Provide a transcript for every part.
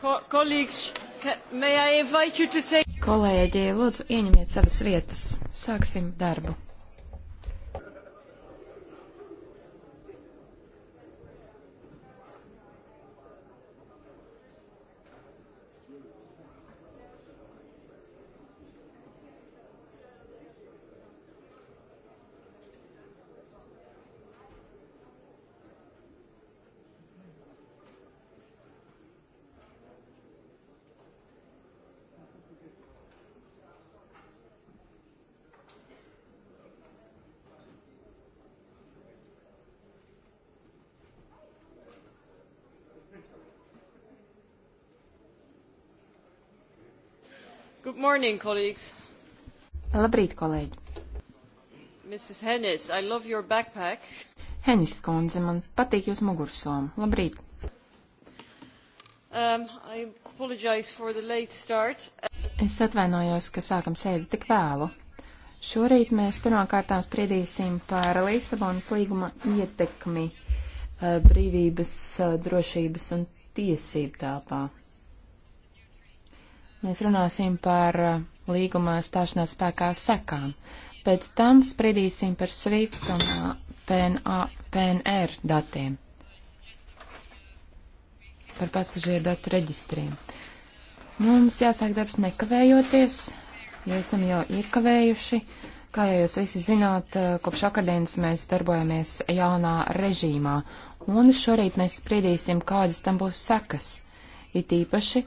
Ko Kolēģi, lūdzu, ieņemiet savas vietas. Sāksim darbu. Good morning, colleagues. Labrīt, kolēģi. Mrs. Hennis, I love your backpack. Hennis skundze, man patīk jūs mugursoma. Labrīt. Um, I apologize for the late start. Es atvainojos, ka sākam sēdi tik vēlu. Šorīt mēs pirmkārtām spriedīsim par Lisabonas līguma ietekmi uh, brīvības, uh, drošības un tiesību telpā. Mēs runāsim par uh, līguma stāšanās spēkā sekām. Pēc tam spridīsim par SWIFT un uh, PNA, PNR datiem. Par pasažieru datu reģistriem. Nu, mums jāsāk darbs nekavējoties, jo esam jau iekavējuši. Kā jau jūs visi zināt, uh, kopš akadēmijas mēs darbojamies jaunā režīmā, un šorīt mēs spriedīsim, kādas tam būs sekas. It īpaši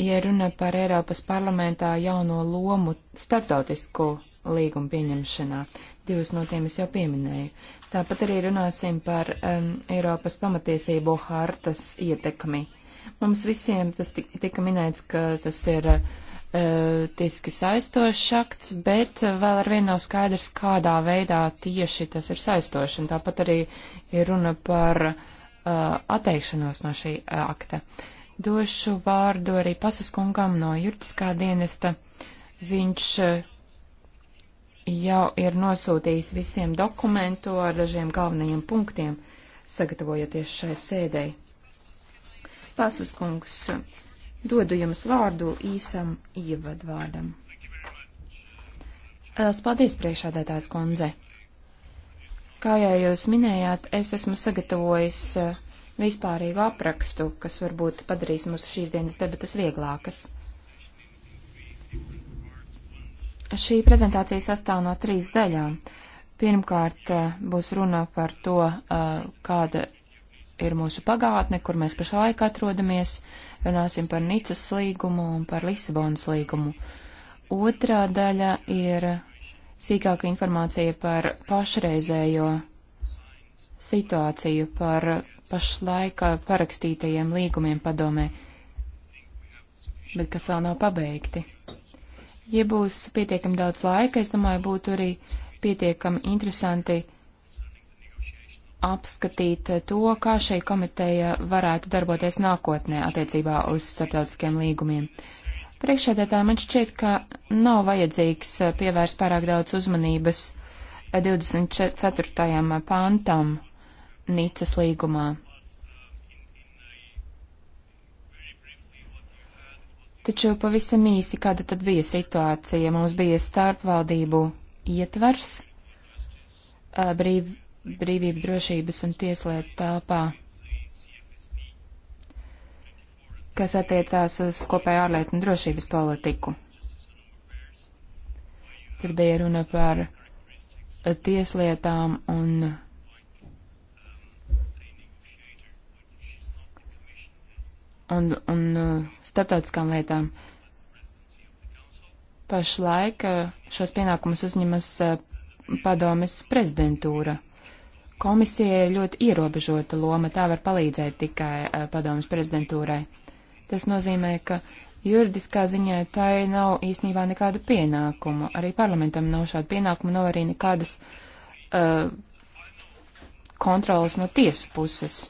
ja runa par Eiropas parlamentā jauno lomu starptautisku līgumu pieņemšanā. Divus no tiem es jau pieminēju. Tāpat arī runāsim par um, Eiropas pamatiesību hartas ietekmi. Mums visiem tas tika minēts, ka tas ir uh, tiski saistošs akts, bet vēl ar vienu nav skaidrs, kādā veidā tieši tas ir saistošs. Un tāpat arī ir runa par uh, atteikšanos no šī uh, akta. Uh, Došu vārdu arī pasaskungam no juridiskā dienesta. Viņš eh, jau ir nosūtījis visiem dokumentu ar dažiem galvenajiem punktiem, sagatavojoties šai sēdei. Pasaskungs, dodu jums vārdu īsam ievadvārdam. Lielas paldies, priekšādētājs kundze! Kā jau jūs minējāt, es esmu sagatavojis uh, vispārīgu aprakstu, kas varbūt padarīs mūsu šīs dienas debatas vieglākas. Šī prezentācija sastāv no trīs daļām. Pirmkārt, eh, būs runa par to, eh, kāda ir mūsu pagātne, kur mēs pašlaik atrodamies. Runāsim par Nicas līgumu un par Lisabonas līgumu. Otrā daļa ir sīkāka informācija par pašreizējo situāciju par pašlaik parakstītajiem līgumiem padomē, bet kas vēl nav pabeigti. Ja būs pietiekami daudz laika, es domāju, būtu arī pietiekami interesanti apskatīt to, kā šī komiteja varētu darboties nākotnē attiecībā uz starptautiskiem līgumiem. Priekšsēdētāji man šķiet, ka nav vajadzīgs pievērst pārāk daudz uzmanības 24. pantam Nīcas līgumā. Taču pavisam īsi, kāda tad bija situācija? Mums bija starpvaldību ietvers brīv, brīvība drošības un tieslietu telpā, kas attiecās uz kopēju ārlietu un drošības politiku. Tur bija runa par tieslietām un un, un uh, starptautiskām lietām. Pašlaik uh, šos pienākumus uzņemas uh, padomes prezidentūra. Komisija ir ļoti ierobežota loma, tā var palīdzēt tikai padomas prezidentūrai. Tas nozīmē, ka juridiskā ziņā tai nav īstenībā nekādu pienākumu. Arī parlamentam nav šādu pienākumu, nav arī nekādas uh, kontrolas no tiesu puses.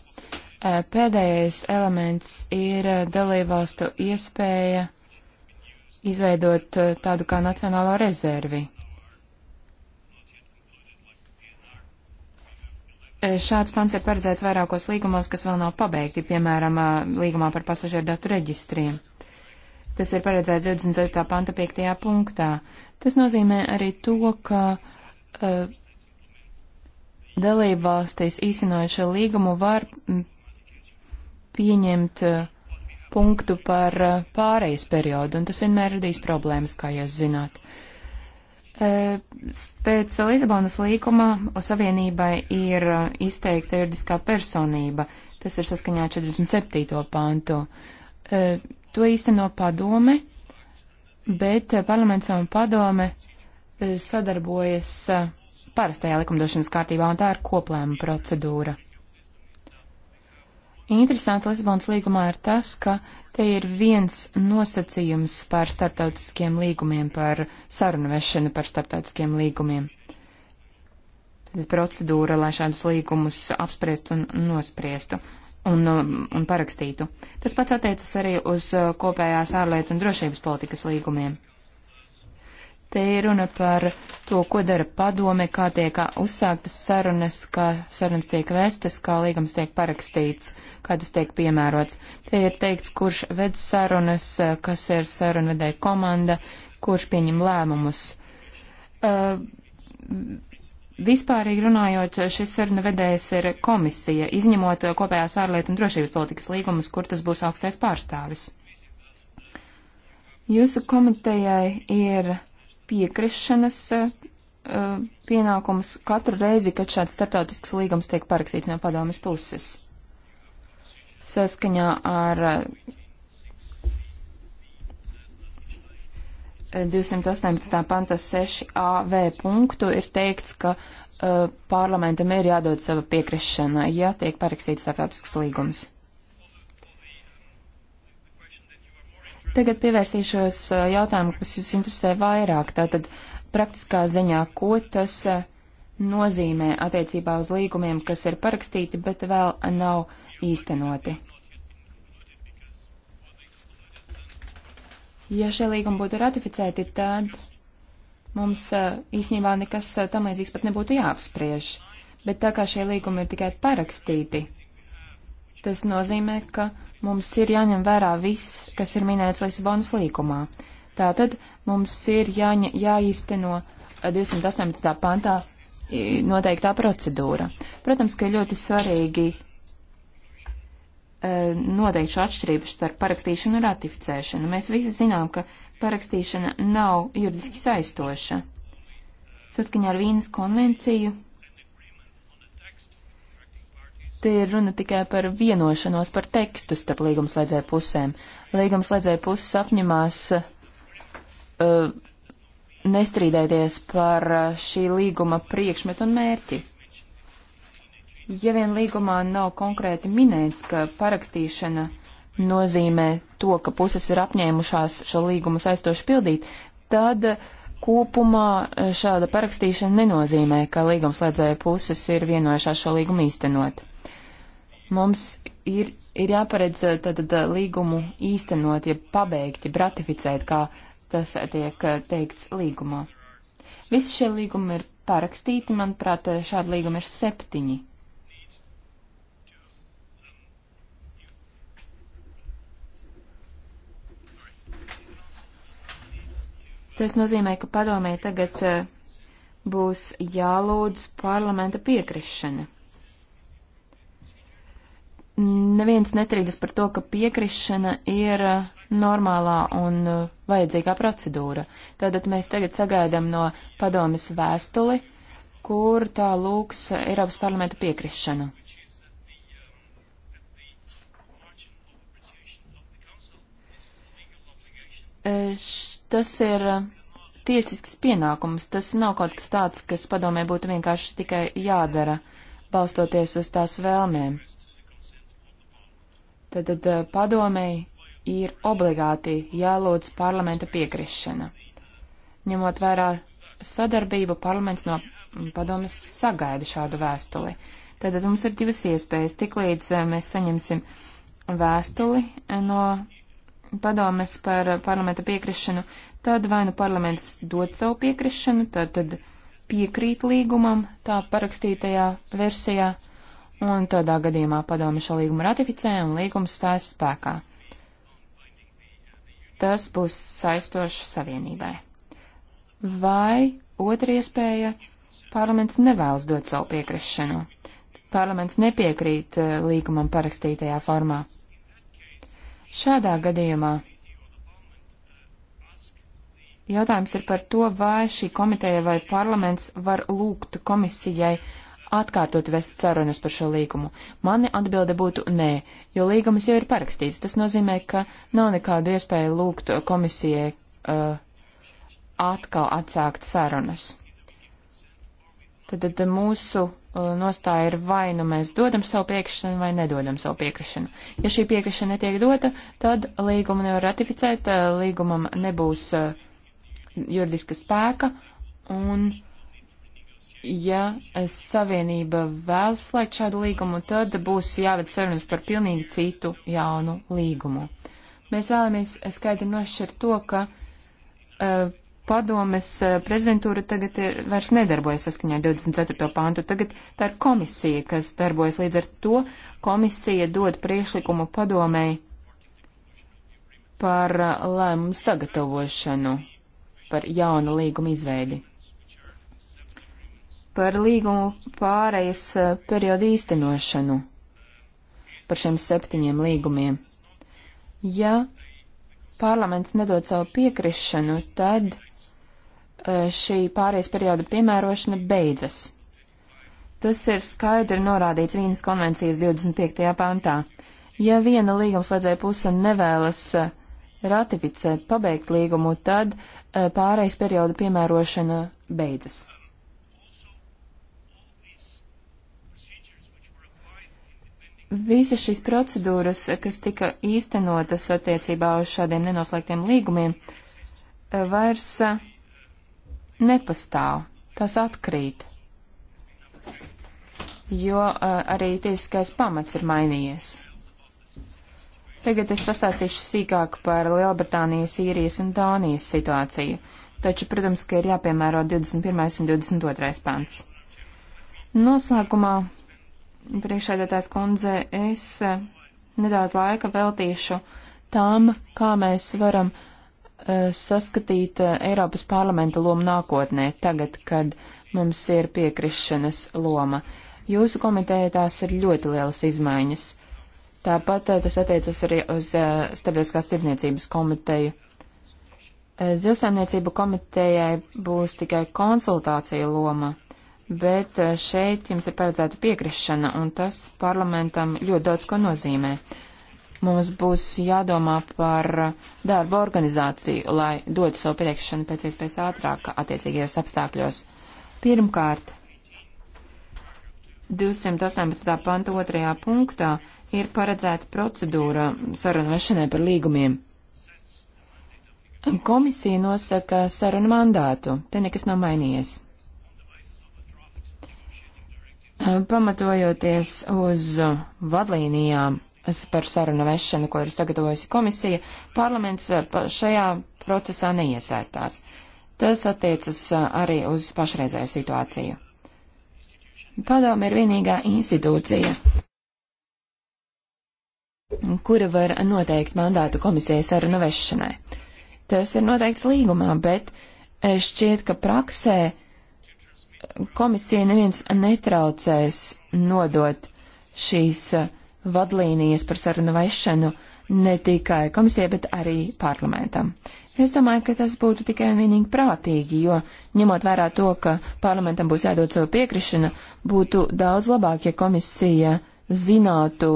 Eh, pēdējais elements ir eh, dalībvalstu iespēja izveidot eh, tādu kā nacionālo rezervi. Šāds pants ir paredzēts vairākos līgumos, kas vēl nav pabeigti, piemēram, līgumā par pasažieru datu reģistriem. Tas ir paredzēts 24. panta 5. punktā. Tas nozīmē arī to, ka uh, dalībvalstīs īsinojušo līgumu var pieņemt eh, punktu par eh, pārejas periodu, un tas vienmēr radīs problēmas, kā jūs zināt. Eh, pēc Lisabonas līkuma savienībai ir izteikta juridiskā personība. Tas ir saskaņā 47. pāntu. To īsteno padome, bet parlaments un padome sadarbojas parastajā likumdošanas kārtībā, un tā ir koplēma procedūra. Interesanti Lisbonas līgumā ir tas, ka te ir viens nosacījums par starptautiskiem līgumiem, par sarunu vešanu par starptautiskiem līgumiem. Tad procedūra, lai šādus līgumus apspriestu un nospriestu un, un parakstītu. Tas pats attiecas arī uz uh, kopējās ārlietu un drošības politikas līgumiem. Te ir runa par to, ko dara padome, kā tiek uzsāktas sarunas, kā sarunas tiek vestas, kā līgums tiek parakstīts, kā tas tiek piemērots. Te ir teikts, kurš ved sarunas, kas ir sarunvedēja komanda, kurš pieņem lēmumus. Uh, vispārīgi runājot, šis sarunvedējs ir komisija, izņemot kopējās ārlietu un drošības politikas līgumus, kur tas būs augstais pārstāvis. Jūsu komitejai ir piekrišanas eh, pienākums katru reizi, kad šāds starptautisks līgums tiek parakstīts no padomas puses. Saskaņā ar 218. Eh, panta 6AV punktu ir teikts, ka uh, parlamentam ir jādod sava piekrišana, ja tiek parakstīts starptautisks līgums. Tagad pievērsīšos eh, jautājumu, kas jūs interesē vairāk. Tātad praktiskā ziņā, ko tas eh, nozīmē attiecībā uz līgumiem, kas ir parakstīti, bet vēl nav īstenoti. Ja šie līgumi būtu ratificēti, tad mums eh, īsnībā nekas tam līdzīgs pat nebūtu jāapspriež. Bet tā kā šie līgumi ir tikai parakstīti, tas nozīmē, ka mums ir jāņem vērā viss, kas ir minēts Lisabonas līkumā. Tātad mums ir jāņa, jāīsteno 218. Eh, pantā noteiktā procedūra. Protams, ka ļoti svarīgi eh, noteikt šo atšķirību starp parakstīšanu un ratificēšanu. Mēs visi zinām, ka parakstīšana nav juridiski saistoša. Saskaņā ar Vīnas konvenciju Te ir runa tikai par vienošanos par tekstu starp līgumslēdzēju pusēm. Līgumslēdzēju puses apņemās uh, nestrīdēties par uh, šī līguma priekšmetu un mērķi. Ja vien līgumā nav konkrēti minēts, ka parakstīšana nozīmē to, ka puses ir apņēmušās šo līgumu saistoši pildīt, tad uh, kopumā uh, šāda parakstīšana nenozīmē, ka līgumslēdzēja puses ir vienojušās šo līgumu īstenot. Mums ir, ir jāparedz tātad eh, eh, līgumu īstenot, ja pabeigt, ja ratificēt, kā tas tiek eh, teikts līgumā. Visi šie līgumi ir parakstīti, manuprāt, šādi līgumi ir septiņi. Tas nozīmē, ka padomē tagad būs jālūdz parlamenta piekrišana neviens nestrīdas par to, ka piekrišana ir uh, normālā un uh, vajadzīgā procedūra. Tātad mēs tagad sagaidām no padomas vēstuli, kur tā lūgs Eiropas parlamenta piekrišanu. Uh, tas ir tiesisks pienākums, tas nav kaut kas tāds, kas padomē būtu vienkārši tikai jādara, balstoties uz tās vēlmēm tad, tad eh, padomēji ir obligāti jālūdz parlamenta piekrišana. Ņemot vērā sadarbību, parlaments no padomas sagaida šādu vēstuli. Tad, tad mums ir divas iespējas. Tiklīdz eh, mēs saņemsim vēstuli eh, no padomes par parlamenta piekrišanu, tad vai nu parlaments dod savu piekrišanu, tad, tad piekrīt līgumam tā parakstītajā versijā un tādā gadījumā padomi šo līgumu ratificē un līgums stājas spēkā. Tas būs saistoši savienībai. Vai otra iespēja - parlaments nevēlas dot savu piekrišanu. Parlaments nepiekrīt eh, līgumam parakstītajā formā. Šādā gadījumā jautājums ir par to, vai šī komiteja vai parlaments var lūgt komisijai uh, atkārtot vest sarunas par šo līgumu? Mani atbilde būtu nē, jo līgums jau ir parakstīts. Tas nozīmē, ka nav nekādu iespēju lūgt komisijai uh, atkal atsākt sarunas. Tad, tad mūsu uh, nostāja ir vai nu mēs dodam savu piekrišanu vai nedodam savu piekrišanu. Ja šī piekrišana netiek dota, tad līgumu nevar ratificēt, uh, līgumam nebūs uh, juridiska spēka un uh, ja Savienība vēlas slēgt šādu līgumu, tad būs jāved sarunas par pilnīgi citu jaunu līgumu. Mēs vēlamies skaidri nošķirt to, ka uh, padomes uh, prezidentūra tagad ir, vairs nedarbojas saskaņā 24. pāntu. Tagad tā ir komisija, kas darbojas līdz ar to. Komisija dod priešlikumu padomēji par uh, lēmumu sagatavošanu, par jaunu līgumu izveidi par līgumu pārējas eh, periodu īstenošanu, par šiem septiņiem līgumiem. Ja parlaments nedod savu piekrišanu, tad eh, šī pārējas perioda piemērošana beidzas. Tas ir skaidri norādīts Vīnas konvencijas 25. pantā. Ja viena līgumslēdzēja puse nevēlas eh, ratificēt, pabeigt līgumu, tad pārējais perioda piemērošana beidzas. Visa šīs procedūras, kas tika īstenotas attiecībā uz šādiem nenoslēgtiem līgumiem, vairs eh, nepastāv, tas atkrīt, jo eh, arī tiesiskais pamats ir mainījies. Tagad es pastāstīšu sīkāk par Lielbritānijas, Īrijas un Dānijas situāciju, taču, protams, ka ir jāpiemēro 21. un 22. pants. Noslēgumā priekšēdētājs kundze, es eh, nedaudz laika veltīšu tām, kā mēs varam uh, saskatīt eh, Eiropas parlamenta lomu nākotnē, tagad, kad mums ir piekrišanas loma. Jūsu komitejā tās ir ļoti lielas izmaiņas. Tāpat uh, tas attiecas arī uz uh, Starptautiskās tirdzniecības komiteju. Zivsaimniecību komitejai būs tikai konsultācija loma bet eh, šeit jums ir paredzēta piekrišana, un tas parlamentam ļoti daudz ko nozīmē. Mums būs jādomā par darba organizāciju, lai dotu savu piekrišanu pēc iespējas ātrāk attiecīgajos apstākļos. Pirmkārt, 218. panta otrajā punktā ir paredzēta procedūra sarunvešanai par līgumiem. Komisija nosaka sarunu mandātu, te nekas nav mainījies. Eh, pamatojoties uz vadlīnijām par sarunu vešanu, ko ir sagatavojusi komisija, parlaments eh, šajā procesā neiesaistās. Tas attiecas eh, arī uz pašreizēju situāciju. Padome ir vienīgā institūcija, kura var noteikt mandātu komisijas sarunu vešanai. Tas ir noteikts līgumā, bet šķiet, ka praksē uh, komisija neviens netraucēs nodot šīs eh, vadlīnijas par sarunu vešanu ne tikai komisijai, bet arī parlamentam. Es domāju, ka tas būtu tikai un vienīgi prātīgi, jo ņemot vērā to, ka parlamentam būs jādod savu piekrišana, būtu daudz labāk, ja komisija zinātu,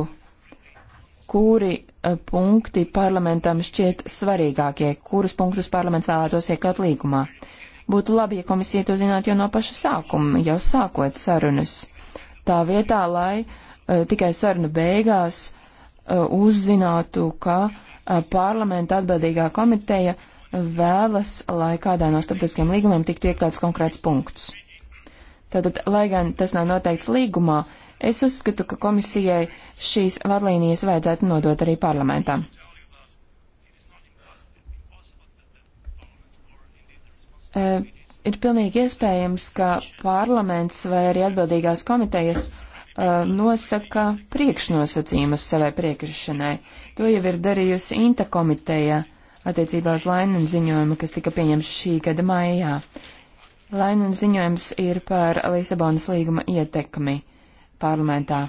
kuri eh, punkti parlamentam šķiet svarīgākie, kurus punktus parlaments vēlētos iekļaut līgumā. Uh, Būtu labi, ja komisija to zinātu jau no paša sākuma, jau sākot sarunas. Tā vietā, lai uh, tikai sarunu beigās uh, uzzinātu, ka uh, parlamenta atbildīgā komiteja vēlas, lai kādā no starptautiskiem līgumiem tiktu iekļauts konkrēts punkts. Tātad, lai gan tas nav noteikts līgumā, es uzskatu, ka komisijai šīs vadlīnijas vajadzētu nodot arī parlamentam. E, ir pilnīgi iespējams, ka parlaments vai arī atbildīgās komitejas e, nosaka priekšnosacījumus savai priekrišanai. To jau ir darījusi Inta komiteja attiecībā uz Lainen ziņojumu, kas tika pieņemts šī gada maijā. Lainen ziņojums ir par Lisabonas līguma ietekmi parlamentā.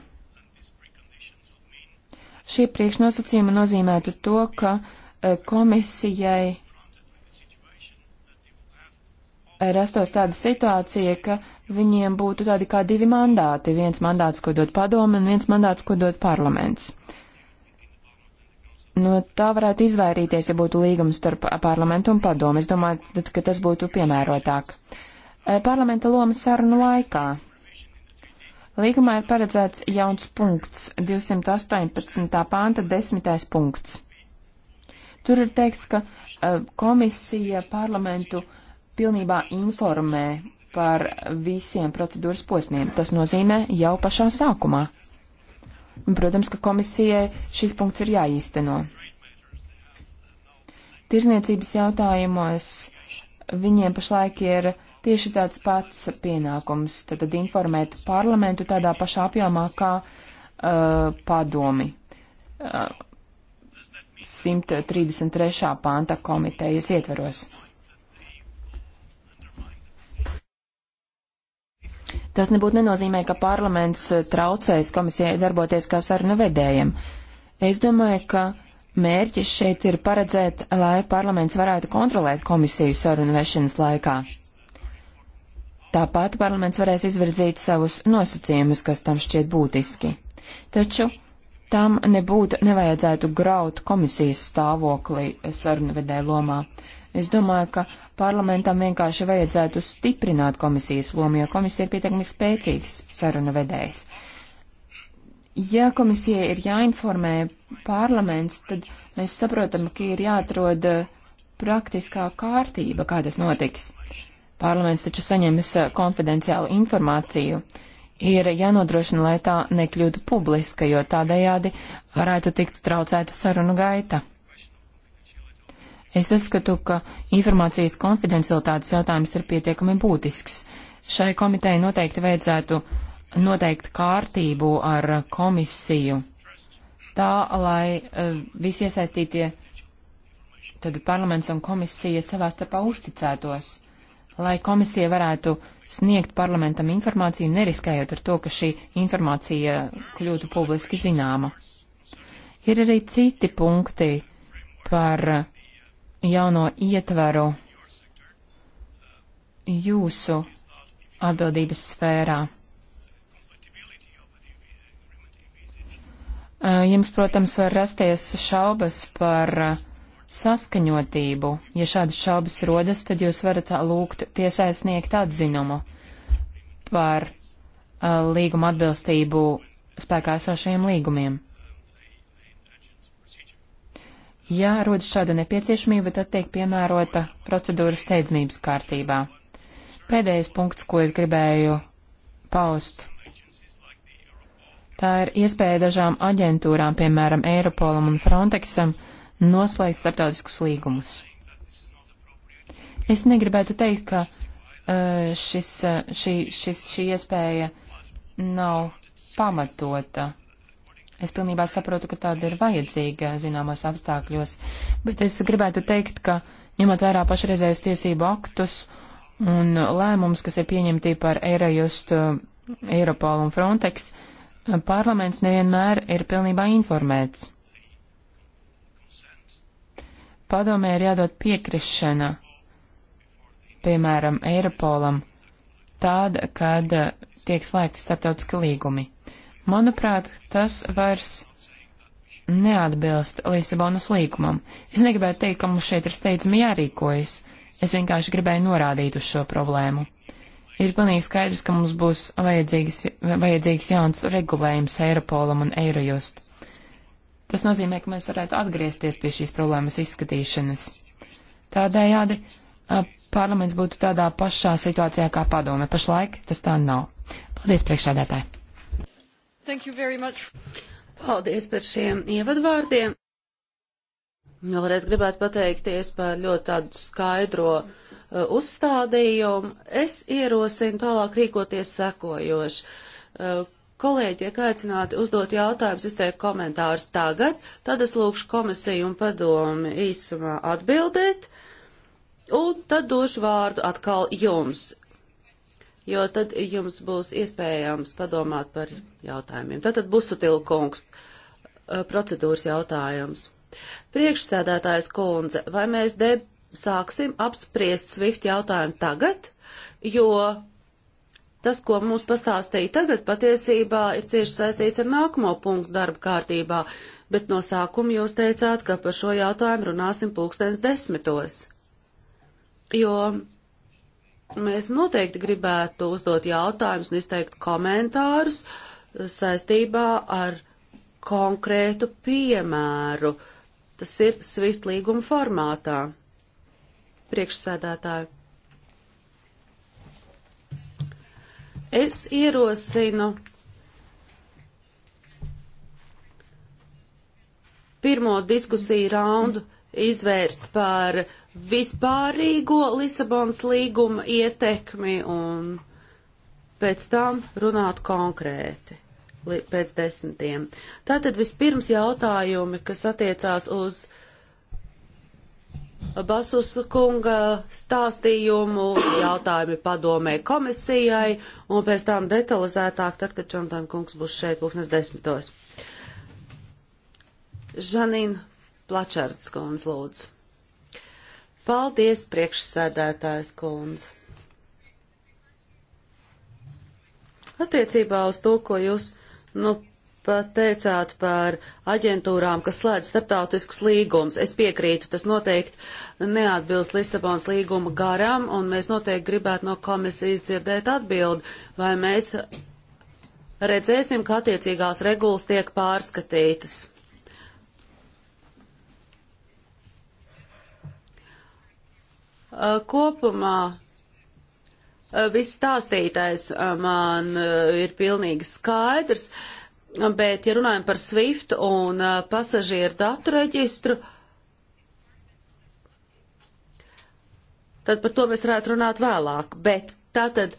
Šie priekšnosacījumi nozīmētu to, ka e, komisijai rastos tāda situācija, ka viņiem būtu tādi kā divi mandāti. Viens mandāts, ko dod padome, un viens mandāts, ko dod parlaments. No tā varētu izvairīties, ja būtu līgums starp parlamentu un padomu. Es domāju, tad, ka tas būtu piemērotāk. Eh, parlamenta loma sarunu laikā. Līgumā ir paredzēts jauns punkts, 218. panta 10. punkts. Tur ir teikts, ka eh, komisija parlamentu uh, pilnībā informē par visiem procedūras posmiem. Tas nozīmē jau pašā sākumā. Un, protams, ka komisijai šis punkts ir jāīsteno. Tirzniecības jautājumos viņiem pašlaik ir tieši tāds pats pienākums - tad informēt parlamentu tādā pašā apjomā kā uh, padomi. Uh, 133. panta komitejas ietveros. Tas nebūtu nenozīmē, ka parlaments eh, traucēs komisijai darboties kā sarunu vedējiem. Es domāju, ka mērķis šeit ir paredzēt, lai parlaments varētu kontrolēt komisiju sarunu vešanas laikā. Tāpat parlaments varēs izvirdzīt savus nosacījumus, kas tam šķiet būtiski. Taču tam nebūtu nevajadzētu graut komisijas stāvokli sarunu vedēju lomā. Es domāju, ka parlamentam vienkārši vajadzētu stiprināt komisijas lomu, jo komisija ir pietiekami spēcīgs saruna vedējs. Ja komisija ir jāinformē parlaments, tad mēs saprotam, ka ir jāatrod uh, praktiskā kārtība, kā tas notiks. Parlaments taču saņems uh, konfidenciālu informāciju. Ir jānodrošina, lai tā nekļūtu publiska, jo tādējādi varētu tikt traucēta sarunu gaita. Es uzskatu, ka informācijas konfidencialitātes jautājums ir pietiekami būtisks. Šai komitejai noteikti vajadzētu noteikt kārtību ar komisiju, tā lai eh, visi iesaistītie tad parlaments un komisija savā starpā uzticētos, lai komisija varētu sniegt parlamentam informāciju, neriskējot ar to, ka šī informācija kļūtu publiski zināma. Ir arī citi punkti par jauno ietveru jūsu atbildības sfērā. Jums, protams, var rasties šaubas par saskaņotību. Ja šādas šaubas rodas, tad jūs varat lūgt tiesai sniegt atzinumu par līguma atbilstību spēkā esošajiem līgumiem. Ja rodas šāda nepieciešamība, tad tiek piemērota procedūra steidzamības kārtībā. Pēdējais punkts, ko es gribēju paust. Tā ir iespēja dažām aģentūrām, piemēram, Eiropolam un Frontexam, noslēgt starptautiskus līgumus. Es negribētu teikt, ka eh, šis, eh, šī, šis, šī iespēja nav pamatota. Es pilnībā saprotu, ka tāda ir vajadzīga zināmos apstākļos, bet es gribētu teikt, ka ņemot vērā pašreizējos tiesību aktus un lēmums, kas ir pieņemti par Eirojust, Eiropolu un Frontex, parlaments nevienmēr ir pilnībā informēts. Padomē ir jādod piekrišana, piemēram, Eiropolam, tāda, kad tiek slēgti starptautiski līgumi. Manuprāt, tas vairs neatbilst Lisabonas līgumam. Es negribētu teikt, ka mums šeit ir steidzami jārīkojas. Es vienkārši gribēju norādīt uz šo problēmu. Ir pilnīgi skaidrs, ka mums būs vajadzīgs, vajadzīgs jauns regulējums Eiropolam un Eirojust. Tas nozīmē, ka mēs varētu atgriezties pie šīs problēmas izskatīšanas. Tādējādi parlaments būtu tādā pašā situācijā kā padome. Pašlaik tas tā nav. Paldies, priekšsēdētāji! Paldies par šiem ievadvārdiem. Nu, vēlreiz gribētu pateikties par ļoti tādu skaidro uh, uzstādījumu. Es ierosinu tālāk rīkoties sekojoši. Uh, kolēģi tiek aicināti uzdot jautājumus, izteikt komentārus tagad, tad es lūkšu komisiju un padomi īsumā atbildēt, un tad došu vārdu atkal jums jo tad jums būs iespējams padomāt par jautājumiem. Tātad Busutila kungs, eh, procedūras jautājums. Priekšsēdētājs kundze, vai mēs de sāksim apspriest Swift jautājumu tagad, jo tas, ko mums pastāstīja tagad, patiesībā ir cieši saistīts ar nākamo punktu darba kārtībā, bet no sākuma jūs teicāt, ka par šo jautājumu runāsim pulkstens desmitos. Jo Mēs noteikti gribētu uzdot jautājumus un izteikt komentārus saistībā ar konkrētu piemēru. Tas ir SWIFT līguma formātā. Priekšsēdētāji. Es ierosinu pirmo diskusiju raundu izvērst par vispārīgo Lisabonas līguma ietekmi un pēc tam runāt konkrēti pēc desmitiem. Tātad vispirms jautājumi, kas attiecās uz Basus kunga stāstījumu, jautājumi padomē komisijai un pēc tam detalizētāk, tad, kad Čantan kungs būs šeit pūkstnes desmitos. Žanīna Plačārds kundz lūdzu. Paldies, priekšsēdētājs kundz. Attiecībā uz to, ko jūs, nu, pat teicāt par aģentūrām, kas slēdz starptautiskus līgumus. Es piekrītu, tas noteikti neatbilst Lisabonas līguma garam, un mēs noteikti gribētu no komisijas dzirdēt atbildi, vai mēs redzēsim, ka attiecīgās regulas tiek pārskatītas. Eh, kopumā eh, viss stāstītais eh, man ir pilnīgi skaidrs, bet, ja runājam par SWIFT un pasažieru datu reģistru, tad par to mēs varētu runāt vēlāk. Bet tātad,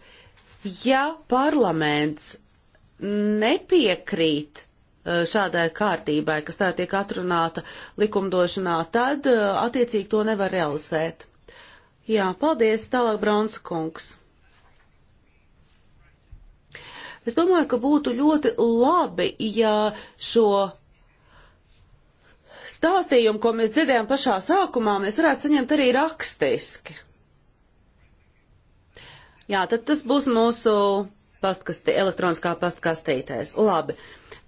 ja parlaments nepiekrīt šādai kārtībai, kas tā tiek atrunāta likumdošanā, tad attiecīgi to nevar realizēt. Jā, paldies, tālāk Brauns kungs. Es domāju, ka būtu ļoti labi, ja šo stāstījumu, ko mēs dzirdējām pašā sākumā, mēs varētu saņemt arī rakstiski. Jā, tad tas būs mūsu pastkastī, elektroniskā pastkastītēs. Labi.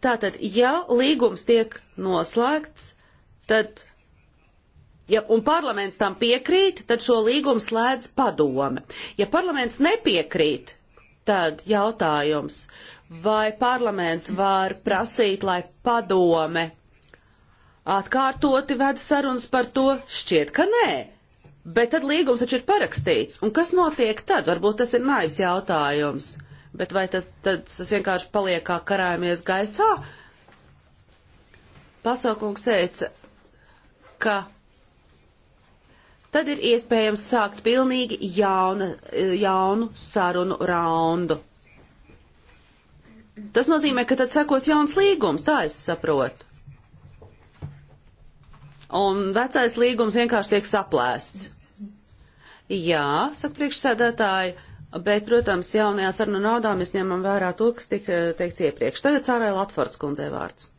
Tātad, ja līgums tiek noslēgts, tad Ja, un parlaments tam piekrīt, tad šo līgumu slēdz padome. Ja parlaments nepiekrīt, tad jautājums, vai parlaments var prasīt, lai padome atkārtoti ved sarunas par to, šķiet, ka nē. Bet tad līgums taču ir parakstīts, un kas notiek tad? Varbūt tas ir naivs jautājums, bet vai tas, tad, tas vienkārši paliek kā karājamies gaisā? Pasaukungs teica, ka tad ir iespējams sākt pilnīgi jauna, jaunu sarunu raundu. Tas nozīmē, ka tad sekos jauns līgums, tā es saprotu. Un vecais līgums vienkārši tiek saplēsts. Jā, saka priekšsēdētāji, bet, protams, jaunajā sarunu naudā mēs ņemam vērā to, kas tika teikts iepriekš. Tagad Sārai Latfords kundzei vārds.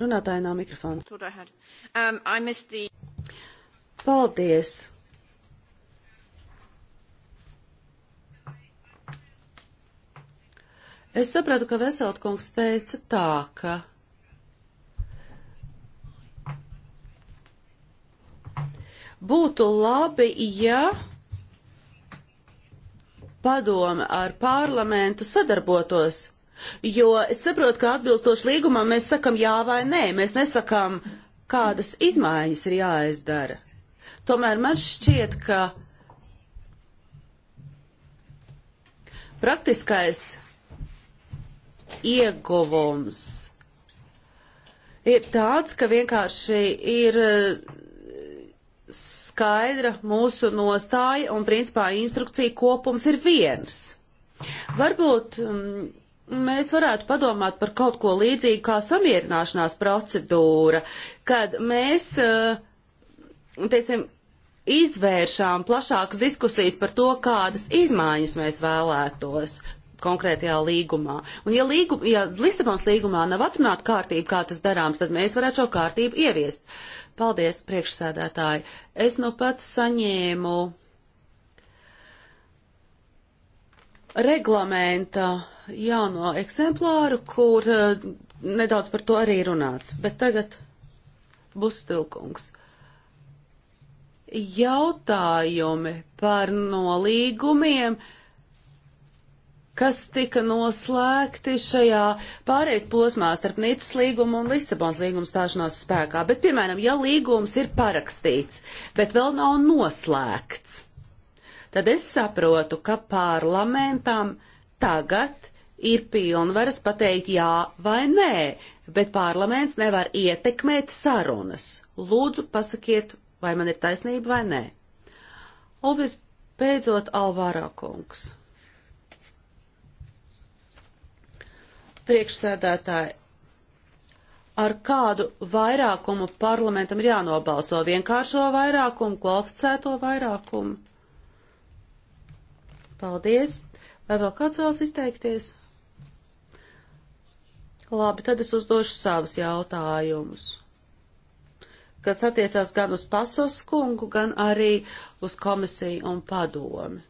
Runātāja nav mikrofons. Um, the... Paldies! Es sapratu, ka Veseltkungs teica tā, ka būtu labi, ja padome ar parlamentu sadarbotos Jo es saprotu, ka atbilstoši līgumam mēs sakam jā vai nē, mēs nesakam, kādas izmaiņas ir jāizdara. Tomēr man šķiet, ka praktiskais ieguvums ir tāds, ka vienkārši ir eh, skaidra mūsu nostāja un principā instrukcija kopums ir viens. Varbūt. Um, mēs varētu padomāt par kaut ko līdzīgu kā samierināšanās procedūra, kad mēs, eh, teiksim, izvēršām plašākas diskusijas par to, kādas izmaiņas mēs vēlētos konkrētajā līgumā. Un ja, līgu, ja Lisabons līgumā nav atrunāta kārtība, kā tas darāms, tad mēs varētu šo kārtību ieviest. Paldies, priekšsēdētāji. Es nu pat saņēmu reglamenta jauno eksemplāru, kur eh, nedaudz par to arī runāts. Bet tagad būs tilkungs. Jautājumi par nolīgumiem, kas tika noslēgti šajā pārejas posmā starp Nīcas līgumu un Lisabons līgumu stāšanos spēkā. Bet, piemēram, ja līgums ir parakstīts, bet vēl nav noslēgts tad es saprotu, ka parlamentam tagad ir pilnvaras pateikt jā vai nē, bet parlaments nevar ietekmēt sarunas. Lūdzu, pasakiet, vai man ir taisnība vai nē. Un vispēdzot Alvārā kungs. Priekšsēdētāji, ar kādu vairākumu parlamentam ir jānobalso vienkāršo vairākumu, kvalificēto vairākumu? Paldies! Vai vēl kāds vēlas izteikties? Labi, tad es uzdošu savus jautājumus, kas attiecās gan uz pasos kungu, gan arī uz komisiju un padomi.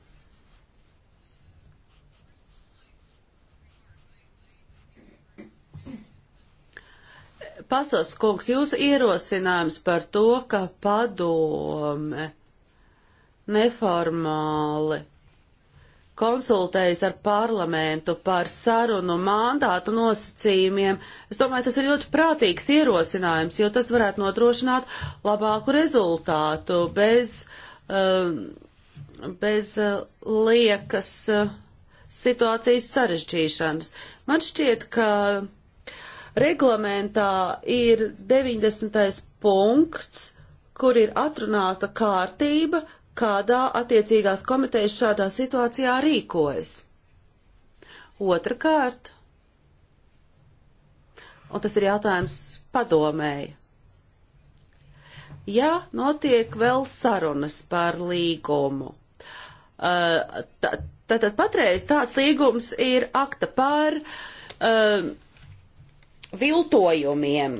Pasas kungs, jūsu ierosinājums par to, ka padome neformāli konsultējas ar parlamentu par sarunu mandātu nosacījumiem. Es domāju, tas ir ļoti prātīgs ierosinājums, jo tas varētu nodrošināt labāku rezultātu bez, um, bez uh, liekas uh, situācijas sarežģīšanas. Man šķiet, ka reglamentā ir 90. punkts, kur ir atrunāta kārtība, kādā attiecīgās komitejas šādā situācijā rīkojas. Otrakārt, un tas ir jautājums padomēji, ja notiek vēl sarunas par līgumu, uh, tad, tad patreiz tāds līgums ir akta par uh, viltojumiem,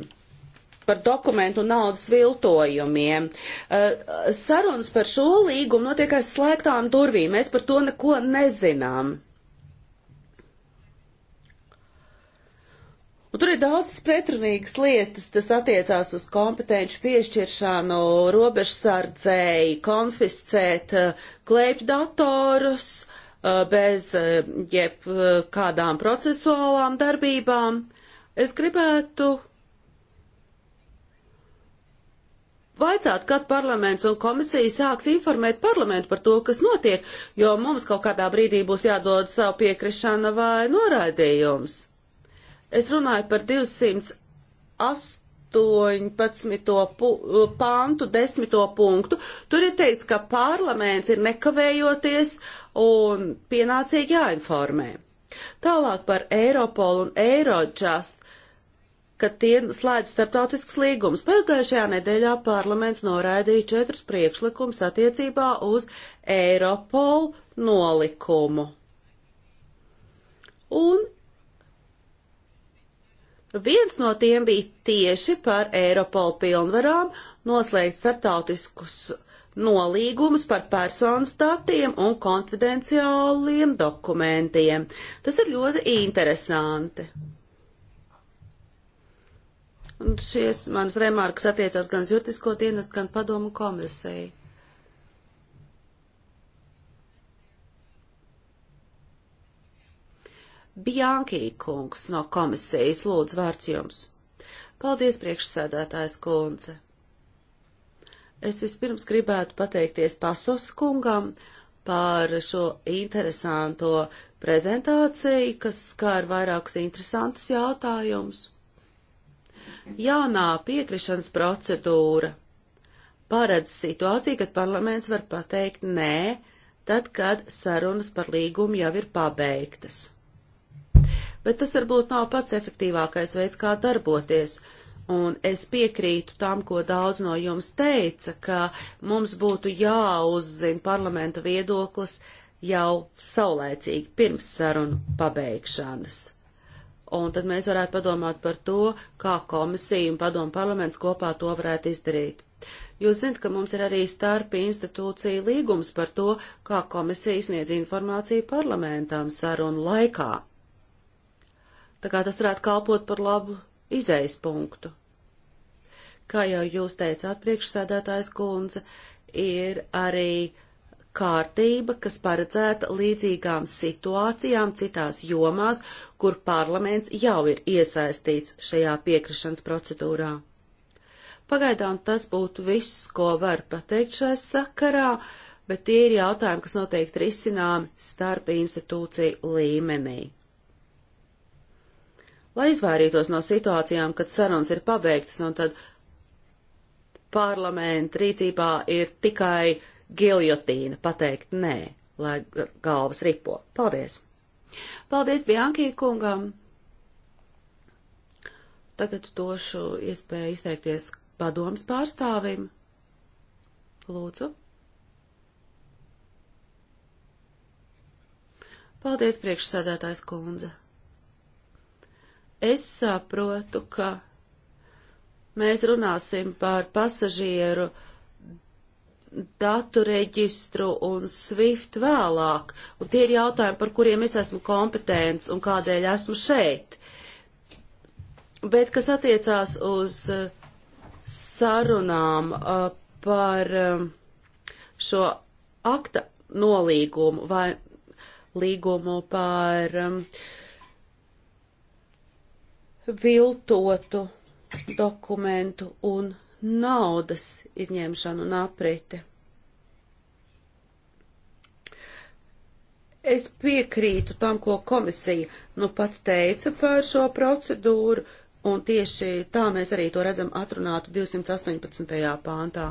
par dokumentu naudas viltojumiem. Eh, sarunas par šo līgumu notiek aiz slēgtām durvīm. Mēs par to neko nezinām. Un tur ir daudzas pretrunīgas lietas, tas attiecās uz kompetenci piešķiršanu, robežsardzēji, konfiscēt klēpjdatorus eh, eh, bez jebkādām procesuālām darbībām. Es gribētu vajadzētu, kad parlaments un komisija sāks informēt parlamentu par to, kas notiek, jo mums kaut kādā brīdī būs jādod savu piekrišana vai noraidījums. Es runāju par 218. pantu, 10. punktu. Tur ir teikts, ka parlaments ir nekavējoties un pienācīgi jāinformē. Tālāk par Eiropolu un Eirojust ka tie slēdz starptautisks līgums. Pagājušajā nedēļā parlaments noraidīja četrus priekšlikumus attiecībā uz Eiropolu nolikumu. Un viens no tiem bija tieši par Eiropolu pilnvarām noslēgt starptautiskus nolīgumus par personas datiem un konfidenciāliem dokumentiem. Tas ir ļoti interesanti. Un šies manas remarkas attiecās gan juridisko dienestu, gan padomu komisiju. Bjankī kungs no komisijas lūdz vārds jums. Paldies, priekšsēdētājs kundze. Es vispirms gribētu pateikties pasos kungam par šo interesanto prezentāciju, kas skar vairākus interesantus jautājumus. Jaunā piekrišanas procedūra paredz situāciju, kad parlaments var pateikt nē, tad, kad sarunas par līgumu jau ir pabeigtas. Bet tas varbūt nav pats efektīvākais veids, kā darboties. Un es piekrītu tam, ko daudz no jums teica, ka mums būtu jāuzzina parlamenta viedoklis jau saulēcīgi pirms sarunu pabeigšanas un tad mēs varētu padomāt par to, kā komisija un padomu parlaments kopā to varētu izdarīt. Jūs zinat, ka mums ir arī starp institūciju līgums par to, kā komisija sniedz informāciju parlamentām sarunu laikā. Tā kā tas varētu kalpot par labu izejas punktu. Kā jau jūs teicāt, priekšsēdētājs kundze, ir arī uh, kārtība, kas paredzēta līdzīgām situācijām citās jomās, kur parlaments jau ir iesaistīts šajā piekrišanas procedūrā. Pagaidām tas būtu viss, ko var pateikt šai sakarā, bet tie ir jautājumi, kas noteikti risinām starp institūciju līmenī. Lai izvairītos no situācijām, kad sarunas ir pabeigtas un tad parlamenta rīcībā ir tikai uh, giljotīna, pateikt nē, lai galvas ripo. Paldies! Paldies Biankī kungam! Tagad došu iespēju izteikties padomas pārstāvim. Lūdzu. Paldies, priekšsēdētājs kundze. Es saprotu, ka mēs runāsim par pasažieru uh, datu reģistru un SWIFT vēlāk, un tie ir jautājumi, par kuriem es esmu kompetents un kādēļ esmu šeit. Bet kas attiecās uz eh, sarunām eh, par eh, šo akta nolīgumu vai līgumu par viltotu dokumentu un naudas izņemšanu un apriti. Es piekrītu tam, ko komisija nu pat teica par šo procedūru, un tieši tā mēs arī to redzam atrunātu 218. pāntā.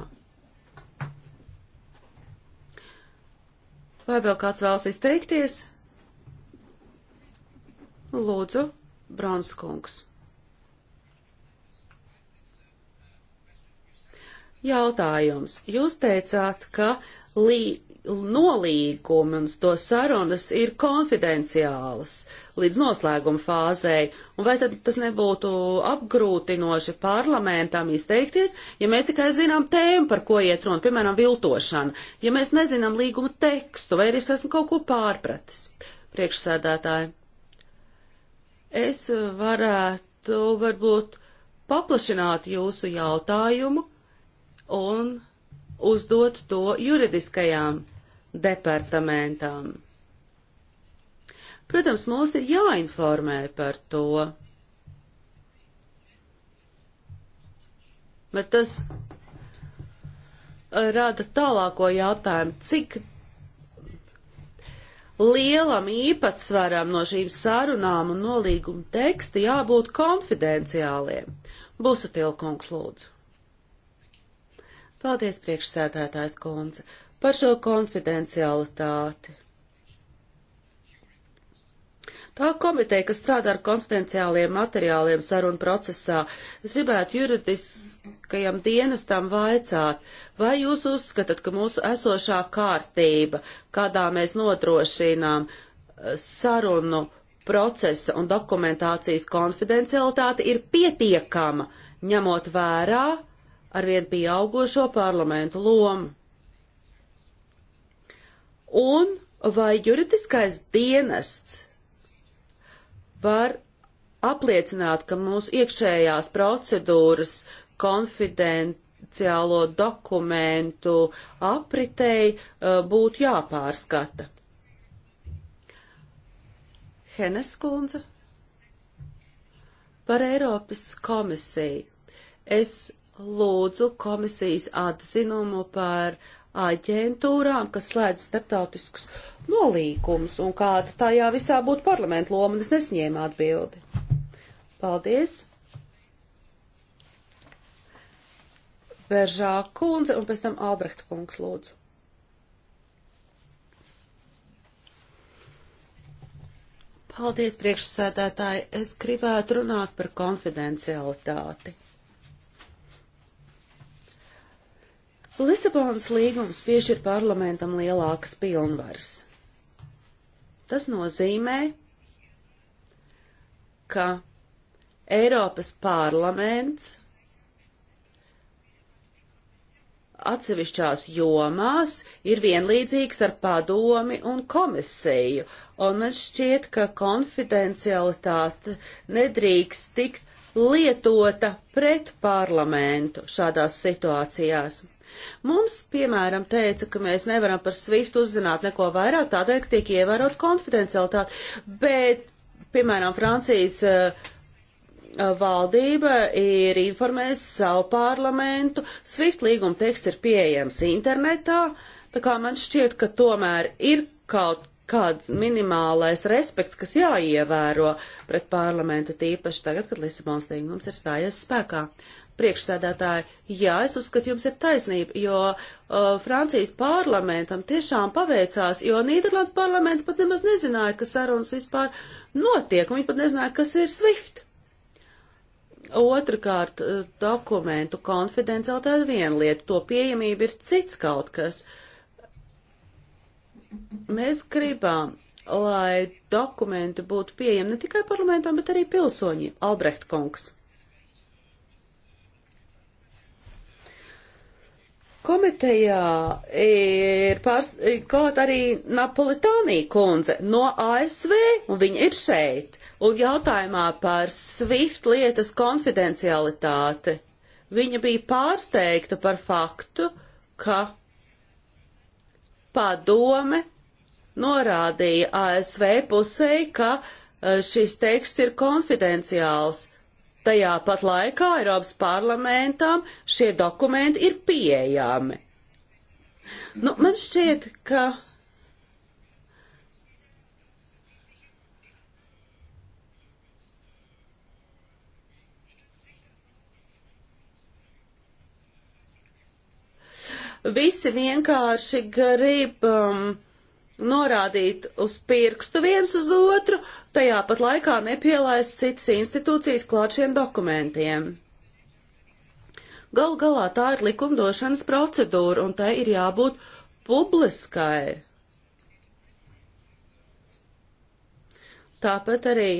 Vai vēl kāds vēlas izteikties? Lūdzu, Bronskungs. Jautājums. Jūs teicāt, ka lī, nolīgumi un to sarunas ir konfidenciālas līdz noslēguma fāzei, un vai tad tas nebūtu apgrūtinoši parlamentam izteikties, ja mēs tikai zinām tēmu, par ko iet runa, piemēram, viltošana, ja mēs nezinām līguma tekstu, vai arī es esmu kaut ko pārpratis? Priekšsēdētāji, es varētu varbūt paplašināt jūsu jautājumu un uzdot to juridiskajām departamentām. Protams, mūs ir jāinformē par to, bet tas eh, rada tālāko jautājumu, cik lielam īpatsvaram no šīm sarunām un nolīguma teksta jābūt konfidenciāliem. Busutilkungs lūdzu. Paldies, priekšsēdētājs kundze, par šo konfidencialitāti. Tā komiteja, kas strādā ar konfidenciāliem materiāliem sarunu procesā, es gribētu juridiskajam dienestam vaicāt, vai jūs uzskatāt, ka mūsu esošā kārtība, kādā mēs nodrošinām eh, sarunu procesa un dokumentācijas konfidencialitāti, ir pietiekama, ņemot vērā, arvien pieaugošo parlamentu lomu. Un vai juridiskais dienests var apliecināt, ka mūsu iekšējās procedūras konfidenciālo dokumentu apritei uh, būtu jāpārskata. Henes kundze par Eiropas komisiju. Es lūdzu komisijas atzinumu par aģentūrām, kas slēdz starptautiskus nolīkumus un kāda tajā visā būtu parlamenta loma, un es nesņēmu atbildi. Paldies! Veržā kundze un pēc tam Albrehta kungs lūdzu. Paldies, priekšsēdētāji. Es gribētu runāt par konfidencialitāti. Lisabonas līgums piešķir parlamentam lielākas pilnvaras. Tas nozīmē, ka Eiropas parlaments atsevišķās jomās ir vienlīdzīgs ar padomi un komisiju, un man šķiet, ka konfidencialitāte nedrīkst tikt lietota pret parlamentu šādās situācijās. Mums, piemēram, teica, ka mēs nevaram par SWIFT uzzināt neko vairāk, tādēļ, ka tiek ievērot konfidencialitāti, bet, piemēram, Francijas uh, valdība ir informējusi savu parlamentu. SWIFT līguma teksts ir pieejams internetā, tā kā man šķiet, ka tomēr ir kaut kāds minimālais respekts, kas jāievēro pret parlamentu tīpaši tagad, kad Lisabons līgums ir stājies spēkā priekšsēdētāji, jā, es uzskatu, jums ir taisnība, jo uh, Francijas parlamentam tiešām paveicās, jo Nīderlandes parlaments pat nemaz nezināja, ka sarunas vispār notiek, un viņi pat nezināja, kas ir SWIFT. Otrakārt, uh, dokumentu konfidencialitāte ir viena lieta, to pieejamība ir cits kaut kas. Mēs gribam, lai dokumenti būtu pieejami ne tikai parlamentam, bet arī pilsoņiem. Albrecht kungs. Komitejā ir pārst, kaut arī Napolitānī kundze no ASV, un viņa ir šeit. Un jautājumā par SWIFT lietas konfidencialitāti. Viņa bija pārsteigta par faktu, ka padome norādīja ASV pusē, ka eh, šis teksts ir konfidenciāls. Tajā pat laikā Eiropas parlamentām šie dokumenti ir pieejami. Nu, man šķiet, ka. Visi vienkārši grib um, norādīt uz pirkstu viens uz otru, tajā pat laikā nepielaist citas institūcijas klāt šiem dokumentiem. Gal galā tā ir likumdošanas procedūra, un tai ir jābūt publiskai. Tāpat arī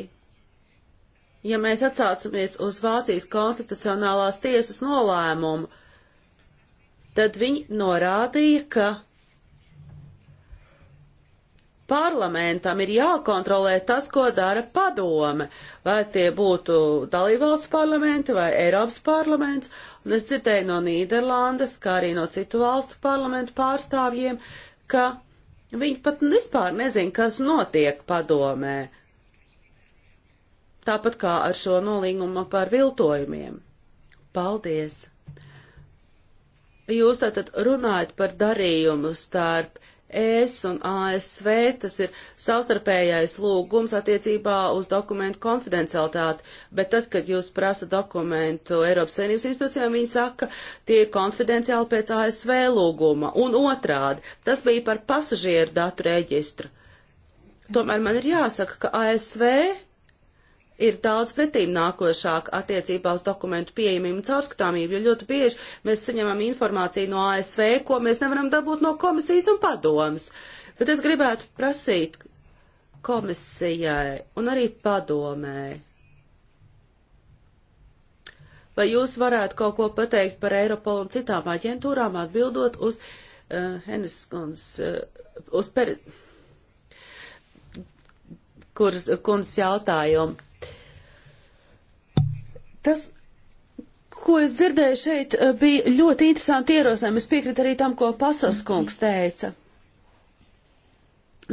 ja mēs atsaucamies uz Vācijas konstitucionālās tiesas nolēmumu, tad viņi norādīja, ka Parlamentam ir jākontrolē tas, ko dara padome, vai tie būtu dalībvalstu parlamenti vai Eiropas parlaments, un es citēju no Nīderlandes, kā arī no citu valstu parlamentu pārstāvjiem, ka viņi pat vispār nezin, kas notiek padomē, tāpat kā ar šo nolīgumu par viltojumiem. Paldies! Jūs tātad runājat par darījumu starp ES un ASV, tas ir savstarpējais lūgums attiecībā uz dokumentu konfidencialitāti, bet tad, kad jūs prasa dokumentu Eiropas Savienības institūcijām, viņi saka, tie ir konfidenciāli pēc ASV lūguma un otrādi. Tas bija par pasažieru datu reģistru. Tomēr man ir jāsaka, ka ASV ir daudz pretīm nākošāk attiecībā uz dokumentu pieejamību un caurskatāmību, jo ļoti bieži mēs saņemam informāciju no ASV, ko mēs nevaram dabūt no komisijas un padomas. Bet es gribētu prasīt komisijai un arī padomē. Vai jūs varētu kaut ko pateikt par Eiropolu un citām aģentūrām atbildot uz uh, eh, Heneskons, uh, eh, uz per... kuras kundzes jautājumu? Tas, ko es dzirdēju šeit, eh, bija ļoti interesanti ierosinājumi. Es piekrītu arī tam, ko Pasas kungs teica.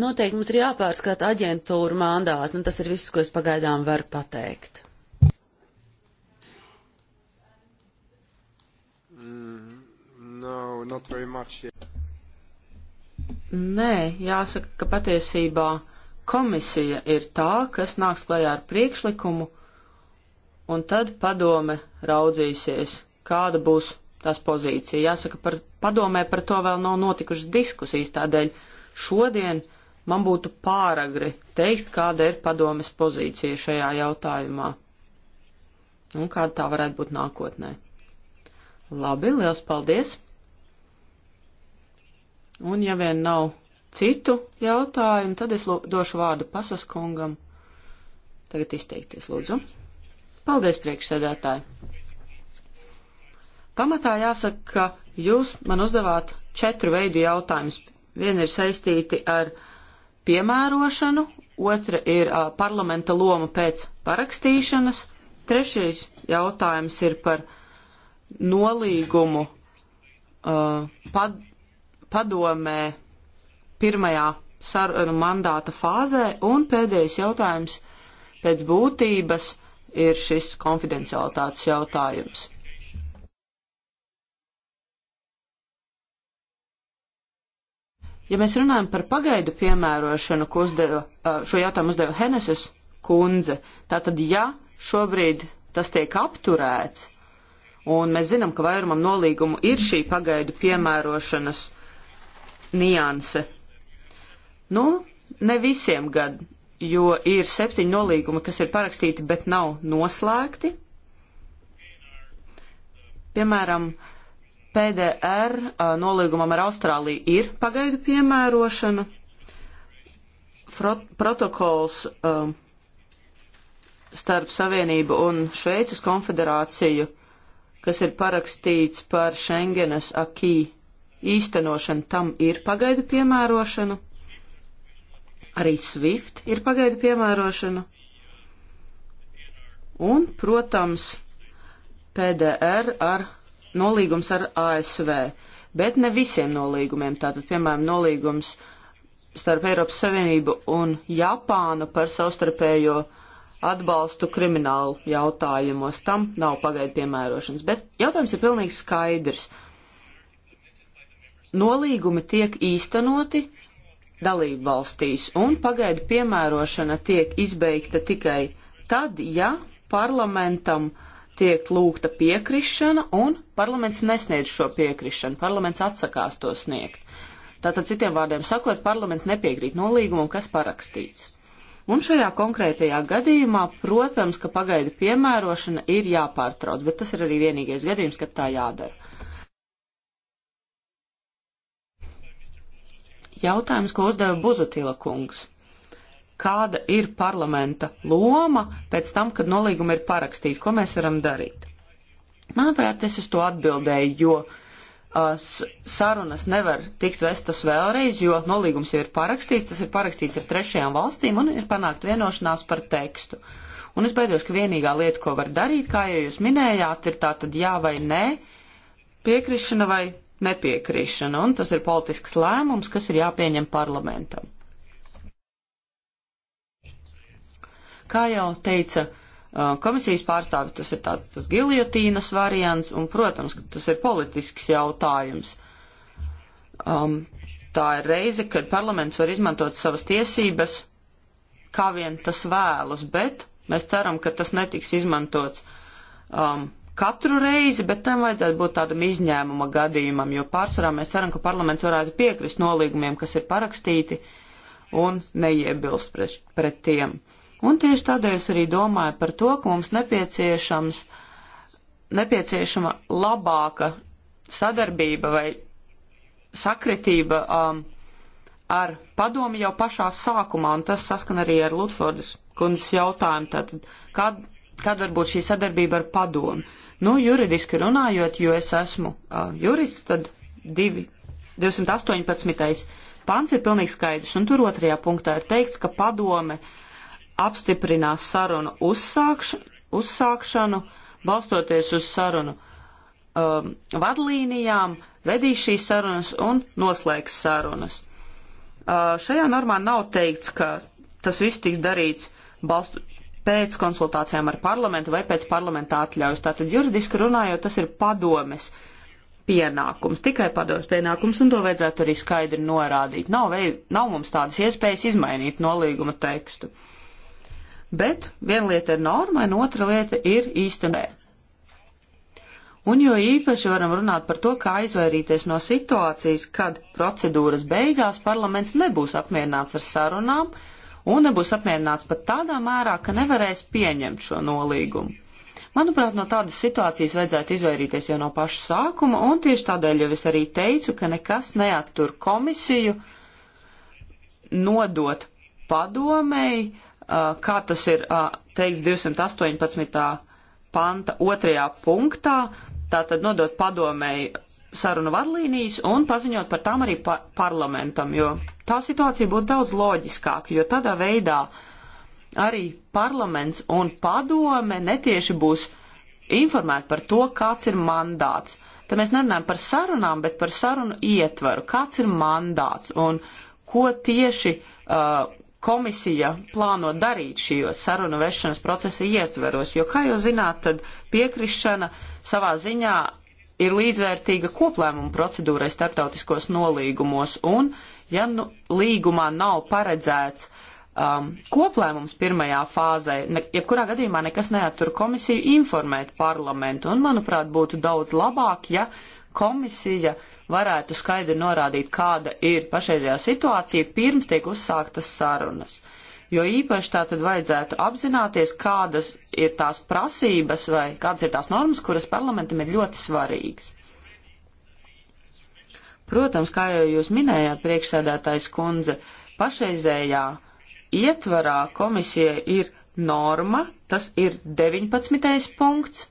Noteikti mums ir jāpārskata aģentūra mandāti, un tas ir viss, ko es pagaidām varu pateikt. Mm, no, not very much yet. Nē, jāsaka, ka patiesībā komisija ir tā, kas nāks klajā ar priekšlikumu, un tad padome raudzīsies, kāda būs tās pozīcija. Jāsaka, par padomē par to vēl nav notikušas diskusijas, tādēļ šodien man būtu pāragri teikt, kāda ir padomes pozīcija šajā jautājumā un kāda tā varētu būt nākotnē. Labi, liels paldies! Un ja vien nav citu jautājumu, tad es došu vārdu pasaskungam. Tagad izteikties, lūdzu. Paldies, priekšsēdētāji! Pamatā jāsaka, ka jūs man uzdevāt četru veidu jautājumus. Viena ir saistīti ar piemērošanu, otra ir uh, parlamenta loma pēc parakstīšanas, trešais jautājums ir par nolīgumu uh, pad, padomē pirmajā sarunu mandāta fāzē, un pēdējais jautājums pēc būtības uh, ir šis konfidencialitātes jautājums. Ja mēs runājam par pagaidu piemērošanu, ko uzdeva, šo jautājumu uzdeva Heneses kundze, tātad ja šobrīd tas tiek apturēts, un mēs zinām, ka vairumam nolīgumu ir šī pagaidu piemērošanas nianse, nu, ne visiem gad, jo ir septiņi nolīgumi, kas ir parakstīti, bet nav noslēgti. Piemēram, PDR nolīgumam ar Austrāliju ir pagaidu piemērošana. Frot, protokols um, starp Savienību un Šveices konfederāciju, kas ir parakstīts par Schengenes akī īstenošanu, tam ir pagaidu piemērošana. Arī SWIFT ir pagaidu piemērošana. Un, protams, PDR ar nolīgums ar ASV, bet ne visiem nolīgumiem. Tātad, piemēram, nolīgums starp Eiropas Savienību un Japānu par savstarpējo atbalstu kriminālu jautājumos. Tam nav pagaidu piemērošanas, bet jautājums ir pilnīgi skaidrs. Nolīgumi tiek īstenoti dalību valstīs, un pagaidu piemērošana tiek izbeigta tikai tad, ja parlamentam tiek lūgta piekrišana, un parlaments nesniedz šo piekrišanu, parlaments atsakās to sniegt. Tātad, citiem vārdiem sakot, parlaments nepiekrīt nolīgumam, kas parakstīts. Un šajā konkrētajā gadījumā, protams, ka pagaidu piemērošana ir jāpārtrauc, bet tas ir arī vienīgais gadījums, kad tā jādara. jautājums, ko uzdeva Buzutila kungs. Kāda ir parlamenta loma pēc tam, kad nolīguma ir parakstīta? Ko mēs varam darīt? Manuprāt, es uz to atbildēju, jo uh, sarunas nevar tikt vestas vēlreiz, jo nolīgums jau ir parakstīts, tas ir parakstīts ar trešajām valstīm un ir panākt vienošanās par tekstu. Un es baidos, ka vienīgā lieta, ko var darīt, kā jau jūs minējāt, ir tā tad jā vai nē, piekrišana vai nepiekrišana, un tas ir politisks lēmums, kas ir jāpieņem parlamentam. Kā jau teica uh, komisijas pārstāvis, tas ir tāds tas giljotīnas variants, un, protams, tas ir politisks jautājums. Um, tā ir reize, kad parlaments var izmantot savas tiesības, kā vien tas vēlas, bet mēs ceram, ka tas netiks izmantots um, katru reizi, bet tam vajadzētu būt tādam izņēmuma gadījumam, jo pārsvarā mēs ceram, ka parlaments varētu piekrist nolīgumiem, kas ir parakstīti un neiebilst pret, pret tiem. Un tieši tādēļ es arī domāju par to, ka mums nepieciešams, nepieciešama labāka sadarbība vai sakritība um, ar padomi jau pašā sākumā, un tas saskan arī ar Lutfordas kundzes jautājumu, tātad kād, kāda varbūt šī sadarbība ar padomu. Nu, juridiski runājot, jo es esmu uh, jurists, tad divi, 218. pants ir pilnīgi skaidrs, un tur otrajā punktā ir teikts, ka padome apstiprinās sarunu uzsākš, uzsākšanu, balstoties uz sarunu um, vadlīnijām, vedīs šīs sarunas un noslēgs sarunas. Uh, šajā normā nav teikts, ka tas viss tiks darīts balstu, pēc konsultācijām ar parlamentu vai pēc parlamenta atļaujas. Tātad juridiski runājot, tas ir padomes pienākums, tikai padomes pienākums, un to vajadzētu arī skaidri norādīt. Nav, vei, nav mums tādas iespējas izmainīt nolīguma tekstu. Bet viena lieta ir norma, un otra lieta ir īstenē. Un jo īpaši varam runāt par to, kā izvairīties no situācijas, kad procedūras beigās parlaments nebūs apmierināts ar sarunām, uh, un nebūs apmierināts pat tādā mērā, ka nevarēs pieņemt šo nolīgumu. Manuprāt, no tādas situācijas vajadzētu izvairīties jau no paša sākuma, un tieši tādēļ jau es arī teicu, ka nekas neattur komisiju nodot padomēji, kā tas ir teiks 218. panta otrajā punktā, tātad nodot padomēji sarunu vadlīnijas un paziņot par tām arī pa parlamentam, jo tā situācija būtu daudz loģiskāka, jo tādā veidā arī parlaments un padome netieši būs informēti par to, kāds ir mandāts. Te mēs nerunājam par sarunām, bet par sarunu ietvaru, kāds ir mandāts un ko tieši uh, komisija plāno darīt šajos sarunu vešanas procesa ietveros, jo, kā jūs zināt, tad piekrišana uh, savā ziņā ir līdzvērtīga koplēmuma procedūrai starptautiskos nolīgumos, un ja nu, līgumā nav paredzēts um, koplēmums pirmajā fāzē, ne, jebkurā gadījumā nekas neatur komisiju informēt parlamentu, un manuprāt būtu daudz labāk, ja komisija varētu skaidri norādīt, kāda ir pašreizējā situācija, pirms tiek uzsāktas sarunas. Uh, jo īpaši tā tad vajadzētu apzināties, kādas ir tās prasības vai kādas ir tās normas, kuras parlamentam ir ļoti svarīgas. Protams, kā jau jūs minējāt, priekšsēdētājs kundze, pašreizējā ietvarā komisija ir norma, tas ir 19. punkts,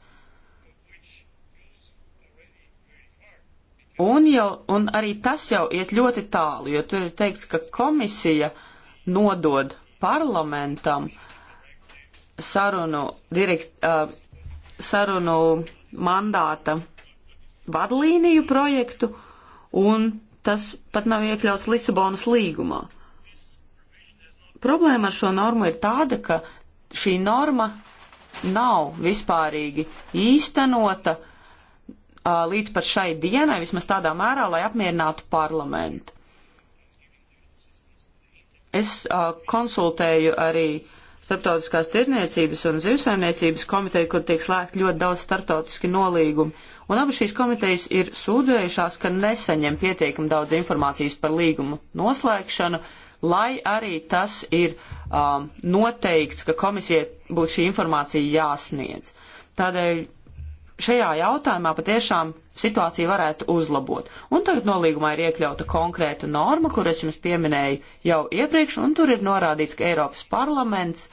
Un, jau, un arī tas jau iet ļoti tālu, jo tur ir teikts, ka komisija nodod parlamentam sarunu, direkt, uh, sarunu mandāta vadlīniju projektu, un tas pat nav iekļauts Lisabonas līgumā. Problēma ar šo normu ir tāda, ka šī norma nav vispārīgi īstenota uh, līdz pat šai dienai, vismaz tādā mērā, lai apmierinātu parlamentu. Es uh, konsultēju arī Startautiskās tirniecības un zivsaimniecības komiteju, kur tiek slēgt ļoti daudz startautiski nolīgumi. Un abas šīs komitejas ir sūdzējušās, ka nesaņem pietiekam daudz informācijas par līgumu noslēgšanu, lai arī tas ir um, noteikts, ka komisijai būtu šī informācija jāsniedz. Tādēļ šajā jautājumā patiešām situāciju varētu uzlabot. Un tagad nolīgumā ir iekļauta konkrēta norma, kur es jums pieminēju jau iepriekš, un tur ir norādīts, ka Eiropas parlaments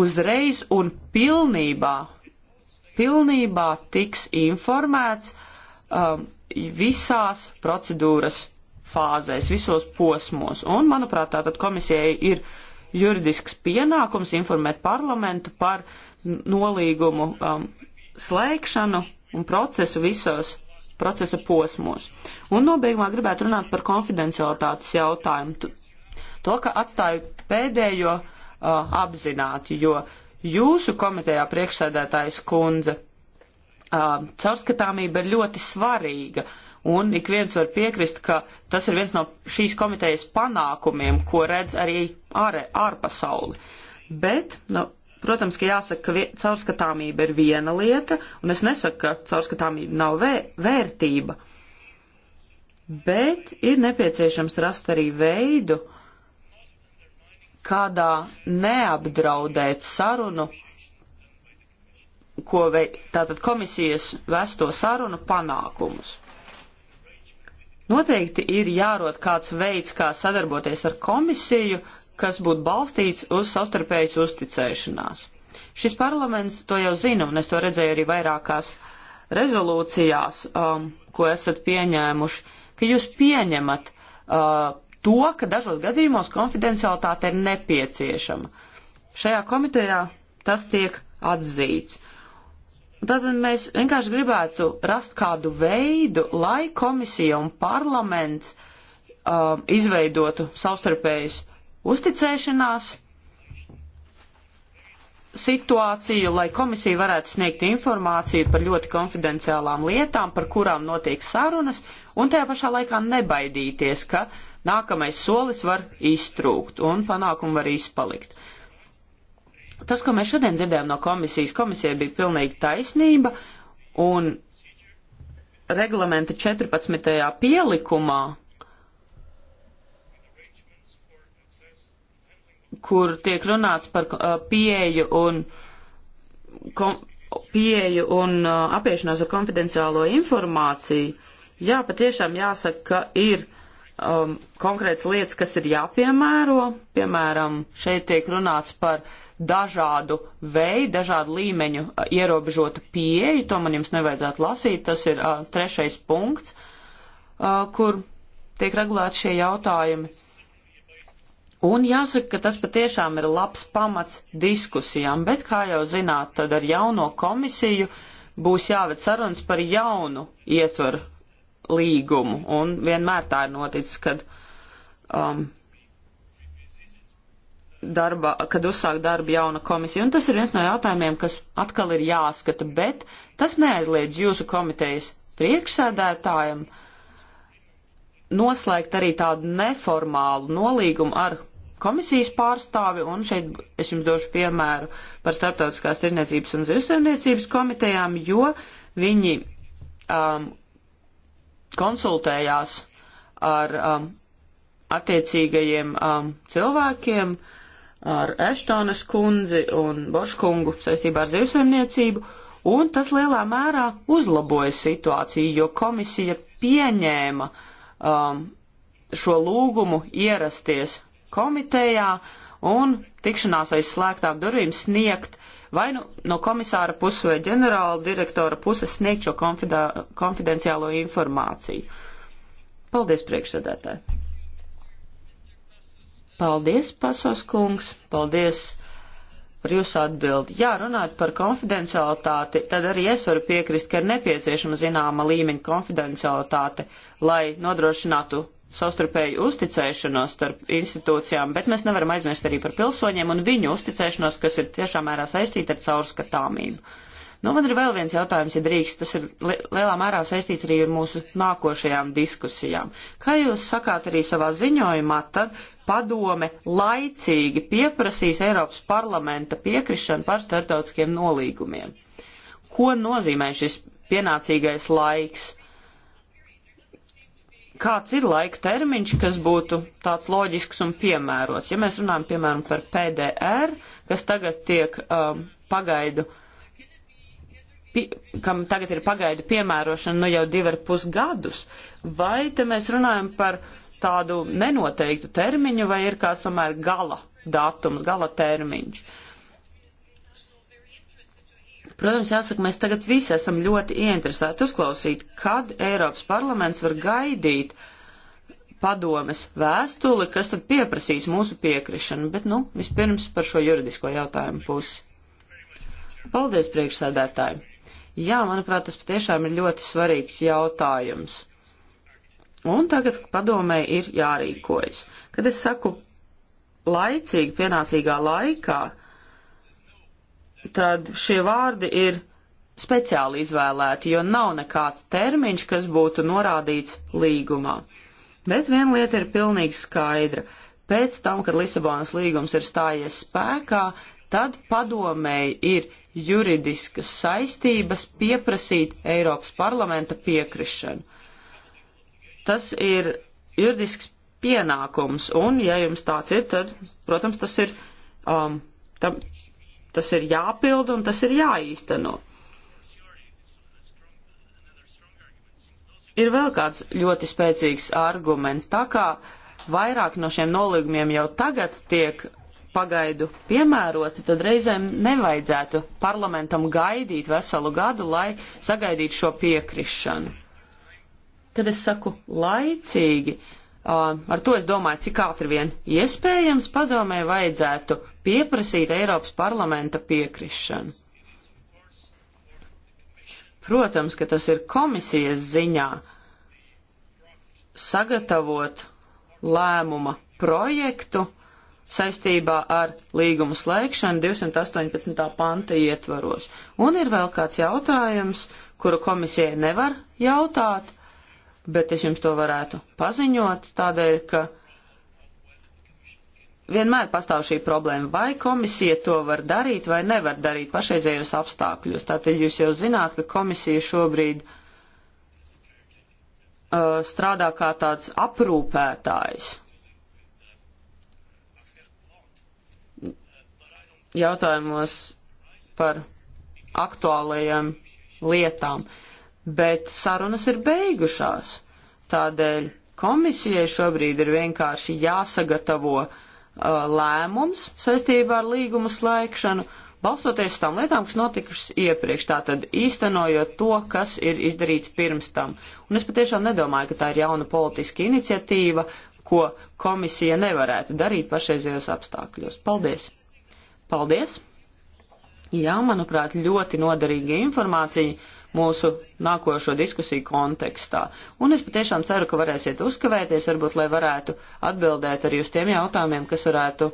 uzreiz un pilnībā, pilnībā tiks informēts um, visās procedūras fāzēs, visos posmos. Un, manuprāt, tātad komisijai ir juridisks pienākums informēt parlamentu par nolīgumu um, slēgšanu un procesu visos procesa posmos. Un nobeigumā gribētu runāt par konfidencialitātes jautājumu. To, ka atstāju pēdējo uh, apzināti, jo jūsu komitejā priekšsēdētājs kundze uh, caurskatāmība ir ļoti svarīga. Un ik viens var piekrist, ka tas ir viens no šīs komitejas panākumiem, ko redz arī ārē, ārpasauli. Bet no, nu, Protams, ka jāsaka, ka caurskatāmība ir viena lieta, un es nesaku, ka caurskatāmība nav vē vērtība, bet ir nepieciešams rast arī veidu, kādā neapdraudēt sarunu, ko vei, tātad komisijas vesto sarunu panākumus. Noteikti ir jārod kāds veids, kā sadarboties ar komisiju, kas būtu balstīts uz savstarpējas uzticēšanās. Šis parlaments to jau zina, un es to redzēju arī vairākās rezolūcijās, um, ko esat pieņēmuši, ka jūs pieņemat uh, to, ka dažos gadījumos konfidencialitāte ir nepieciešama. Šajā komitejā tas tiek atzīts. Un tad mēs vienkārši gribētu rast kādu veidu, lai komisija un parlaments um, izveidotu savstarpējas uzticēšanās situāciju, lai komisija varētu sniegt informāciju par ļoti konfidenciālām lietām, par kurām notiek sarunas, un tajā pašā laikā nebaidīties, ka nākamais solis var iztrūkt un panākumi var izpalikt. Tas, ko mēs šodien dzirdējām no komisijas, komisija bija pilnīgi taisnība, un reglamenta 14. pielikumā kur tiek runāts par uh, pieeju un, kom, pieeju un uh, apiešanos ar konfidenciālo informāciju, jā, patiešām jāsaka, ka ir um, konkrēts lietas, kas ir jāpiemēro. Piemēram, šeit tiek runāts par dažādu veidu, dažādu līmeņu uh, ierobežotu pieeju, to man jums nevajadzētu lasīt, tas ir uh, trešais punkts, uh, kur tiek regulēti šie jautājumi. Un jāsaka, ka tas patiešām ir labs pamats diskusijām, bet, kā jau zināt, tad ar jauno komisiju būs jāved sarunas par jaunu ietvaru līgumu. Un vienmēr tā ir noticis, kad, um, darba, kad uzsāk darbu jauna komisija. Un tas ir viens no jautājumiem, kas atkal ir jāskata, bet tas neaizliedz jūsu komitejas priekšsēdētājiem noslēgt arī tādu neformālu nolīgumu ar komisijas pārstāvi, un šeit es jums došu piemēru par starptautiskās tirniecības un zivsaimniecības komitejām, jo viņi um, konsultējās ar um, attiecīgajiem um, cilvēkiem, ar Eštonas kundzi un Boškungu saistībā ar zivsaimniecību, un tas lielā mērā uzlaboja situāciju, jo komisija pieņēma um, šo lūgumu ierasties komitejā un tikšanās aiz slēgtām durvīm sniegt vai nu no komisāra puses vai ģenerāla direktora puses sniegt šo konfidā, konfidenciālo informāciju. Paldies, priekšsēdētāji! Paldies, Pasos kungs! Paldies! par jūsu atbildi. Jā, runājot par konfidencialitāti, tad arī es varu piekrist, ka ir nepieciešama zināma līmeņa konfidencialitāte, lai nodrošinātu savstarpēju uzticēšanos starp institūcijām, bet mēs nevaram aizmirst arī par pilsoņiem un viņu uzticēšanos, kas ir tiešām mērā saistīta ar caurskatāmību. Nu, man ir vēl viens jautājums, ja drīkst, tas ir li lielā mērā saistīts arī ar mūsu nākošajām diskusijām. Kā jūs sakāt arī savā ziņojumā, tad padome laicīgi pieprasīs Eiropas parlamenta piekrišanu par starptautiskiem nolīgumiem. Ko nozīmē šis pienācīgais laiks? kāds ir laika termiņš, kas būtu tāds loģisks un piemērots. Ja mēs runājam, piemēram, par PDR, kas tagad tiek um, pagaidu, pi, kam tagad ir pagaidu piemērošana nu jau divi ar pus gadus, vai te mēs runājam par tādu nenoteiktu termiņu, vai ir kāds tomēr gala datums, gala termiņš. Uh, Protams, jāsaka, mēs tagad visi esam ļoti ieinteresēti uzklausīt, kad Eiropas parlaments var gaidīt padomes vēstuli, kas tad pieprasīs mūsu piekrišanu, bet, nu, vispirms par šo juridisko jautājumu pusi. Paldies, priekšsēdētāji! Jā, manuprāt, tas patiešām ir ļoti svarīgs jautājums. Un tagad padomē ir jārīkojas. Kad es saku laicīgi, pienācīgā laikā, tad šie vārdi ir speciāli izvēlēti, jo nav nekāds termiņš, kas būtu norādīts līgumā. Bet viena lieta ir pilnīgi skaidra. Pēc tam, kad Lisabonas līgums ir stājies spēkā, tad padomēji ir juridiskas saistības pieprasīt Eiropas parlamenta piekrišanu. Tas ir juridisks pienākums, un ja jums tāds ir, tad, protams, tas ir, um, tam, tas ir jāpilda un tas ir jāīsteno. Ir vēl kāds ļoti spēcīgs arguments, tā kā vairāk no šiem nolīgumiem jau tagad tiek pagaidu piemēroti, tad reizēm nevajadzētu parlamentam gaidīt veselu gadu, lai sagaidītu šo piekrišanu. Kad es saku laicīgi, ar to es domāju, cik ātri vien iespējams padomē vajadzētu pieprasīt Eiropas parlamenta piekrišanu. Protams, ka tas ir komisijas ziņā sagatavot lēmuma projektu saistībā ar līgumu slēgšanu 218. panta ietvaros. Un ir vēl kāds jautājums, kuru komisijai nevar jautāt, bet es jums to varētu paziņot tādēļ, ka vienmēr pastāv šī problēma, vai komisija to var darīt vai nevar darīt pašreizējos apstākļos. Tātad jūs jau zināt, ka komisija šobrīd uh, strādā kā tāds aprūpētājs. jautājumos par aktuālajām lietām, bet sarunas ir beigušās. Tādēļ komisijai šobrīd ir vienkārši jāsagatavo uh, Uh, lēmums saistībā ar līgumu slēgšanu, balstoties uz tām lietām, kas notikušas iepriekš, tātad īstenojot to, kas ir izdarīts pirms tam. Un es patiešām nedomāju, ka tā ir jauna politiska iniciatīva, ko komisija nevarētu darīt pašreizējos apstākļos. Paldies! Paldies! Jā, manuprāt, ļoti noderīga informācija mūsu nākošo diskusiju kontekstā. Un es patiešām ceru, ka varēsiet uzkavēties, varbūt, lai varētu atbildēt arī uz tiem jautājumiem, kas varētu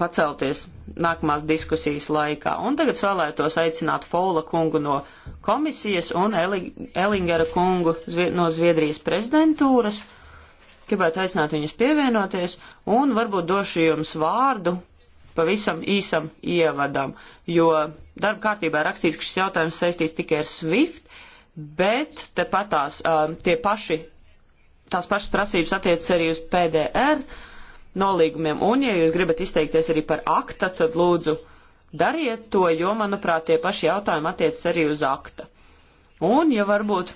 pacelties nākamās diskusijas laikā. Un tagad vēlētos aicināt Fola kungu no komisijas un Elingera kungu no Zviedrijas prezidentūras. Gribētu aicināt viņus pievienoties un varbūt došu jums vārdu pavisam īsam ievadam jo darba kārtībā rakstīts, ka šis jautājums saistīts tikai ar SWIFT, bet tepat tās um, tie paši, tās pašas prasības attiecas arī uz PDR nolīgumiem, un ja jūs gribat izteikties arī par akta, tad lūdzu dariet to, jo, manuprāt, tie paši jautājumi attiecas arī uz akta. Un, ja varbūt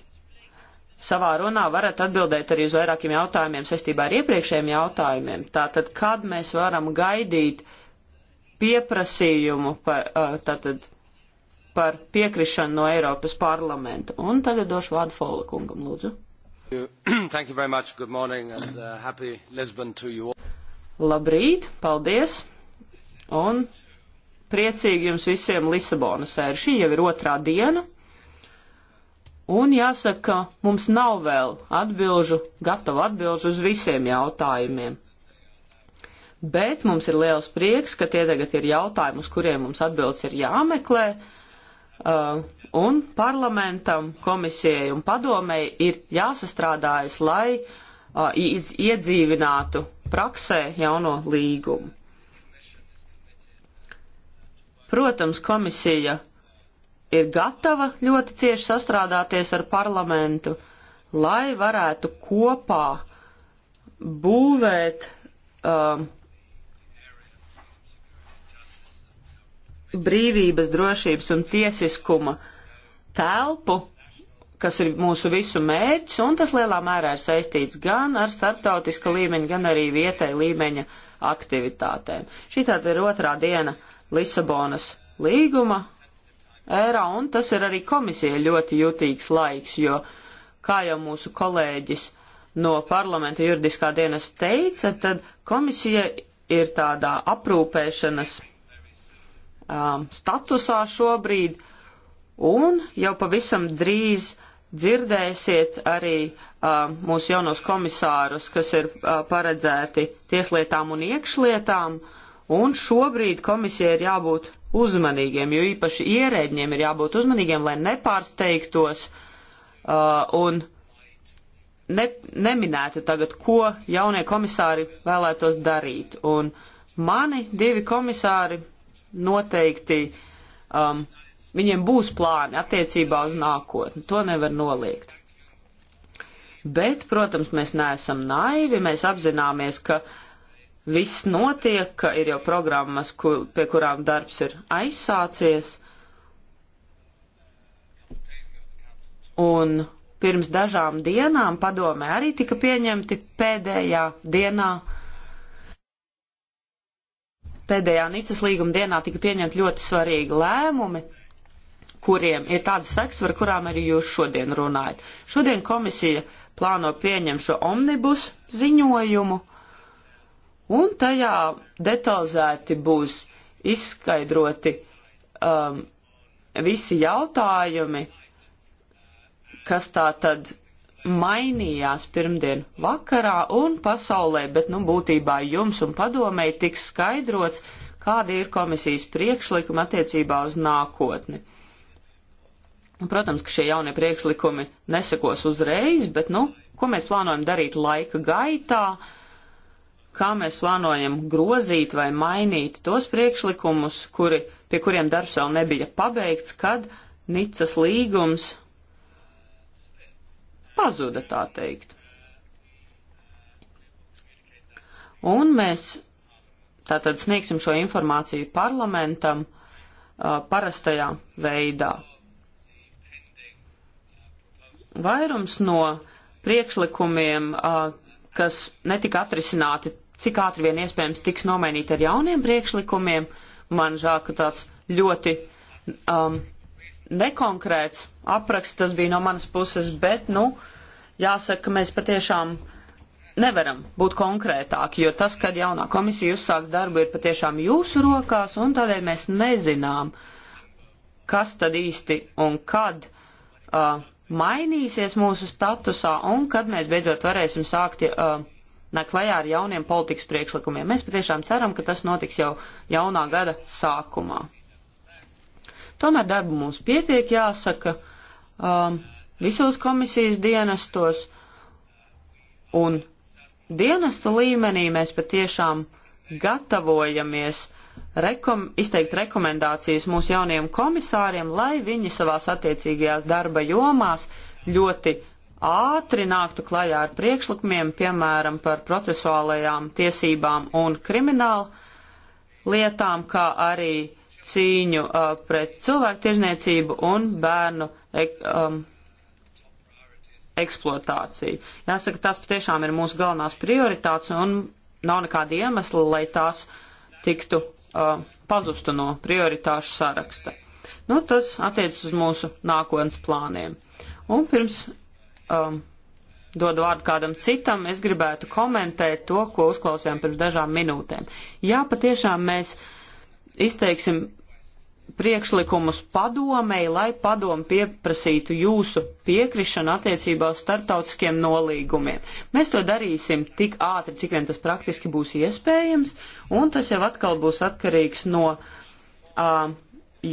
savā runā varat atbildēt arī uz vairākiem jautājumiem saistībā ar iepriekšējiem jautājumiem, tātad, kad mēs varam gaidīt uh, pieprasījumu par, uh, tātad, par piekrišanu no Eiropas parlamenta. Un tagad došu vārdu Fola kungam, lūdzu. Thank you very much. Good morning and uh, happy Lisbon to you all. Labrīt, paldies. Un priecīgi jums visiem Lisabonas sēra. Šī jau ir otrā diena. Un jāsaka, mums nav vēl atbilžu, gatavu atbilžu uz visiem jautājumiem bet mums ir liels prieks, ka tie tagad ir jautājumi, uz kuriem mums atbildes ir jāmeklē, uh, un parlamentam, komisijai un padomēji ir jāsastrādājas, lai uh, iedzīvinātu praksē jauno līgumu. Protams, komisija ir gatava ļoti cieši sastrādāties ar parlamentu, lai varētu kopā būvēt um, brīvības, drošības un tiesiskuma telpu, kas ir mūsu visu mērķis, un tas lielā mērā ir saistīts gan ar starptautiska līmeņa, gan arī vietēja līmeņa aktivitātēm. Šī tāda ir otrā diena Lisabonas līguma ērā, un tas ir arī komisija ļoti jutīgs laiks, jo, kā jau mūsu kolēģis no parlamenta juridiskā dienas teica, tad komisija ir tādā aprūpēšanas um, statusā šobrīd, un jau pavisam drīz dzirdēsiet arī um, mūsu jaunos komisārus, kas ir uh, paredzēti tieslietām un iekšlietām, un šobrīd komisija ir jābūt uzmanīgiem, jo īpaši ierēģiem ir jābūt uzmanīgiem, lai nepārsteigtos uh, un ne, neminētu tagad, ko jaunie komisāri vēlētos darīt. Un mani divi komisāri noteikti um, viņiem būs plāni attiecībā uz nākotni. To nevar noliegt. Bet, protams, mēs neesam naivi, mēs apzināmies, ka viss notiek, ka ir jau programmas, kur, pie kurām darbs ir aizsācies. Un pirms dažām dienām padomē arī tika pieņemti pēdējā dienā uh, pēdējā Nicas līguma dienā tika pieņemti ļoti svarīgi lēmumi, kuriem ir tāda seks, par kurām arī jūs šodien runājat. Šodien komisija plāno pieņemt šo omnibus ziņojumu, un tajā detalizēti būs izskaidroti um, visi jautājumi, kas tā tad mainījās pirmdien vakarā un pasaulē, bet nu būtībā jums un padomēji tiks skaidrots, kāda ir komisijas priekšlikuma attiecībā uz nākotni. Nu, protams, ka šie jaunie priekšlikumi nesakos uzreiz, bet, nu, ko mēs plānojam darīt laika gaitā, kā mēs plānojam grozīt vai mainīt tos priekšlikumus, kuri, pie kuriem darbs vēl nebija pabeigts, kad Nicas līgums pazuda, tā teikt. Un mēs tātad sniegsim šo informāciju parlamentam uh, parastajā veidā. Vairums no priekšlikumiem, uh, kas netika atrisināti, cik ātri vien iespējams tiks nomainīti ar jauniem priekšlikumiem, man žēl, ka tāds ļoti um, nekonkrēts apraksts tas bija no manas puses, bet, nu, jāsaka, ka mēs patiešām nevaram būt konkrētāki, jo tas, kad jaunā komisija uzsāks darbu, ir patiešām jūsu rokās, un tādēļ mēs nezinām, kas tad īsti un kad uh, mainīsies mūsu statusā, un kad mēs beidzot varēsim sākt uh, nāk klajā ar jauniem politikas priekšlikumiem. Mēs patiešām ceram, ka tas notiks jau jaunā gada sākumā. Tomēr darba mums pietiek, jāsaka, um, visos komisijas dienestos un dienesta līmenī mēs patiešām gatavojamies rekom, izteikt rekomendācijas mūsu jaunajiem komisāriem, lai viņi savās attiecīgajās darba jomās ļoti ātri nāktu klajā ar priekšlikumiem, piemēram, par procesuālajām tiesībām un kriminālu lietām, kā arī cīņu uh, pret cilvēku tiežniecību un bērnu ek, um, eksploatāciju. Jāsaka, tas patiešām ir mūsu galvenās prioritātes un nav nekāda iemesla, lai tās tiktu uh, pazustu no prioritāšu saraksta. Nu, tas attiecas uz mūsu nākotnes plāniem. Un pirms um, dodu vārdu kādam citam, es gribētu komentēt to, ko uzklausījām pirms dažām minūtēm. Jā, patiešām mēs uh, izteiksim priekšlikumus padomei, lai padomu pieprasītu jūsu piekrišanu attiecībā uz startautiskiem nolīgumiem. Mēs to darīsim tik ātri, cik vien tas praktiski būs iespējams, un tas jau atkal būs atkarīgs no uh,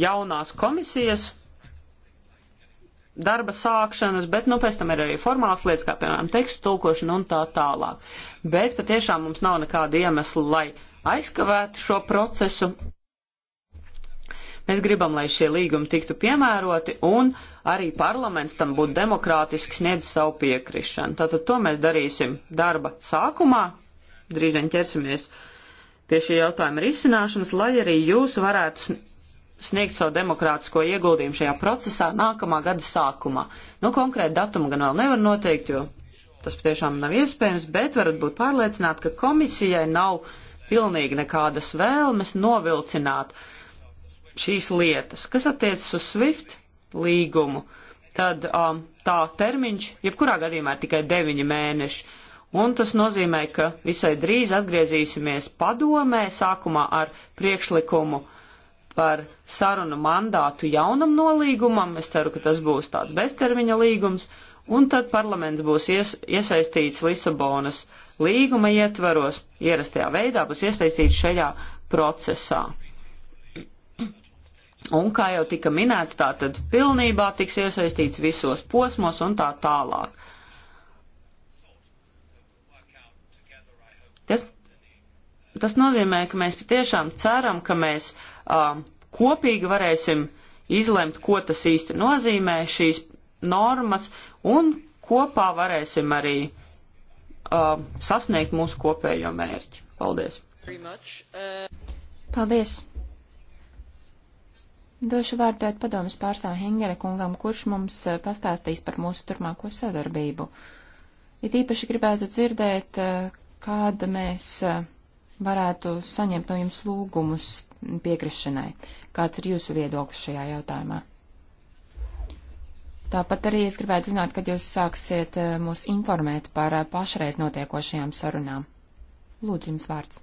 jaunās komisijas darba sākšanas, bet nu, pēc tam ir arī formāls lietas, kā piemēram tekstu tulkošana un tā tālāk. Bet patiešām mums nav nekāda iemesla, lai aizkavētu šo procesu Mēs gribam, lai šie līgumi tiktu piemēroti un arī parlaments tam būtu demokrātiski sniedz savu piekrišanu. Tātad to mēs darīsim darba sākumā, drīz vien ķersimies pie šī jautājuma risināšanas, lai arī jūs varētu sniegt savu demokrātisko ieguldījumu šajā procesā nākamā gada sākumā. Nu, konkrēti datumu gan vēl nevar noteikt, jo tas patiešām nav iespējams, bet varat būt pārliecināti, ka komisijai nav pilnīgi nekādas vēlmes novilcināt uh, šīs lietas. Kas attiecas uz SWIFT līgumu, tad um, tā termiņš jebkurā gadījumā ir tikai 9 mēneši. Un tas nozīmē, ka visai drīz atgriezīsimies padomē, sākumā ar priekšlikumu par sarunu mandātu jaunam nolīgumam. Es ceru, ka tas būs tāds beztermiņa līgums. Un tad parlaments būs ies, iesaistīts Lisabonas līguma ietvaros, ierastajā veidā būs iesaistīts šajā procesā. Un, kā jau tika minēts, tā tad pilnībā tiks iesaistīts visos posmos un tā tālāk. Tas, tas nozīmē, ka mēs patiešām ceram, ka mēs um, kopīgi varēsim izlemt, ko tas īsti nozīmē, šīs normas, un kopā varēsim arī um, sasniegt mūsu kopējo mērķi. Paldies! Paldies! Došu vārdu dēt padomas pārstāv Hengere kungam, kurš mums eh, pastāstīs par mūsu turpmāko sadarbību. It ja īpaši gribētu dzirdēt, eh, kāda mēs eh, varētu saņemt no jums lūgumus piekrišanai. Kāds ir jūsu viedoklis šajā jautājumā? Tāpat arī es gribētu zināt, kad jūs sāksiet mūs informēt par pašreiz notiekošajām sarunām. Lūdzu, jums vārds.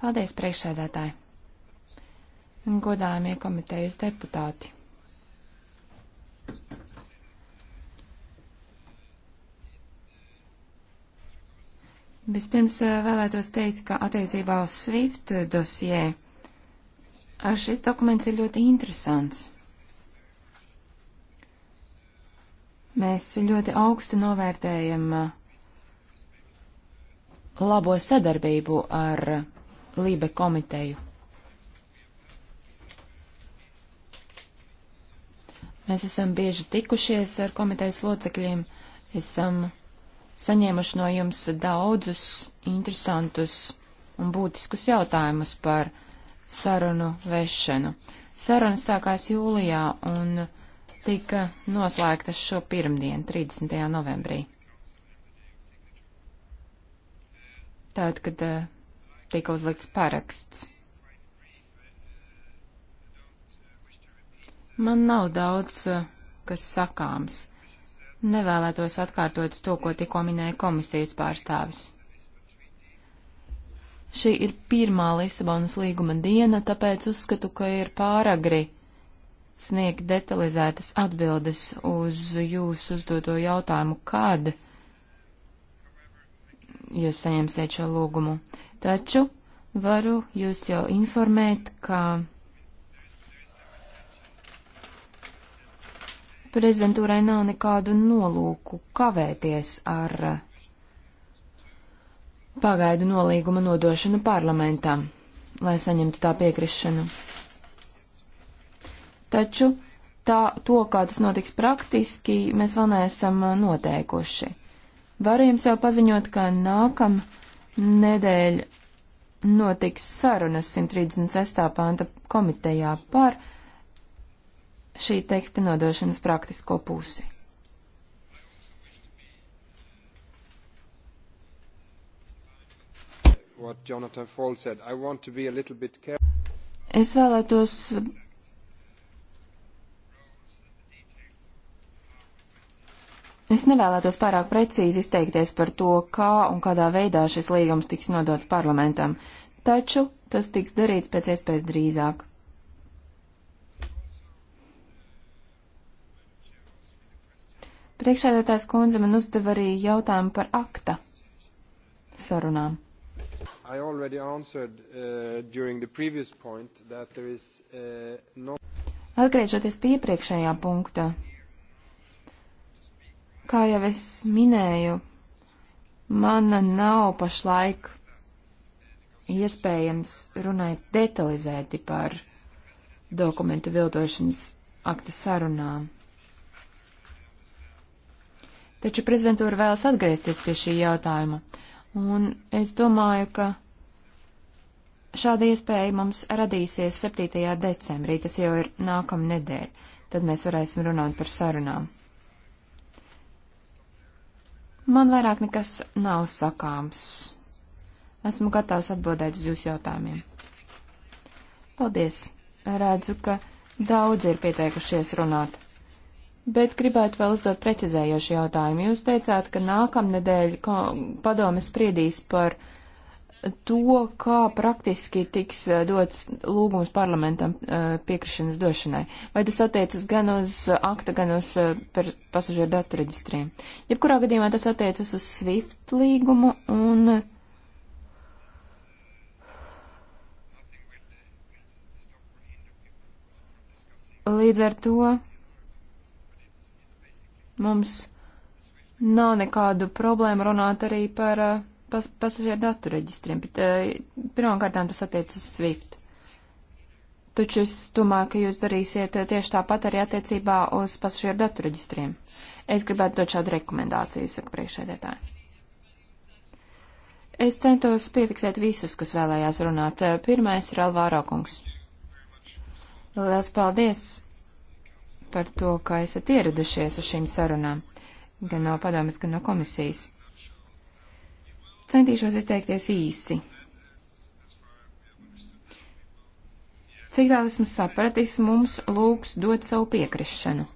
Paldies, priekšsēdētāji! godājumie komitejas deputāti. Vispirms eh, vēlētos teikt, ka attiecībā uz SWIFT dosjē eh, šis dokuments ir ļoti interesants. Mēs ļoti augstu novērtējam eh, labo sadarbību ar Lībe komiteju Mēs esam bieži tikušies ar komitejas locekļiem, esam saņēmuši no jums daudzus interesantus un būtiskus jautājumus par sarunu vešanu. Saruna sākās jūlijā un tika noslēgta šo pirmdienu, 30. novembrī. Tad, kad eh, tika uzlikts paraksts. Man nav daudz, eh, kas sakāms. Nevēlētos atkārtot to, ko tikko minēja komisijas pārstāvis. Šī ir pirmā Lisabonas līguma diena, tāpēc uzskatu, ka ir pāragri sniegt detalizētas atbildes uz jūsu uzdoto jautājumu, kad jūs saņemsiet šo lūgumu. Taču varu jūs jau informēt, ka prezidentūrai nav nekādu nolūku kavēties ar pagaidu nolīguma nodošanu parlamentam, lai saņemtu tā piekrišanu. Taču tā, to, kā tas notiks praktiski, mēs vēl neesam noteikuši. Varu jums jau paziņot, ka nākam nedēļ notiks sarunas 136. panta komitejā par šī teksta nodošanas praktisko pusi. Said, es vēlētos Es nevēlētos pārāk precīzi izteikties par to, kā un kādā veidā šis līgums tiks nodots parlamentam, taču tas tiks darīts pēc iespējas drīzāk. Priekšēdētājs kundze man uzdev arī jautājumu par akta sarunām. I already answered uh, during the previous point that there is uh, no. Atgriežoties pie iepriekšējā punkta, kā jau es minēju, man nav pašlaik iespējams runāt detalizēti par dokumentu viltošanas akta sarunām. Taču prezidentūra vēlas atgriezties pie šī jautājuma. Un es domāju, ka šāda iespēja mums radīsies 7. decembrī, tas jau ir nākamā nedēļa. Tad mēs varēsim runāt par sarunām. Man vairāk nekas nav sakāms. Esmu gatavs atbildēt uz jūsu jautājumiem. Paldies! Redzu, ka daudzi ir pieteikušies runāt bet gribētu vēl uzdot precizējošu jautājumu. Jūs teicāt, ka nākamnedēļ padome spriedīs par to, kā praktiski tiks eh, dots lūgums parlamentam eh, piekrišanas došanai. Vai tas attiecas gan uz akta, gan uz eh, pasažieru datu reģistriem? Jebkurā gadījumā tas attiecas uz SWIFT līgumu un. Līdz ar to Mums nav nekādu problēmu runāt arī par eh, pas, pasažieru datu reģistriem, bet eh, pirmkārtām tas attiecas uz SWIFT. Taču es domāju, ka jūs darīsiet eh, tieši tāpat arī attiecībā uz pasažieru datu reģistriem. Es gribētu dot šādu rekomendāciju, saka priekšēdētāji. Es centos piefiksēt visus, kas vēlējās runāt. Pirmais ir Alvāro kungs. Lielas paldies! par to, ka esat ieradušies uz šīm sarunām, gan no padomas, gan no komisijas. Centīšos izteikties īsi. Cik tālu esmu sapratis, mums lūgs dot savu piekrišanu.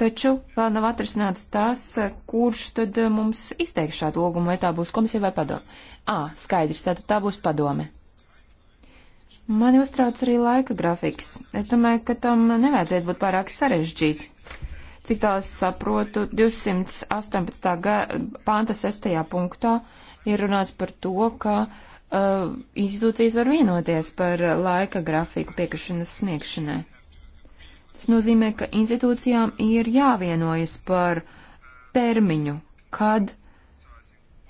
Taču vēl nav atrasināts tas, kurš tad mums izteiks šādu lūgumu, vai tā būs komisija vai padome. Ā, skaidrs, tātad tā būs padome. Mani uztrauc arī laika grafiks. Es domāju, ka tam nevajadzētu būt pārāk sarežģīti. Cik tālu es saprotu, 218. panta 6. punktā ir runāts par to, ka uh, institūcijas var vienoties par laika grafiku piekrišanas sniegšanai. Tas nozīmē, ka institūcijām ir jāvienojas par termiņu, kad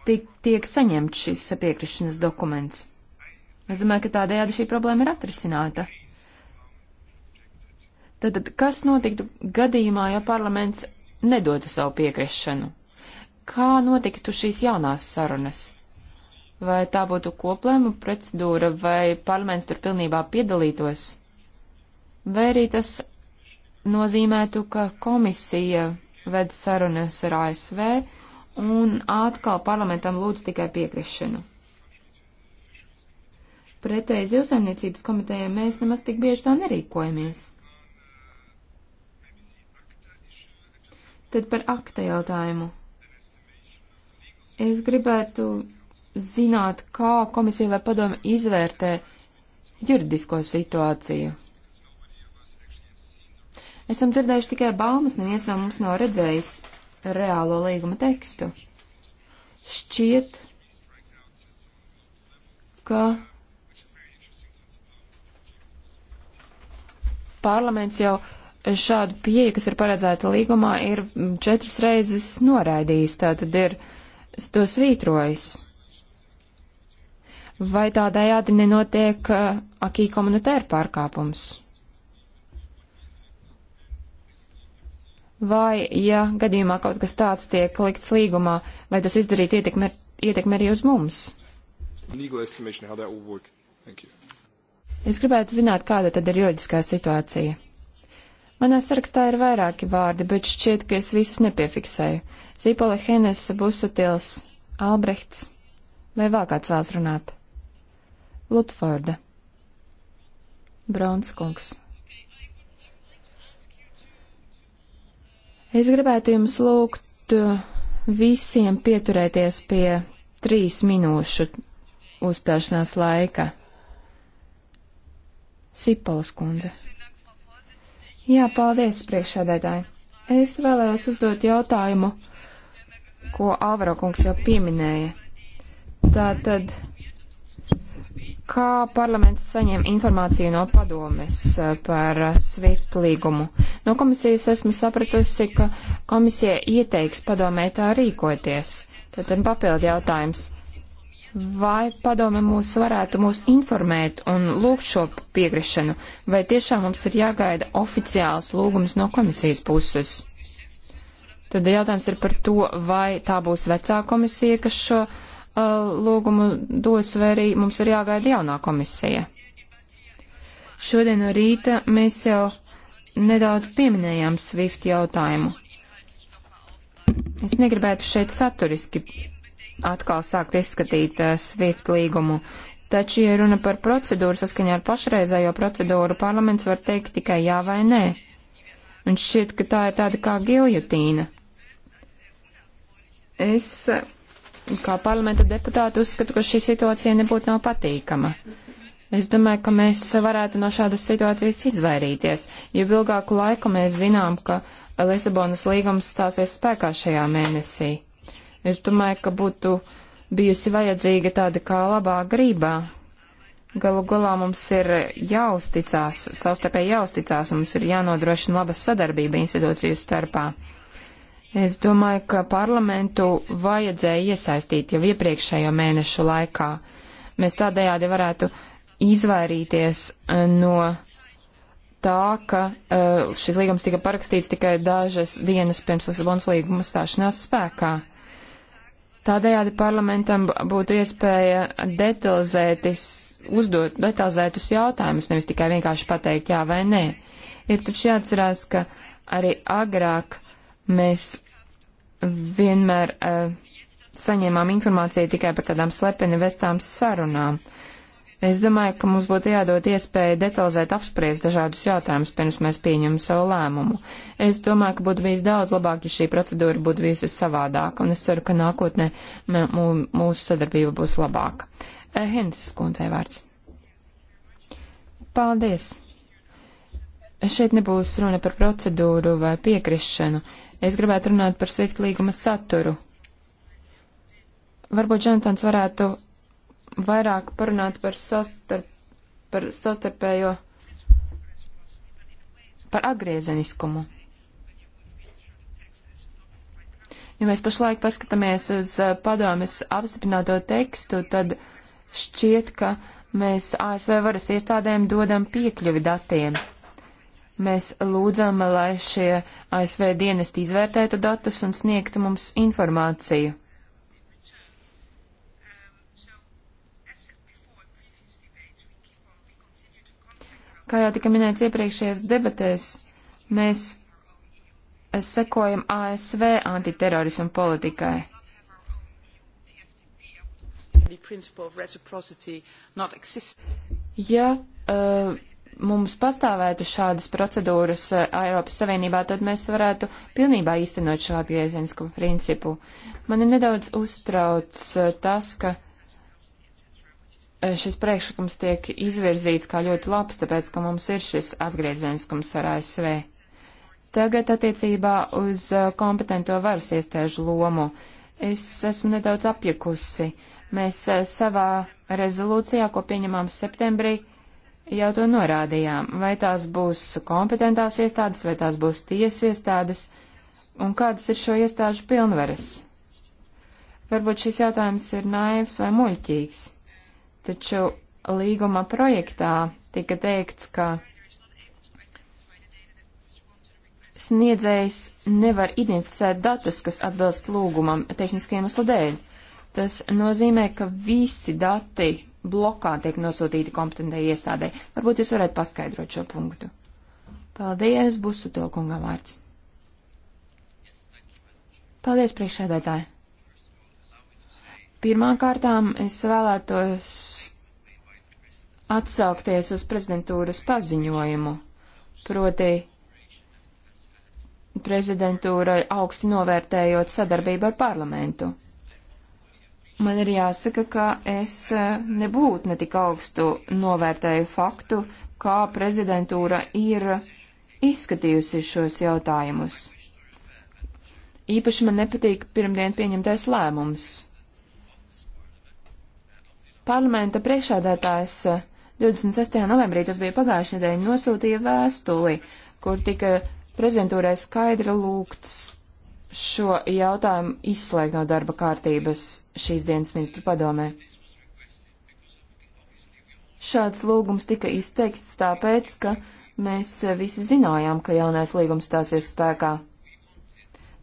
tik, tiek saņemts šis piekrišanas dokuments. Es domāju, ka tādējādi šī problēma ir atrisināta. Tad, tad kas notiktu gadījumā, ja parlaments nedotu savu piekrišanu? Kā notiktu šīs jaunās sarunas? Vai tā būtu koplēmu procedūra, vai parlaments tur pilnībā piedalītos? Vai arī tas nozīmētu, ka komisija ved sarunas ar ASV un atkal parlamentam lūdz tikai piekrišanu? Pretēji zivsaimniecības komitejai mēs nemaz tik bieži tā nerīkojamies. Tad par akta jautājumu. Es gribētu zināt, kā komisija vai padoma izvērtē juridisko situāciju. Esam dzirdējuši tikai baumas, neviens no mums nav redzējis reālo līguma tekstu. Šķiet, ka parlaments jau šādu pieeju, kas ir paredzēta līgumā, ir četras reizes noraidījis, tātad ir to svītrojis. Vai tādējādi nenotiek uh, akī komunitēra pārkāpums? Vai, ja gadījumā kaut kas tāds tiek likts līgumā, vai tas izdarīt ietekmi, ietekmi arī uz mums? Legal estimation how that will work. Thank you. Es gribētu zināt, kāda tad ir juridiskā situācija. Manā sarakstā ir vairāki vārdi, bet šķiet, ka es visus nepiefiksēju. Zīpole Henese, Busutils, Albrechts, vai vēl kāds vēlas runāt? Lutforda. Bronskungs. Es gribētu jums lūgt uh, visiem pieturēties pie trīs minūšu uzstāšanās laika. Sipolas kundze. Jā, paldies, priekšsēdētāji. Es vēlējos uzdot jautājumu, ko Alvaro kungs jau pieminēja. Tātad, kā parlaments saņem informāciju no padomes eh, par eh, SWIFT līgumu? No komisijas esmu sapratusi, ka komisija ieteiks padomē tā rīkoties. Tātad papildi jautājums vai padome mūs varētu mūs informēt un lūgt šo piegrišanu, vai tiešām mums ir jāgaida oficiāls lūgums no komisijas puses. Tad jautājums ir par to, vai tā būs vecā komisija, kas šo uh, lūgumu dos, vai arī mums ir jāgaida jaunā komisija. Šodien no rīta mēs jau nedaudz pieminējām SWIFT jautājumu. Es negribētu šeit saturiski atkal sākt izskatīt uh, SWIFT līgumu. Taču, ja runa par procedūru saskaņā ar pašreizējo procedūru, parlaments var teikt tikai jā vai nē. Un šķiet, ka tā ir tāda kā giljotīna. Es, eh, kā parlamenta deputāta, uzskatu, ka šī situācija nebūtu nav patīkama. Es domāju, ka mēs varētu no šādas situācijas izvairīties, jo ilgāku laiku mēs zinām, ka Lisabonas līgums stāsies spēkā šajā mēnesī. Es domāju, ka būtu bijusi vajadzīga tāda kā labā grībā. Galu galā mums ir jāuzticās, savstarpēji jāuzticās, mums ir jānodrošina laba sadarbība institūciju starpā. Es domāju, ka parlamentu vajadzēja iesaistīt jau iepriekšējo mēnešu laikā. Mēs tādējādi varētu izvairīties eh, no tā, ka eh, šis līgums tika parakstīts tikai dažas dienas pirms Lisabonas līguma stāšanās spēkā. Tādējādi parlamentam būtu iespēja detalizētis, uzdot detalizētus jautājumus, nevis tikai vienkārši pateikt jā vai nē. Ir taču jāatcerās, ka arī agrāk mēs vienmēr uh, saņēmām informāciju tikai par tādām slepeni vestām sarunām. Uh, Es domāju, ka mums būtu jādod iespēja detalizēt apspriest dažādus jautājumus, pirms mēs pieņemam savu lēmumu. Es domāju, ka būtu bijis daudz labāk, ja šī procedūra būtu bijusi savādāka, un es ceru, ka nākotnē mūsu sadarbība būs labāka. Eh, Henses kundzei vārds. Paldies! Šeit nebūs runa par procedūru vai piekrišanu. Es gribētu runāt par SWIFT līguma saturu. Varbūt Džantons varētu vairāk parunāt par, sastarp, par sastarpējo, par atgriezeniskumu. Ja mēs pašlaik paskatāmies uz eh, padomes apstiprināto tekstu, tad šķiet, ka mēs ASV varas iestādēm dodam piekļuvi datiem. Mēs lūdzam, lai šie ASV dienesti izvērtētu datus un sniegtu mums informāciju. Kā jau tika minēts iepriekšējās debatēs, mēs sekojam ASV antiterorismu politikai. Ja uh, mums pastāvētu šādas procedūras uh, Eiropas Savienībā, tad mēs varētu pilnībā īstenot šo atgriezienisko principu. Mani nedaudz uztrauc uh, tas, ka Eh, šis priekšlikums tiek izvirzīts kā ļoti labs, tāpēc, ka mums ir šis atgriezieniskums ar ASV. Tagad attiecībā uz eh, kompetento varas iestāžu lomu. Es esmu nedaudz apjukusi. Mēs eh, savā rezolūcijā, ko pieņemām septembrī, jau to norādījām. Vai tās būs kompetentās iestādes, vai tās būs tiesu iestādes, un kādas ir šo iestāžu pilnveres? Varbūt šis jautājums ir naivs vai muļķīgs taču līguma projektā tika teikts, ka sniedzējs nevar identificēt datus, kas atbilst lūgumam tehniskajiem uslu dēļ. Tas nozīmē, ka visi dati blokā tiek nosūtīti kompetentai iestādē. Varbūt jūs varētu paskaidrot šo punktu. Paldies, Busu Tilkungam vārds. Paldies, priekšsēdētāji. Pirmkārtām es vēlētos atsaukties uz prezidentūras paziņojumu, proti prezidentūra augsti novērtējot sadarbību ar parlamentu. Man ir jāsaka, ka es eh, nebūtu ne tik augstu novērtēju faktu, kā prezidentūra ir izskatījusi šos jautājumus. Īpaši man nepatīk pirmdien pieņemtais lēmums Parlamenta priekšādātājs eh, 26. novembrī, tas bija pagājušajā nedēļā, nosūtīja vēstuli, kur tika prezidentūrai skaidri lūgts šo jautājumu izslēgt no darba kārtības šīs dienas ministru padomē. Šāds lūgums tika izteikts tāpēc, ka mēs visi zinājām, ka jaunais līgums stāsies spēkā.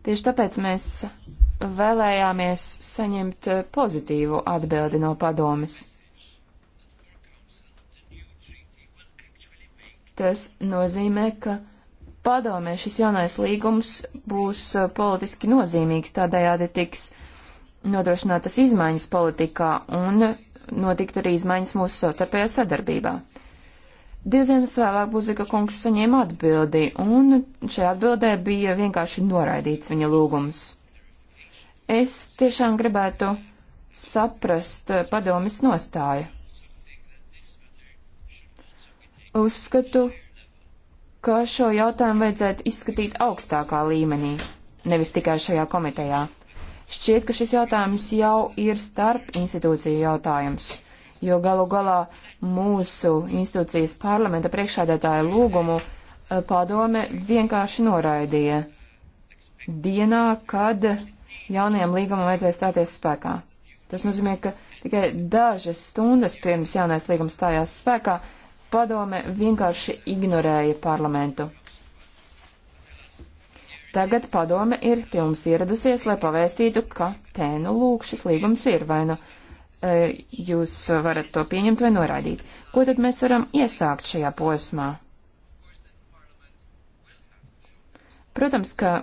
Tieši tāpēc mēs vēlējāmies saņemt eh, pozitīvu atbildi no padomes. Tas nozīmē, ka padomē šis jaunais līgums būs eh, politiski nozīmīgs, tādējādi tiks nodrošinātas izmaiņas politikā un notikt arī izmaiņas mūsu savstarpējā sadarbībā. Divas dienas vēlāk Buzika kungs saņēma atbildi, un šajā atbildē bija vienkārši noraidīts viņa lūgums. Es tiešām gribētu saprast padomis nostāju. Uzskatu, ka šo jautājumu vajadzētu izskatīt augstākā līmenī, nevis tikai šajā komitejā. Šķiet, ka šis jautājums jau ir starp institūciju jautājums, jo galu galā mūsu institūcijas parlamenta priekšādātāja lūgumu eh, padome vienkārši noraidīja dienā, kad jaunajam līgumam vajadzēja stāties spēkā. Tas nozīmē, ka tikai dažas stundas pirms jaunais līgums stājās spēkā, padome vienkārši ignorēja parlamentu. Tagad padome ir pie mums ieradusies, lai pavēstītu, ka tē nu lūk šis līgums ir vai nu e, jūs varat to pieņemt vai noraidīt. Ko tad mēs varam iesākt šajā posmā? Protams, ka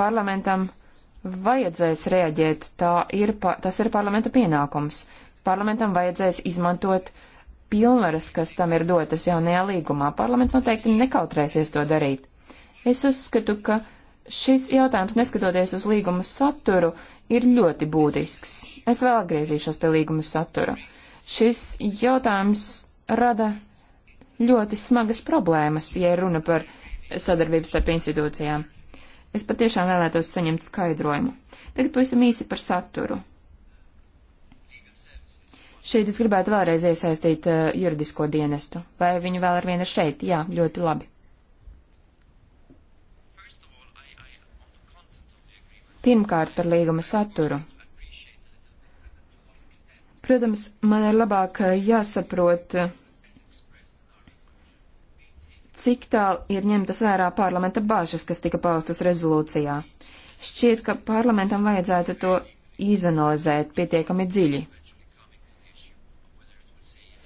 parlamentam vajadzēs reaģēt, tā ir, tas ir parlamenta pienākums. Parlamentam vajadzēs izmantot pilnvaras, kas tam ir dotas jaunajā līgumā. Parlaments noteikti nekautrēsies to darīt. Es uzskatu, ka šis jautājums, neskatoties uz līguma saturu, ir ļoti būtisks. Es vēl atgriezīšos pie līguma satura. Šis jautājums rada ļoti smagas problēmas, ja runa par sadarbību starp institūcijām. Es patiešām vēlētos saņemt skaidrojumu. Tagad pavisam īsi par saturu. Šeit es gribētu vēlreiz iesaistīt uh, juridisko dienestu. Vai viņu vēl ar vienu ir šeit? Jā, ļoti labi. Pirmkārt par līguma saturu. Protams, man ir labāk eh, jāsaprot. Uh, cik tālu ir ņemtas vērā parlamenta bāžas, kas tika paustas rezolūcijā. Šķiet, ka parlamentam vajadzētu to izanalizēt pietiekami dziļi.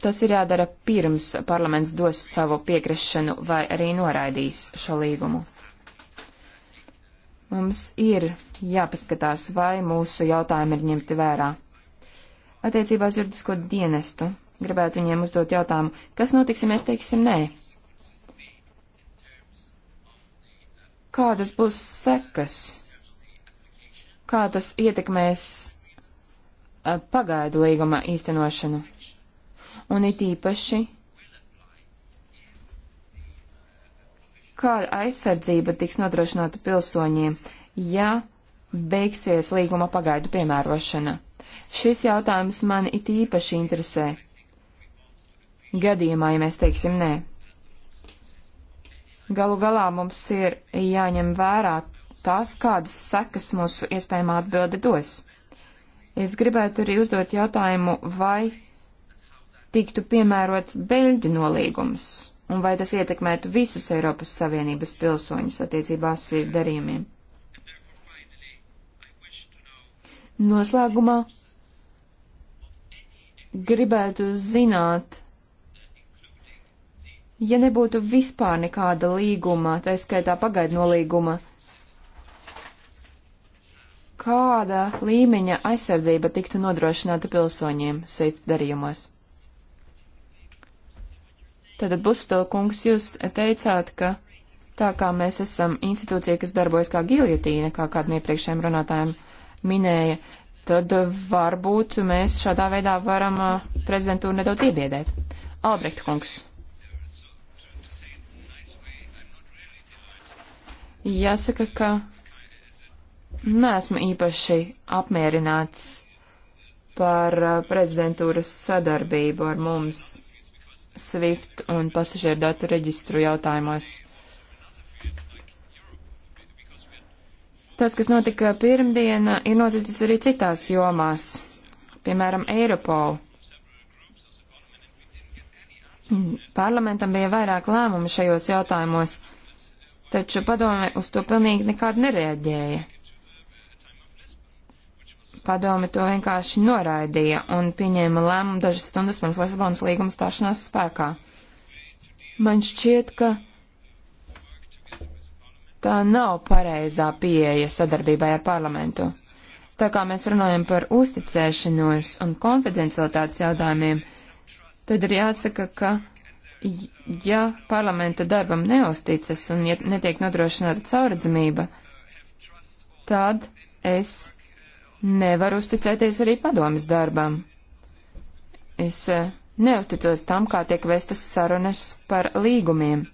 Tas ir jādara pirms parlaments dos savu piekrišanu vai arī noraidīs šo līgumu. Mums ir jāpaskatās, vai mūsu jautājumi ir ņemti vērā. Attiecībā uz juridisko dienestu gribētu viņiem uzdot jautājumu, kas notiks, ja mēs teiksim nē? kādas būs sekas, kā tas ietekmēs pagaidu līguma īstenošanu. Un it īpaši, kāda aizsardzība tiks nodrošināta pilsoņiem, ja beigsies līguma pagaidu piemērošana. Šis jautājums mani it īpaši interesē. Gadījumā, ja mēs teiksim nē. Galu galā mums ir jāņem vērā tās, kādas sekas mūsu iespējamā atbilde dos. Es gribētu arī uzdot jautājumu, vai tiktu piemērots Beļģu nolīgums un vai tas ietekmētu visus Eiropas Savienības pilsoņus attiecībā uz svību darījumiem. Noslēgumā gribētu zināt, ja nebūtu vispār nekāda līguma, tā skaitā pagaidu nolīguma, kāda līmeņa aizsardzība tiktu nodrošināta pilsoņiem seit darījumos? Tātad, Bustel kungs, jūs teicāt, ka tā kā mēs esam institūcija, kas darbojas kā giljotīna, kā kādam iepriekšējiem runātājiem minēja, tad varbūt mēs šādā veidā varam prezidentūru nedaudz iebiedēt. Albrecht kungs. Jāsaka, ka neesmu īpaši apmierināts par uh, prezidentūras sadarbību ar mums SWIFT un pasažieru datu reģistru jautājumos. Tas, kas notika pirmdien, uh, ir noticis arī citās jomās, piemēram, Eiropolu. Parlamentam bija vairāk lēmumu šajos jautājumos taču padome uz to pilnīgi nekādu nereaģēja. Padome to vienkārši noraidīja un pieņēma lēmumu dažas stundas pirms Lisabonas līguma stāšanās spēkā. Man šķiet, ka tā nav pareizā pieeja sadarbībai ar parlamentu. Tā kā mēs runājam par uzticēšanos un konfidencialitātes jautājumiem, tad ir jāsaka, ka ja parlamenta darbam neusticas un ja netiek nodrošināta cauradzamība, tad es nevaru uzticēties arī padomas darbam. Es eh, neusticos tam, kā tiek vestas sarunas par līgumiem.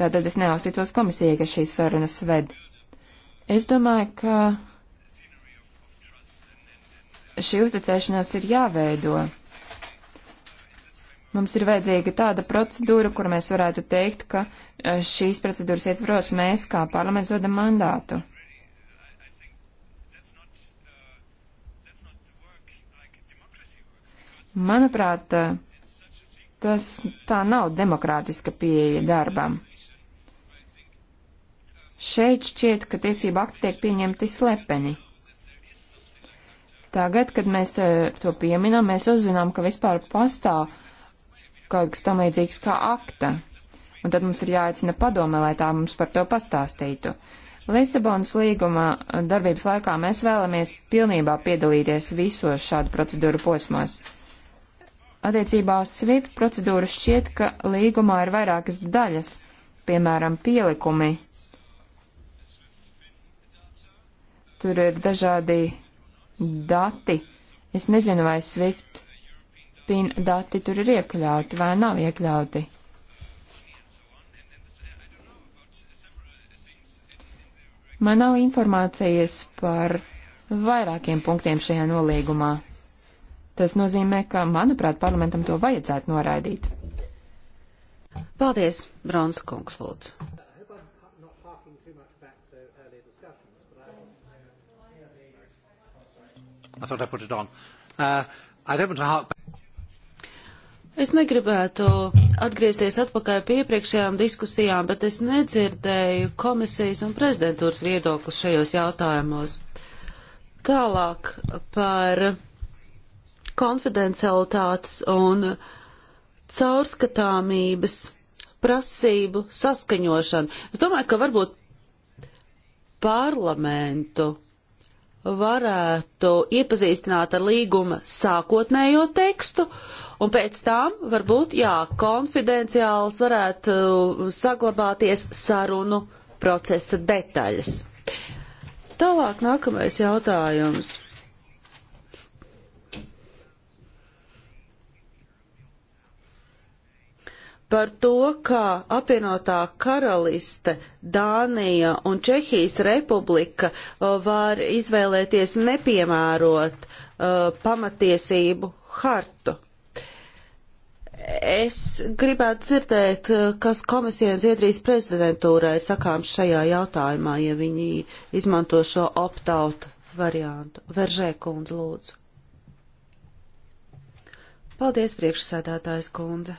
Tātad es neusticos komisijai, kas šīs sarunas ved. Es domāju, ka šī uzticēšanās ir jāveido Mums ir vajadzīga tāda procedūra, kur mēs varētu teikt, ka e, šīs procedūras ietvaros mēs kā parlaments dodam mandātu. Manuprāt, e, tas tā nav demokrātiska pieeja darbam. Šeit šķiet, ka tiesība akti tiek pieņemti slepeni. Tagad, kad mēs to pieminam, mēs uzzinām, ka vispār pastāv kaut kas tam līdzīgs kā akta. Un tad mums ir jāaicina padome, lai tā mums par to pastāstītu. Lisabonas līguma darbības laikā mēs vēlamies pilnībā piedalīties visos šādu procedūru posmos. Attiecībā uz SWIFT procedūru šķiet, ka līgumā ir vairākas daļas, piemēram, pielikumi. Tur ir dažādi dati. Es nezinu, vai SWIFT PIN dati tur ir iekļauti vai nav iekļauti. Man nav informācijas par vairākiem punktiem šajā nolīgumā. Tas nozīmē, ka, manuprāt, parlamentam to vajadzētu noraidīt. Paldies, Brons kungs, lūdzu. I thought I put it on. Uh, I don't want to hark back. Es negribētu atgriezties atpakaļ pie iepriekšējām diskusijām, bet es nedzirdēju komisijas un prezidentūras viedoklis šajos jautājumos. Tālāk par konfidencialitātes un caurskatāmības prasību saskaņošanu. Es domāju, ka varbūt parlamentu varētu iepazīstināt ar līguma sākotnējo tekstu, un pēc tam varbūt, jā, konfidenciāls varētu saglabāties sarunu procesa detaļas. Tālāk nākamais jautājums. par to, kā apvienotā karaliste, Dānija un Čehijas republika uh, var izvēlēties nepiemērot uh, pamatiesību hartu. Es gribētu dzirdēt, uh, kas komisijai un Zviedrijas prezidentūrai sakāms šajā jautājumā, ja viņi izmanto šo opt-out variantu. Veržē kundze, lūdzu. Paldies, priekšsēdētājs kundze.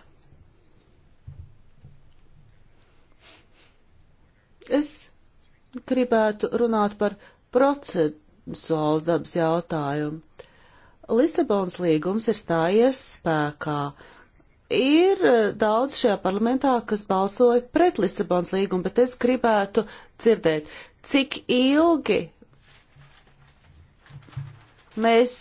Es gribētu runāt par procesuāls dabas jautājumu. Lisabons līgums ir stājies spēkā. Ir eh, daudz šajā parlamentā, kas balsoja pret Lisabons līgumu, bet es gribētu dzirdēt, cik ilgi mēs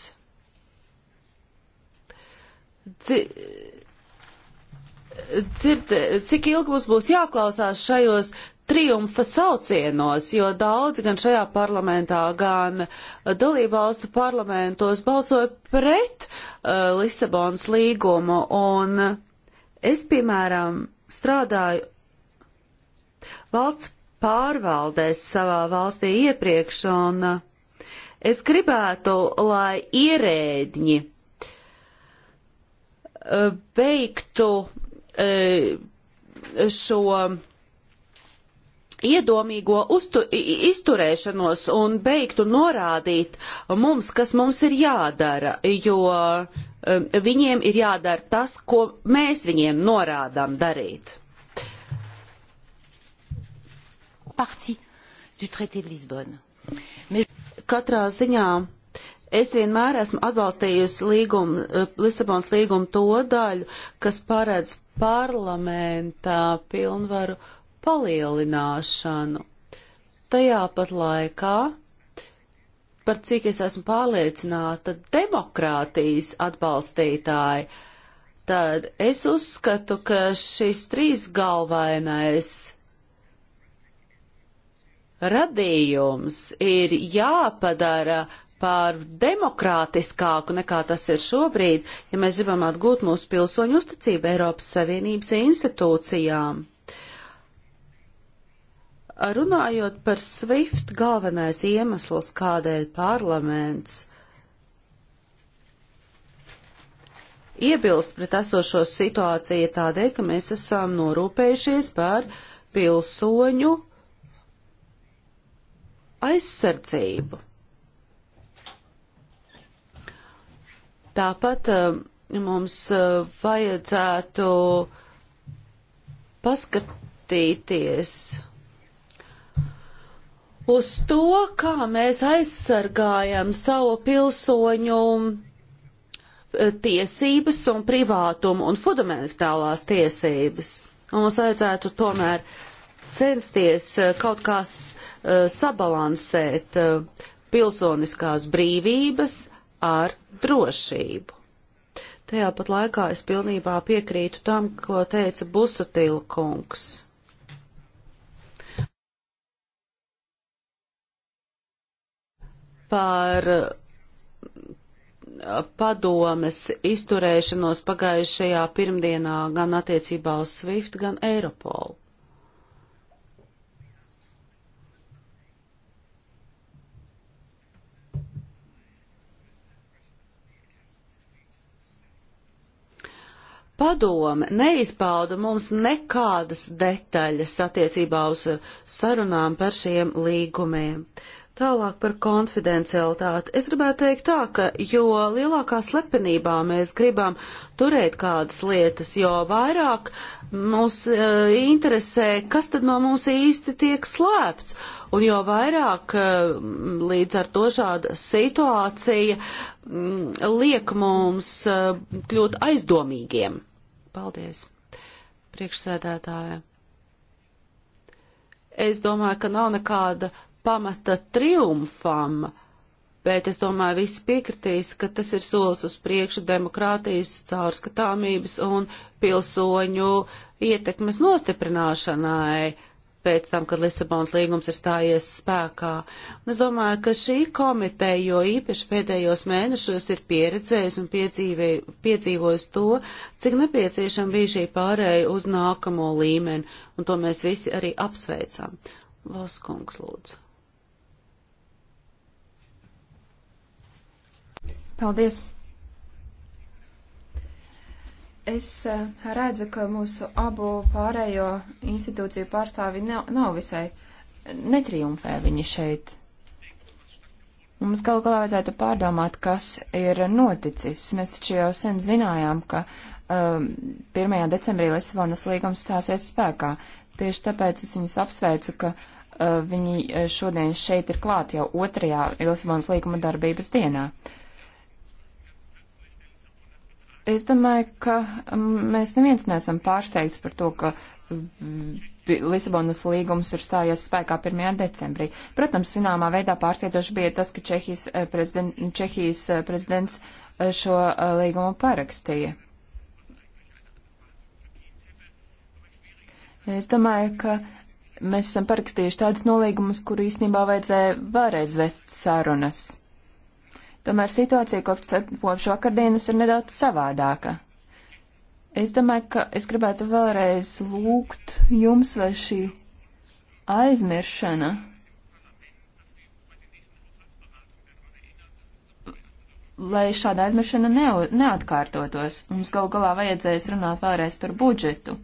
dzirdēt, cik ilgi mums būs jāklausās šajos triumfa saucienos, jo daudz gan šajā parlamentā, gan dalībvalstu parlamentos balsoja pret uh, Lisabonas līgumu. Un es, piemēram, strādāju valsts pārvaldēs savā valstī iepriekš, un uh, es gribētu, lai ierēģi uh, beigtu uh, šo iedomīgo uztu, izturēšanos un beigtu norādīt mums, kas mums ir jādara, jo um, viņiem ir jādara tas, ko mēs viņiem norādām darīt. Parti du traité de Lisbonne. Mais... Katrā ziņā es vienmēr esmu atbalstījusi līgumu, eh, Lisabons līgumu to daļu, kas paredz parlamentā pilnvaru palielināšanu. Tajā pat laikā, par cik es esmu pārliecināta, demokrātijas atbalstītāji, tad es uzskatu, ka šis trīs galvenais radījums ir jāpadara par demokrātiskāku nekā tas ir šobrīd, ja mēs gribam atgūt mūsu pilsoņu uzticību Eiropas Savienības institūcijām. Runājot par SWIFT, galvenais iemesls, kādēļ parlaments iebilst pret esošo situāciju, ir tādēļ, ka mēs esam norūpējušies par pilsoņu aizsardzību. Tāpat eh, mums eh, vajadzētu paskatīties uz to, kā mēs aizsargājam savu pilsoņu eh, tiesības un privātumu un fundamentālās tiesības. Un mums vajadzētu tomēr censties eh, kaut kā eh, sabalansēt pilsoniskās brīvības ar drošību. Tajā pat laikā es pilnībā piekrītu tam, ko teica Busutila kungs. par eh, padomes izturēšanos pagājušajā pirmdienā gan attiecībā uz SWIFT, gan Eiropolu. padome neizpauda mums nekādas detaļas attiecībā uz sarunām par šiem līgumiem. Tālāk par konfidencialitāti. Es gribētu teikt tā, ka jo lielākā slepenībā mēs gribam turēt kādas lietas, jo vairāk mūs e, interesē, kas tad no mums īsti tiek slēpts. Un jo vairāk e, līdz ar to šāda situācija m, mm, liek mums e, kļūt aizdomīgiem. Paldies, priekšsēdētāja. Es domāju, ka nav nekāda pamata triumfam, bet es domāju, visi piekritīs, ka tas ir solis uz priekšu demokrātijas caurskatāmības un pilsoņu ietekmes nostiprināšanai pēc tam, kad Lisabonas līgums ir stājies spēkā. Un es domāju, ka šī komiteja, jo īpaši pēdējos mēnešos ir pieredzējusi un piedzīvojusi to, cik nepieciešama bija šī pārēja uz nākamo līmeni, un to mēs visi arī apsveicam. Voskungs, lūdzu. Paldies! Es eh, redzu, ka mūsu abu pārējo institūciju pārstāvi nav, nav visai netriumfē viņi šeit. Mums galu galā vajadzētu pārdomāt, kas ir noticis. Mēs taču jau sen zinājām, ka um, ehm, 1. decembrī Lisabonas līgums stāsies spēkā. Tieši tāpēc es viņus apsveicu, ka uh, viņi eh, šodien šeit ir klāt jau otrajā Lisabonas līguma darbības dienā. Uh, Es domāju, ka mm, mēs neviens neesam pārsteigts par to, ka mm, Lisabonas līgums ir stājies spēkā 1. decembrī. Protams, zināmā veidā pārsteidzoši bija tas, ka Čehijas, eh, prezident, Čehijas eh, prezidents eh, šo līgumu parakstīja. Es domāju, ka mēs esam parakstījuši tādus nolīgumus, kur īstenībā vajadzēja vēlreiz vest sarunas. Tomēr situācija kopš, kopš vakardienas ir nedaudz savādāka. Es domāju, ka es gribētu vēlreiz lūgt jums, vai šī aizmiršana lai šāda aizmiršana neatkārtotos. Mums gal galā vajadzēs runāt vēlreiz par budžetu.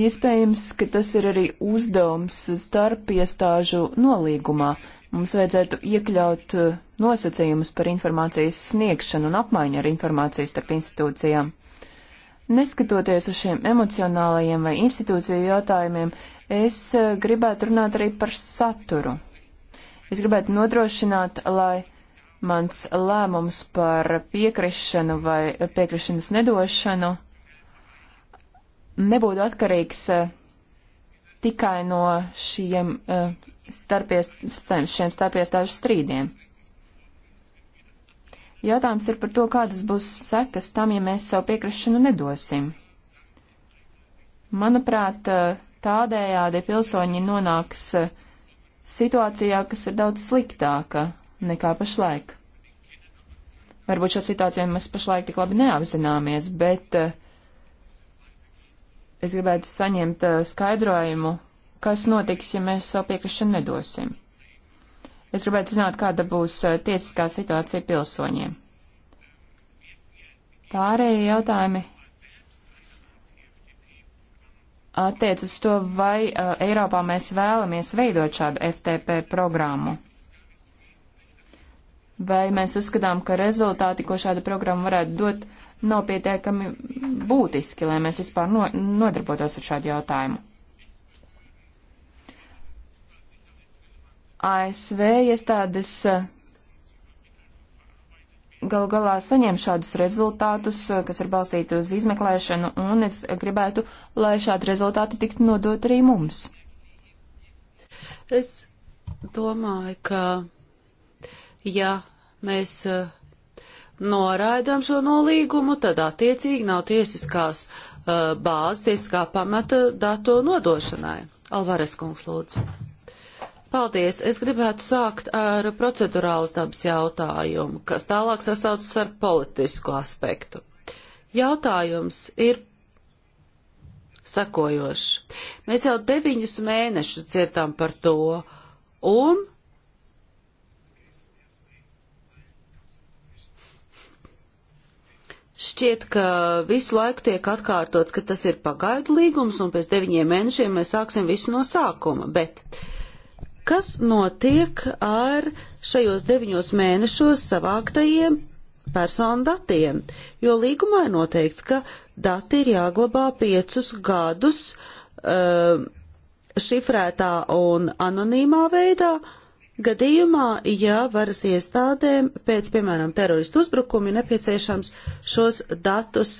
Iespējams, ka tas ir arī uzdevums starp iestāžu nolīgumā. Mums vajadzētu iekļaut uh, nosacījumus par informācijas sniegšanu un apmaiņu ar informāciju starp institūcijām. Neskatoties uz šiem emocionālajiem vai institūciju jautājumiem, es uh, gribētu runāt arī par saturu. Es gribētu nodrošināt, lai mans lēmums par piekrišanu vai piekrišanas nedošanu nebūtu atkarīgs eh, tikai no šiem, eh, starpies, šiem starpiestāžu strīdiem. Jautājums ir par to, kādas būs sekas tam, ja mēs savu piekrišanu nedosim. Manuprāt, eh, tādējādi pilsoņi nonāks situācijā, kas ir daudz sliktāka nekā pašlaik. Varbūt šo situāciju mēs pašlaik tik labi neapzināmies, bet uh, Es gribētu saņemt eh, skaidrojumu, kas notiks, ja mēs savu piekrišanu nedosim. Es gribētu zināt, kāda būs eh, tiesiskā situācija pilsoņiem. Pārējie jautājumi attiec uz to, vai uh, Eiropā mēs vēlamies veidot šādu FTP programmu. Vai mēs uzskatām, ka rezultāti, ko šāda programma varētu dot, nav pietiekami būtiski, lai mēs vispār no, nodarbotos ar šādu jautājumu. ASV iestādes eh, gal galā saņem šādus rezultātus, eh, kas ir balstīti uz izmeklēšanu, un es gribētu, lai šādi rezultāti tiktu nodot arī mums. Es domāju, ka ja mēs uh, noraidām šo nolīgumu, tad attiecīgi nav tiesiskās uh, bāzes, tiesiskā pamata dato nodošanai. Alvares kungs lūdzu. Paldies! Es gribētu sākt ar procedurālas dabas jautājumu, kas tālāk sasaucas ar politisku aspektu. Jautājums ir sekojošs. Mēs jau deviņus mēnešus dzirdam par to, un Šķiet, ka visu laiku tiek atkārtots, ka tas ir pagaidu līgums un pēc deviņiem mēnešiem mēs sāksim visu no sākuma. Bet kas notiek ar šajos deviņos mēnešos savāktajiem personu datiem? Jo līgumā ir noteikts, ka dati ir jāglabā piecus gadus uh, šifrētā un anonīmā veidā, uh, gadījumā, ja varas iestādēm pēc, piemēram, teroristu uzbrukuma ir nepieciešams šos datus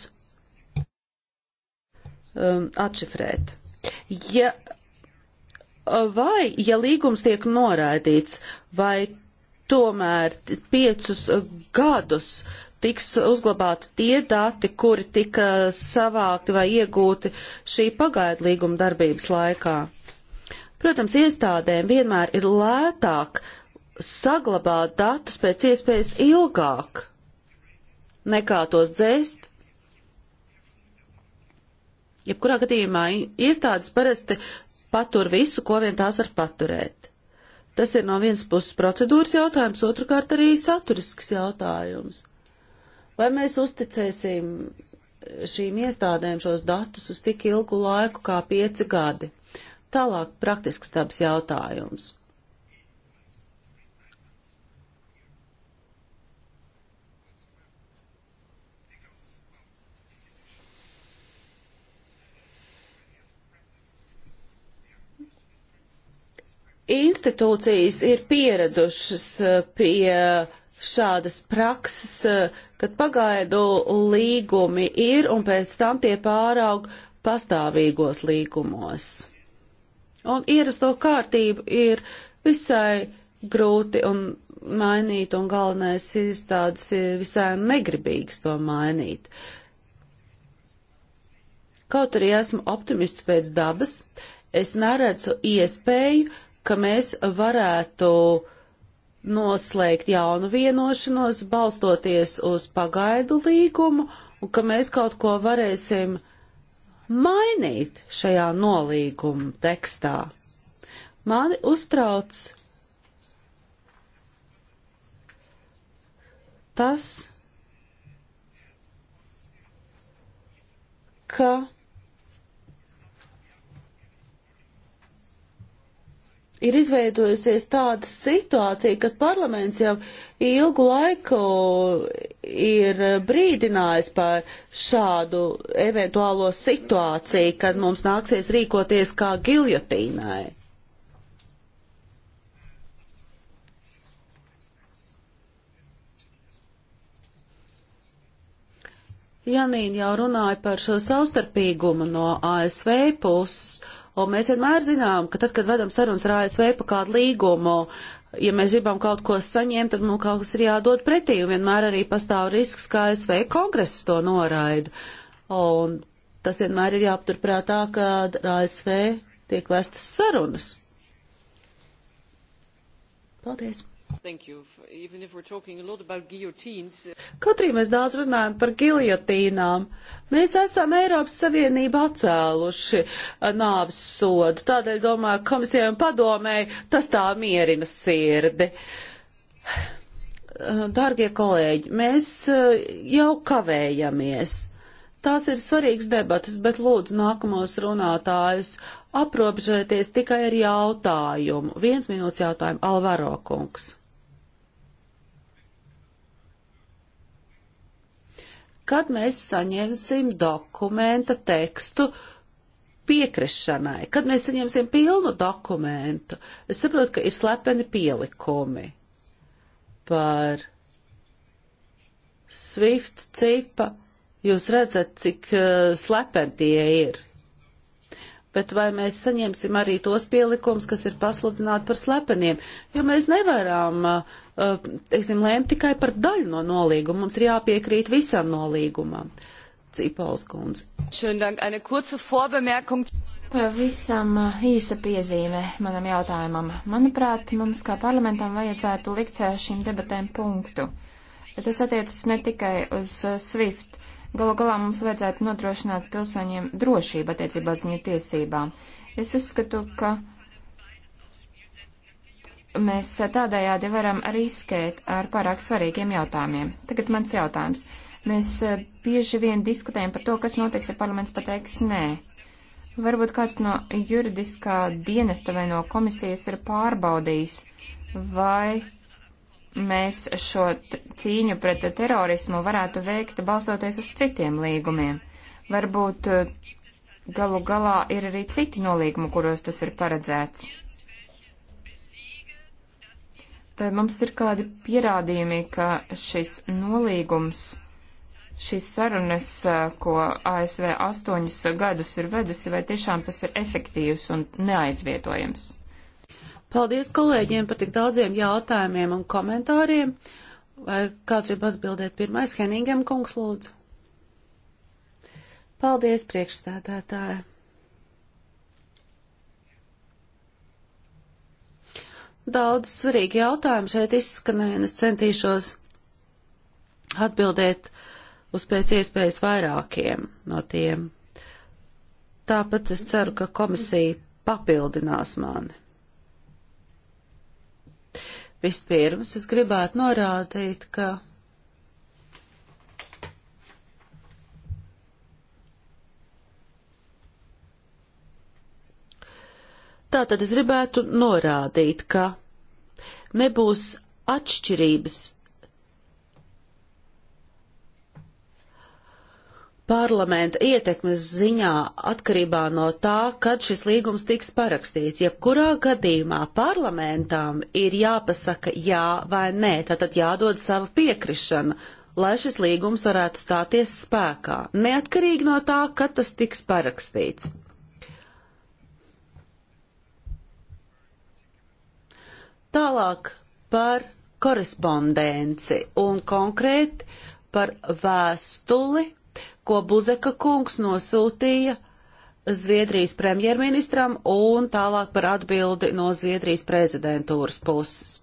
um, atšifrēt. Ja, vai, ja līgums tiek noraidīts, vai tomēr piecus gadus tiks uzglabāti tie dati, kuri tika savākti vai iegūti šī pagaidu līguma darbības laikā? Protams, iestādēm vienmēr ir lētāk saglabāt datus pēc iespējas ilgāk nekā tos dzēst. Jebkurā gadījumā iestādes parasti patur visu, ko vien tās var paturēt. Tas ir no vienas puses procedūras jautājums, otrkārt arī saturisks jautājums. Vai mēs uzticēsim šīm iestādēm šos datus uz tik ilgu laiku kā pieci gadi? Tālāk praktisks dabas jautājums. Institūcijas ir pieradušas uh, pie šādas prakses, uh, kad pagaidu līgumi ir un pēc tam tie pāraug pastāvīgos līgumos. Un ierasto kārtību ir visai grūti un mainīt, un galvenais izstādes ir eh, visai negribīgs to mainīt. Kaut arī esmu optimists pēc dabas, es neredzu iespēju, ka mēs varētu noslēgt jaunu vienošanos, balstoties uz pagaidu līgumu, un ka mēs kaut ko varēsim uh, mainīt šajā nolīguma tekstā. Mani uztrauc tas, ka ir izveidojusies tāda situācija, ka parlaments jau ilgu laiku ir eh, brīdinājis par šādu eventuālo situāciju, kad mums nāksies rīkoties kā giljotīnai. Janīna jau runāja par šo savstarpīgumu no ASV puses, un mēs vienmēr zinām, ka tad, kad vedam sarunas ar ASV par kādu līgumu, uh, ja mēs gribam kaut ko saņemt, tad mums kaut kas ir jādod pretī, un vienmēr arī pastāv risks, kā SV kongress to noraida. Un tas vienmēr ir jāpaturprātā, ka ASV tiek vestas sarunas. Paldies! Uh, Kaut arī mēs daudz runājam par giljotīnām, mēs esam Eiropas Savienību atcēluši uh, nāvis sodu. Tādēļ domāju, komisijai un padomēji tas tā mierina sirdi. Uh, dārgie kolēģi, mēs jau kavējamies. Tās ir svarīgas debatas, bet lūdzu nākamos runātājus aprobežoties tikai ar jautājumu. Viens minūtes jautājumu Alvaro kungs. kad mēs saņemsim dokumenta tekstu piekrišanai, kad mēs saņemsim pilnu dokumentu. Es saprotu, ka ir slepeni pielikumi par Swift cipa. Jūs redzat, cik uh, slepeni tie ir. Bet vai mēs saņemsim arī tos pielikumus, kas ir pasludināti par slepeniem? Jo mēs nevaram uh, Uh, teiksim, lēmt tikai par daļu no nolīguma. Mums ir jāpiekrīt visam nolīgumam. Cipals kundze. Pavisam uh, īsa piezīme manam jautājumam. Manuprāt, mums kā parlamentam vajadzētu likt uh, šīm debatēm punktu. Tas attiecas ne tikai uz SWIFT. Galu galā mums vajadzētu nodrošināt pilsoņiem drošību attiecībā uz viņu tiesībām. Es uzskatu, ka uh, mēs tādējādi varam riskēt ar pārāk svarīgiem jautājumiem. Tagad mans jautājums. Mēs e, bieži vien diskutējam par to, kas notiks, ja parlaments pateiks nē. Varbūt kāds no juridiskā dienesta vai no komisijas ir pārbaudījis, vai mēs šo cīņu pret terorismu varētu veikt balstoties uz citiem līgumiem. Varbūt e, galu galā ir arī citi nolīgumi, kuros tas ir paredzēts. Vai mums ir kādi pierādījumi, ka šis nolīgums, šīs sarunas, ko ASV astoņus gadus ir vedusi, vai tiešām tas ir efektīvs un neaizvietojams? Paldies kolēģiem par tik daudziem jautājumiem un komentāriem. Vai kāds grib atbildēt pirmais? Heningam kungs lūdzu. Paldies priekšstādātāji. Daudz svarīgi jautājumi šeit izskanēja, un es centīšos atbildēt uz pēc iespējas vairākiem no tiem. Tāpat es ceru, ka komisija papildinās mani. Vispirms es gribētu norādīt, ka Tātad es gribētu norādīt, ka nebūs atšķirības parlamenta ietekmes ziņā atkarībā no tā, kad šis līgums tiks parakstīts. Jebkurā gadījumā parlamentām ir jāpasaka jā vai nē, tātad jādod sava piekrišana, lai šis līgums varētu stāties spēkā, neatkarīgi no tā, kad tas tiks parakstīts. Tālāk par korespondenci un konkrēti par vēstuli, ko Buzeka kungs nosūtīja Zviedrijas premjerministram un tālāk par atbildi no Zviedrijas prezidentūras puses.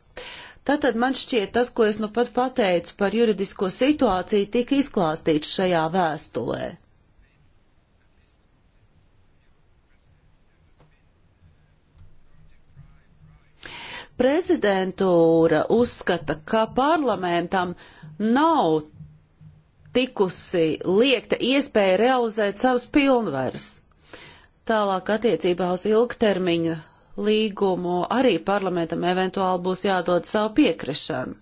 Tātad man šķiet tas, ko es nu pat pateicu par juridisko situāciju, tika izklāstīts šajā vēstulē. Prezidentūra uzskata, ka parlamentam nav tikusi liekta iespēja realizēt savas pilnvaras. Tālāk attiecībā uz ilgtermiņa līgumu arī parlamentam eventuāli būs jādod savu piekrišanu.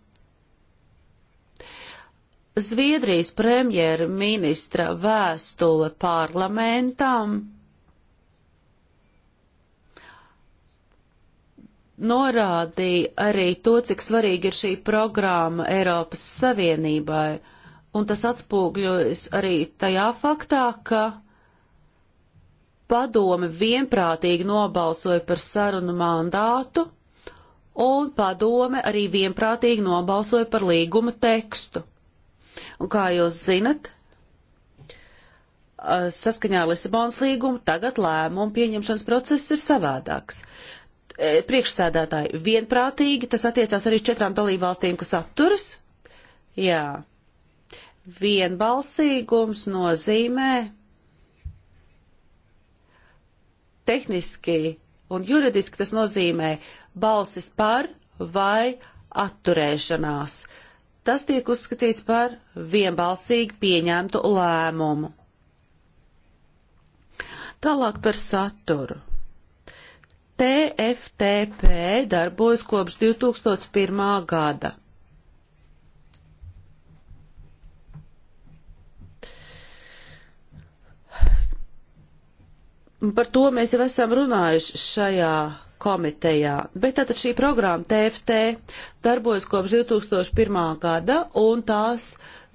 Zviedrijas premjerministra vēstule parlamentam norādīja arī to, cik svarīga ir šī programma Eiropas Savienībai, un tas atspūgļojas arī tajā faktā, ka padome vienprātīgi nobalsoja par sarunu mandātu, un padome arī vienprātīgi nobalsoja par līguma tekstu. Un kā jūs zinat, saskaņā ar Lisabonas līgumu tagad lēmumu pieņemšanas process ir savādāks. E, priekšsēdētāji vienprātīgi, tas attiecās arī uz četrām dalībvalstīm, kas atturas. Jā. Vienbalsīgums nozīmē tehniski un juridiski tas nozīmē balsis par vai atturēšanās. Tas tiek uzskatīts par vienbalsīgi pieņemtu lēmumu. Tālāk par saturu. TFTP darbojas kopš 2001. gada. Par to mēs jau esam runājuši šajā komitejā. Bet tātad šī programma TFT darbojas kopš 2001. gada un tās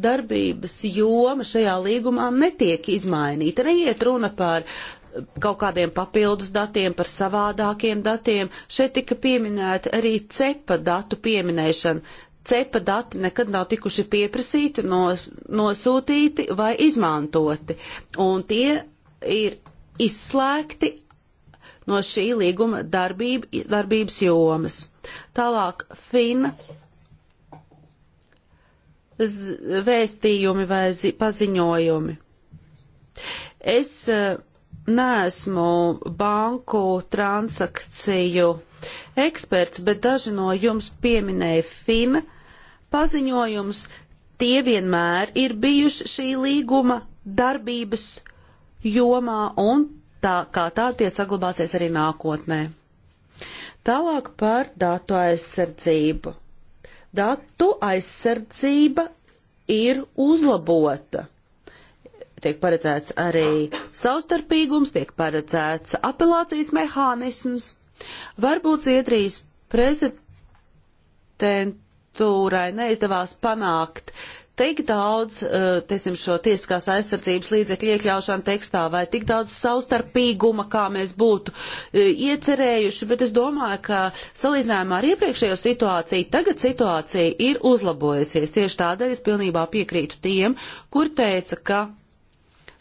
darbības joma šajā līgumā netiek izmainīta. Neiet runa par uh, kaut kādiem papildus datiem, par savādākiem datiem. Šeit tika pieminēta arī cepa datu pieminēšana. Cepa dati nekad nav tikuši pieprasīti, nos, nosūtīti vai izmantoti, un tie ir izslēgti no šī līguma darbība, darbības jomas. Tālāk FIN vēstījumi vai paziņojumi. Es uh, neesmu banku transakciju eksperts, bet daži no jums pieminēja FIN paziņojums. Tie vienmēr ir bijuši šī līguma darbības jomā un tā kā tā tie saglabāsies arī nākotnē. Tālāk par datu aizsardzību. Datu aizsardzība ir uzlabota tiek paredzēts arī savstarpīgums, tiek paredzēts apelācijas mehānisms. Varbūt Zviedrijas prezidentūrai neizdevās panākt tik daudz, eh, teiksim, šo tiesiskās aizsardzības līdzekļu iekļaušanu tekstā vai tik daudz savstarpīguma, kā mēs būtu eh, iecerējuši, bet es domāju, ka salīdzinājumā ar iepriekšējo situāciju, tagad situācija ir uzlabojusies. Tieši tādēļ es pilnībā piekrītu tiem, kur teica, ka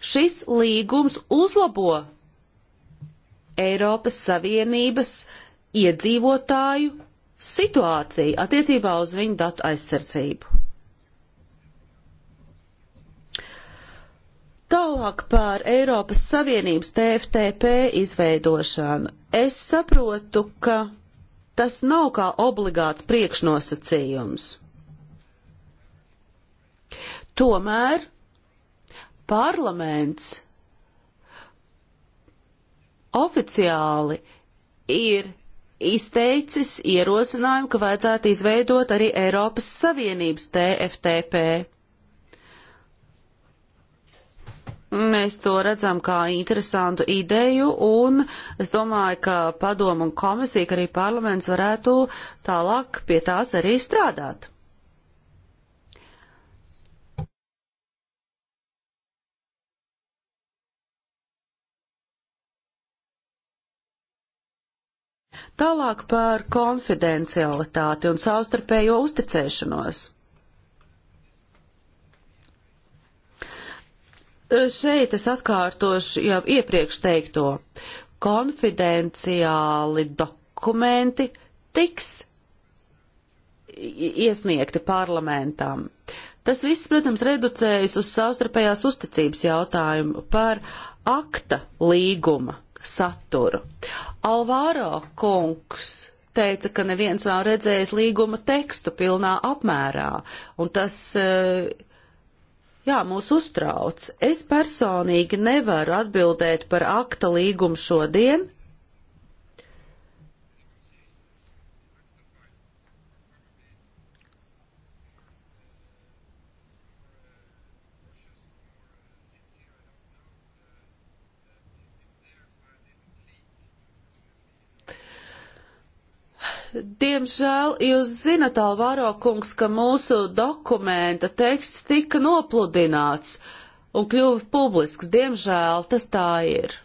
Šis līgums uzlabo Eiropas Savienības iedzīvotāju situāciju attiecībā uz viņu datu aizsardzību. Tālāk par Eiropas Savienības TFTP izveidošanu. Es saprotu, ka tas nav kā obligāts priekšnosacījums. Tomēr parlaments oficiāli ir izteicis ierosinājumu, ka vajadzētu izveidot arī Eiropas Savienības TFTP. Mēs to redzam kā interesantu ideju, un es domāju, ka padomu un komisija, ka arī parlaments varētu tālāk pie tās arī strādāt. Tālāk par konfidencialitāti un savstarpējo uzticēšanos. Šeit es atkārtošu jau iepriekš teikto. Konfidenciāli dokumenti tiks iesniegti parlamentam. Tas viss, protams, reducējas uz savstarpējās uzticības jautājumu par akta līguma saturu. Alvāro kungs teica, ka neviens nav redzējis līguma tekstu pilnā apmērā, un tas, eh, jā, mūs uztrauc. Es personīgi nevaru atbildēt par akta līgumu šodien, Diemžēl jūs zinat, Alvaro kungs, ka mūsu dokumenta teksts tika nopludināts un kļuva publisks. Diemžēl tas tā ir.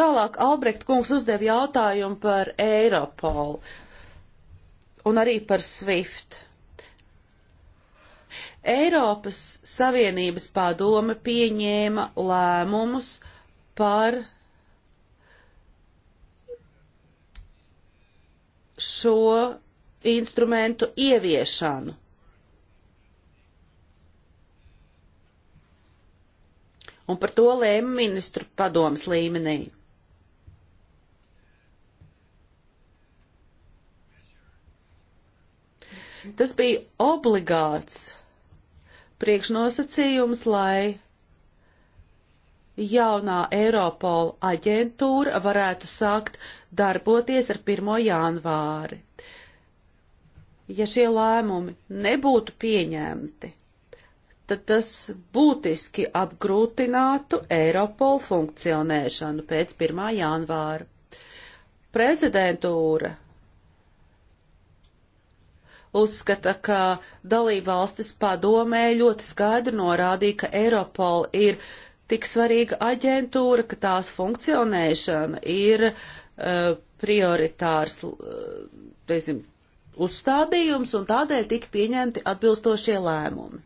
Tālāk Albrecht kungs uzdev jautājumu par Eiropolu un arī par SWIFT. Eiropas Savienības padome pieņēma lēmumus, uh, par šo instrumentu ieviešanu. Un par to lēma ministru padomas līmenī. Tas bija obligāts priekšnosacījums, lai jaunā Eiropola aģentūra varētu sākt darboties ar 1. janvāri. Ja šie lēmumi nebūtu pieņemti, tad tas būtiski apgrūtinātu Eiropola funkcionēšanu pēc 1. janvāra. Prezidentūra uzskata, ka dalībvalstis padomē ļoti skaidri norādīja, ka Eiropola ir uh, tik svarīga aģentūra, ka tās funkcionēšana ir uh, prioritārs, uh, teiksim, uzstādījums, un tādēļ tika pieņemti atbilstošie lēmumi.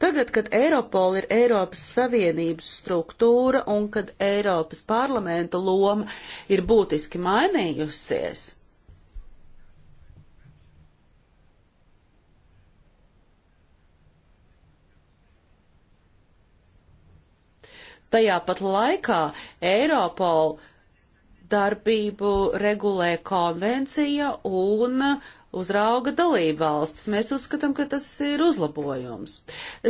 Tagad, kad Eiropola ir Eiropas Savienības struktūra un kad Eiropas parlamenta loma ir būtiski mainījusies, Tajā pat laikā Eiropol darbību regulē konvencija un uzrauga dalība valsts. Mēs uzskatām, ka tas ir uzlabojums.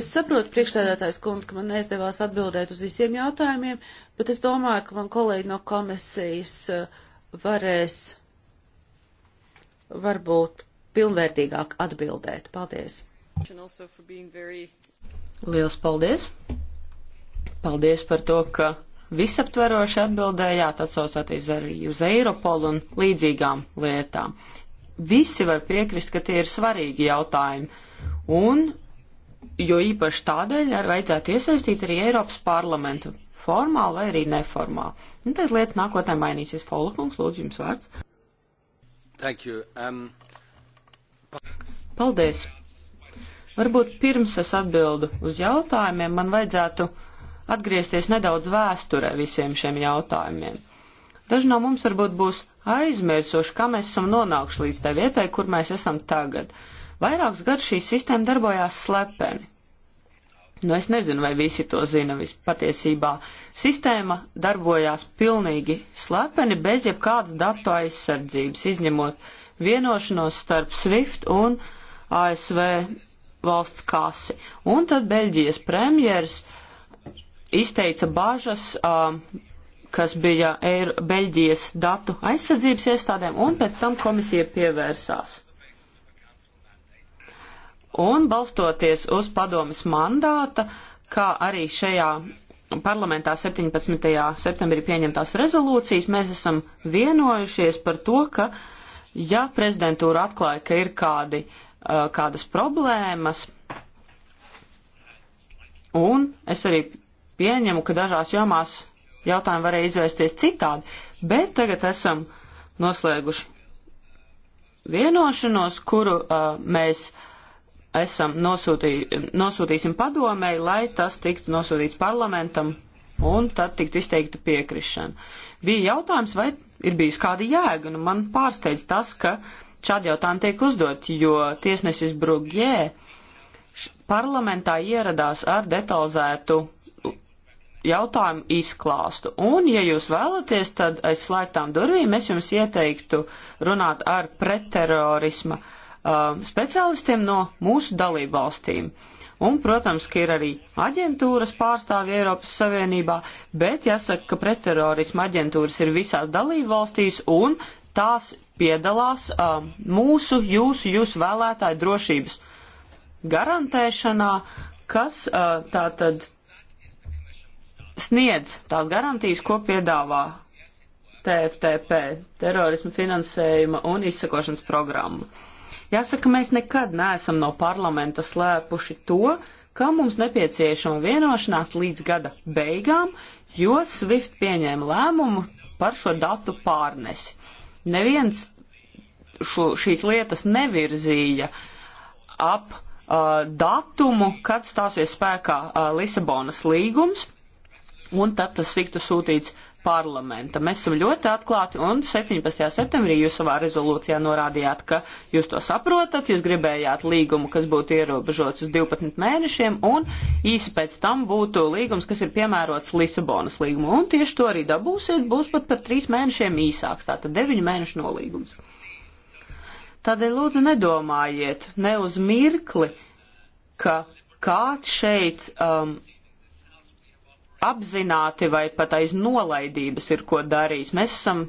Es saprotu, priekšsēdētājs kundze, ka man neizdevās atbildēt uz visiem jautājumiem, bet es domāju, ka man kolēģi no komisijas eh, varēs varbūt pilnvērtīgāk atbildēt. Paldies! Liels paldies! Paldies par to, ka visaptveroši atbildējāt, atsaucāties arī uz Eiropolu un līdzīgām lietām. Visi var piekrist, ka tie ir svarīgi jautājumi. Un, jo īpaši tādēļ, ar vajadzētu iesaistīt arī Eiropas parlamentu, formāli vai arī neformāli. Un tad lietas nākotnē mainīsies. Folkungs, lūdzu, jums vārds. Thank you. Um, pa Paldies. Varbūt pirms es atbildu uz jautājumiem, man vajadzētu atgriezties nedaudz vēsturē visiem šiem jautājumiem. Daži no mums varbūt būs aizmirsuši, kā mēs esam nonākuši līdz tai vietai, kur mēs esam tagad. Vairākus gadus šī sistēma darbojās slepeni. Nu, es nezinu, vai visi to zina vispatiesībā. Sistēma darbojās pilnīgi slepeni, bez jebkādas datu aizsardzības, izņemot vienošanos starp SWIFT un ASV valsts kasi. Un tad Beļģijas premjeras uh, izteica bažas, um, kas bija Eiro, Beļģijas datu aizsardzības iestādēm, un pēc tam komisija pievērsās. Un balstoties uz padomas mandāta, kā arī šajā parlamentā 17. septembrī pieņemtās rezolūcijas, mēs esam vienojušies par to, ka, ja prezidentūra atklāja, ka ir kādi, uh, kādas problēmas, un es arī pieņemu, ka dažās jomās jautājumi varēja izvērsties citādi, bet tagad esam noslēguši vienošanos, kuru uh, mēs esam nosūtī, nosūtīsim padomēji, lai tas tiktu nosūtīts parlamentam un tad tiktu izteikta piekrišana. Bija jautājums, vai ir bijusi kāda jēga, un nu, man pārsteidz tas, ka šādi jautājumi tiek uzdot, jo tiesnesis Brugē parlamentā ieradās ar detalizētu jautājumu izklāstu. Un, ja jūs vēlaties, tad aiz slēgtām durvīm es jums ieteiktu runāt ar pretterorisma uh, speciālistiem no mūsu dalību valstīm. Un, protams, ka ir arī aģentūras pārstāvja Eiropas Savienībā, bet jāsaka, ka pretterorisma aģentūras ir visās dalību valstīs un tās piedalās uh, mūsu, jūsu, jūsu vēlētāju drošības garantēšanā, kas uh, tā tad sniedz tās garantijas, ko piedāvā TFTP, terorismu finansējuma un izsakošanas programma. Jāsaka, mēs nekad neesam no parlamenta slēpuši to, ka mums nepieciešama vienošanās līdz gada beigām, jo SWIFT pieņēma lēmumu par šo datu pārnesi. Neviens šo, šīs lietas nevirzīja ap uh, datumu, kad stāsies spēkā uh, Lisabonas līgums, un tad tas tiktu sūtīts parlamenta. Mēs esam ļoti atklāti, un 17. septembrī jūs savā rezolūcijā norādījāt, ka jūs to saprotat, jūs gribējāt līgumu, kas būtu ierobežots uz 12 mēnešiem, un īsi pēc tam būtu līgums, kas ir piemērots Lisabonas līgumu, un tieši to arī dabūsiet, būs pat par 3 mēnešiem īsāks, tātad 9 mēnešu nolīgums. Tādēļ lūdzu nedomājiet ne uz mirkli, ka kāds šeit um, apzināti vai pat aiz nolaidības ir ko darījis. Mēs esam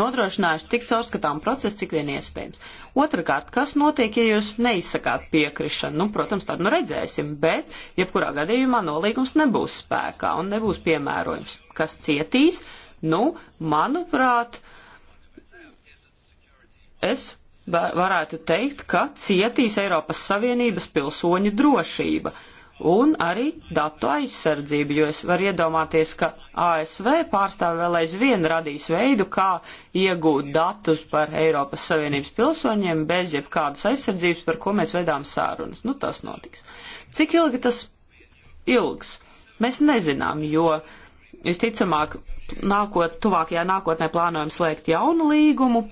nodrošinājuši tik caurskatām procesu, cik vien iespējams. Otrakārt, kas notiek, ja jūs neizsakāt piekrišanu? Nu, protams, tad nu redzēsim, bet jebkurā gadījumā nolīgums nebūs spēkā un nebūs piemērojums. Kas cietīs? Nu, manuprāt, es varētu teikt, ka cietīs Eiropas Savienības pilsoņu drošība un arī datu aizsardzību, jo es varu iedomāties, ka ASV pārstāvi vēl aizvien radīs veidu, kā iegūt datus par Eiropas Savienības pilsoņiem bez jebkādas aizsardzības, par ko mēs veidām sārunas. Nu, tas notiks. Cik ilgi tas ilgs? Mēs nezinām, jo visticamāk nākot, tuvākajā nākotnē plānojam slēgt jaunu līgumu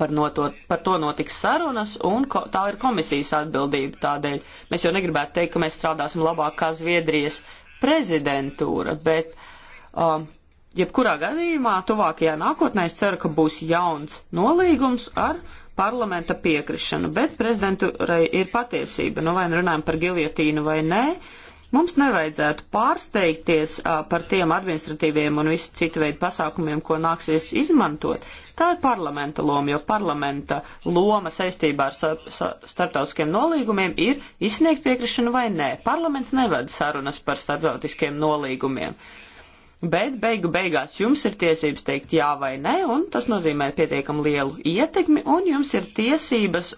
par, noto, par to notiks sarunas, un ko, tā ir komisijas atbildība tādēļ. Mēs jau negribētu teikt, ka mēs strādāsim labāk kā Zviedrijas prezidentūra, bet um, jebkurā gadījumā tuvākajā nākotnē es ceru, ka būs jauns nolīgums ar parlamenta piekrišanu, bet prezidentūrai ir patiesība, nu vai nu runājam par giljotīnu vai nē. Uh, Mums nevajadzētu pārsteigties uh, par tiem administratīviem un visu citu veidu pasākumiem, ko nāksies izmantot. Tā ir parlamenta loma, jo parlamenta loma saistībā ar sa sa starptautiskiem nolīgumiem ir izsniegt piekrišanu vai nē. Parlaments nevada sarunas par starptautiskiem nolīgumiem. Uh, Bet beigu beigās jums ir tiesības teikt jā vai nē, un tas nozīmē pietiekami lielu ietekmi, un jums ir tiesības,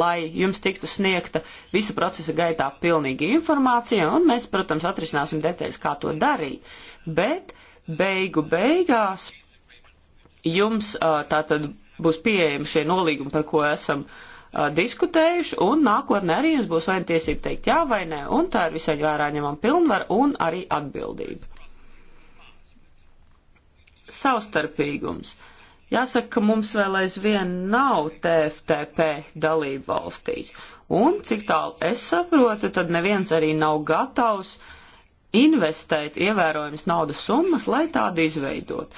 lai jums tiktu sniegta visa procesa gaitā pilnīga informācija, un mēs, protams, atrisināsim detaļas, kā to darīt. Bet beigu beigās jums tātad būs pieejami šie nolīgumi, par ko esam diskutējuši, un nākotnē arī jums būs vai tiesība teikt jā vai nē, un tā ir visai vērā ņemama pilnvara un arī atbildība savstarpīgums. Jāsaka, ka mums vēl aizvien nav TFTP dalību valstīs, un cik tālu es saprotu, tad neviens arī nav gatavs investēt ievērojams naudas summas, lai tādu izveidot.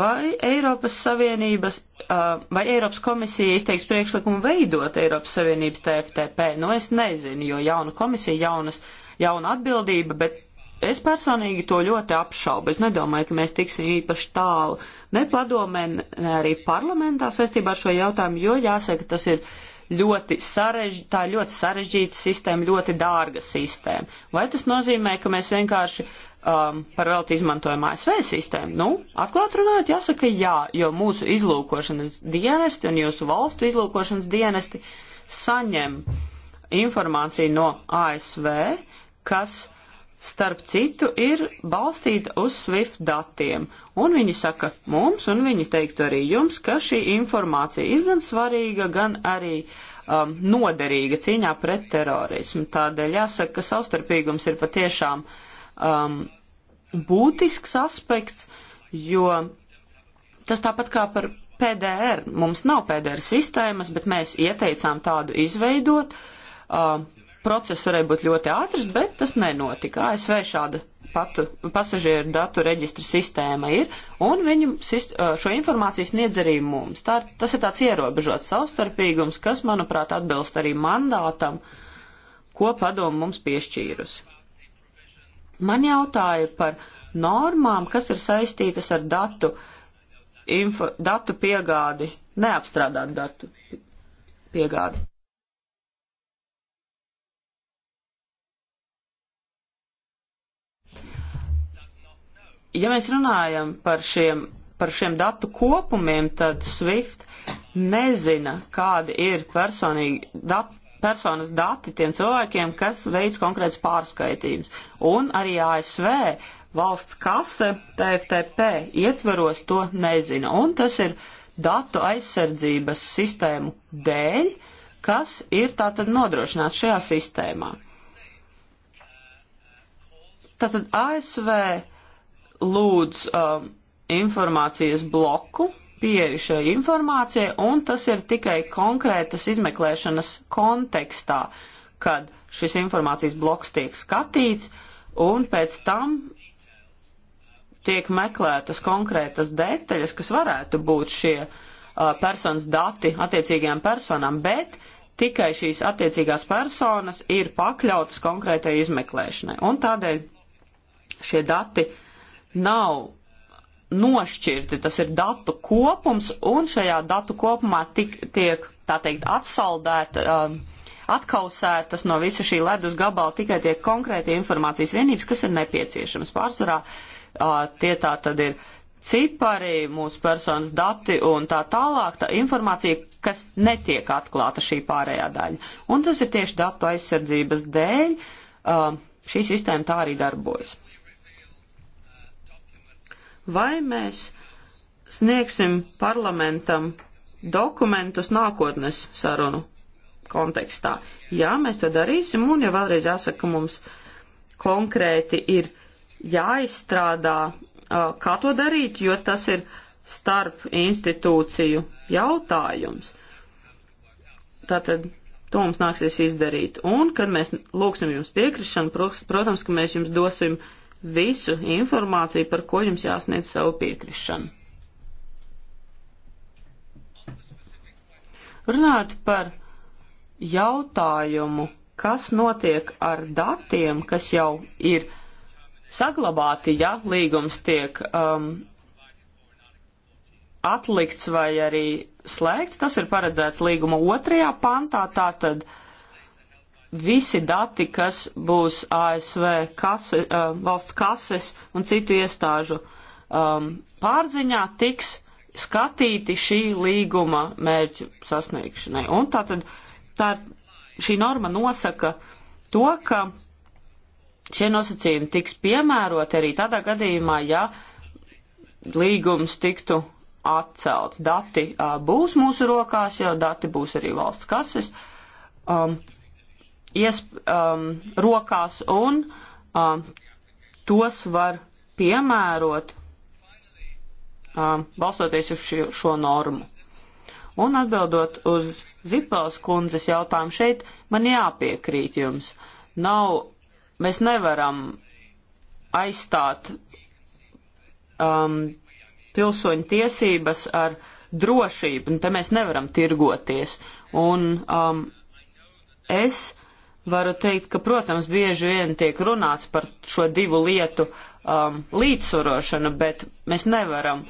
Vai Eiropas Savienības, uh, vai Eiropas komisija izteiks priekšlikumu veidot Eiropas Savienības TFTP? Nu, es nezinu, jo jauna komisija, jaunas, jauna atbildība, bet Es personīgi to ļoti apšaubu. Es nedomāju, ka mēs tiksim īpaši tālu ne padomē, ne arī parlamentā saistībā ar šo jautājumu, jo jāsaka, tas ir ļoti, sarež, tā ļoti sarežģīta sistēma, ļoti dārga sistēma. Vai tas nozīmē, ka mēs vienkārši um, par velti izmantojam ASV sistēmu? Nu, atklāt runājot, jāsaka jā, jo mūsu izlūkošanas dienesti un jūsu valstu izlūkošanas dienesti saņem informāciju no ASV, kas starp citu, ir balstīta uz SWIFT datiem. Un viņi saka mums, un viņi teiktu arī jums, ka šī informācija ir gan svarīga, gan arī um, noderīga cīņā pret terorismu. Tādēļ jāsaka, ka savstarpīgums ir patiešām um, būtisks aspekts, jo tas tāpat kā par PDR. Mums nav PDR sistēmas, bet mēs ieteicām tādu izveidot. Uh, um, Process varēja būt ļoti ātrs, bet tas nenotika. ASV šāda patu, pasažieru datu reģistra sistēma ir, un viņi šo informāciju sniedz arī mums. Tā, tas ir tāds ierobežots savstarpīgums, kas, manuprāt, atbilst arī mandātam, ko padomu mums piešķīrusi. Man jautāja par normām, kas ir saistītas ar datu, info, datu piegādi, neapstrādāt datu piegādi. ja mēs runājam par šiem, par šiem datu kopumiem, tad SWIFT nezina, kādi ir personīgi dati personas dati tiem cilvēkiem, kas veids konkrēts pārskaitījums. Un arī ASV valsts kase TFTP ietveros to nezina. Un tas ir datu aizsardzības sistēmu dēļ, kas ir tātad nodrošināts šajā sistēmā. Tātad ASV lūdz um, informācijas bloku, pieeju šai informācijai, un tas ir tikai konkrētas izmeklēšanas kontekstā, kad šis informācijas bloks tiek skatīts, un pēc tam tiek meklētas konkrētas detaļas, kas varētu būt šie uh, personas dati attiecīgajām personām, bet tikai šīs attiecīgās personas ir pakļautas konkrētai izmeklēšanai. Un tādēļ šie dati nav nošķirti, tas ir datu kopums, un šajā datu kopumā tik, tiek, tā teikt, atsaldēta, um, atkausētas no visa šī ledus gabala tikai tie konkrēti informācijas vienības, kas ir nepieciešamas. Pārsvarā uh, tie tā tad ir cipari, mūsu personas dati un tā tālāk, tā informācija, kas netiek atklāta šī pārējā daļa. Un tas ir tieši datu aizsardzības dēļ. Uh, šī sistēma tā arī darbojas vai mēs sniegsim parlamentam dokumentus nākotnes sarunu kontekstā. Jā, mēs to darīsim, un ja vēlreiz jāsaka, ka mums konkrēti ir jāizstrādā, kā to darīt, jo tas ir starp institūciju jautājums. Tātad to mums nāksies izdarīt. Un, kad mēs lūgsim jums piekrišanu, protams, ka mēs jums dosim uh, visu informāciju, par ko jums jāsniedz savu piekrišanu. Runāt par jautājumu, kas notiek ar datiem, kas jau ir saglabāti, ja līgums tiek um, atlikts vai arī slēgts, tas ir paredzēts līguma otrajā pantā, tātad uh, visi dati, kas būs ASV kase, uh, valsts kases un citu iestāžu um, pārziņā, tiks skatīti šī līguma mērķu sasniegšanai. Un tātad tā šī norma nosaka to, ka šie nosacījumi tiks piemēroti arī tādā gadījumā, ja līgums tiktu atcelts. Dati uh, būs mūsu rokās, jo dati būs arī valsts kases. Um, ies, um, rokās un um, tos var piemērot, um, balstoties uz šo, šo normu. Un atbildot uz Zipels kundzes jautājumu šeit, man jāpiekrīt jums. Nav, mēs nevaram aizstāt um, pilsoņu tiesības ar drošību, un te mēs nevaram tirgoties. Un um, es varu teikt, ka, protams, bieži vien tiek runāts par šo divu lietu um, līdzsvarošanu, bet mēs nevaram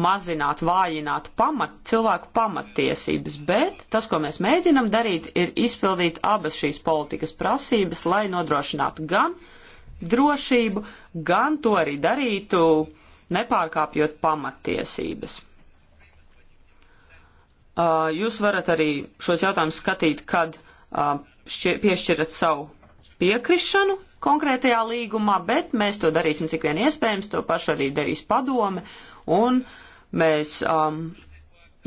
mazināt, vājināt pamat, cilvēku pamatiesības, bet tas, ko mēs mēģinam darīt, ir izpildīt abas šīs politikas prasības, lai nodrošinātu gan drošību, gan to arī darītu, nepārkāpjot pamatiesības. Uh, jūs varat arī šos jautājumus skatīt, kad uh, šķir, piešķirat savu piekrišanu konkrētajā līgumā, bet mēs to darīsim cik vien iespējams, to pašu arī darīs padome, un mēs um,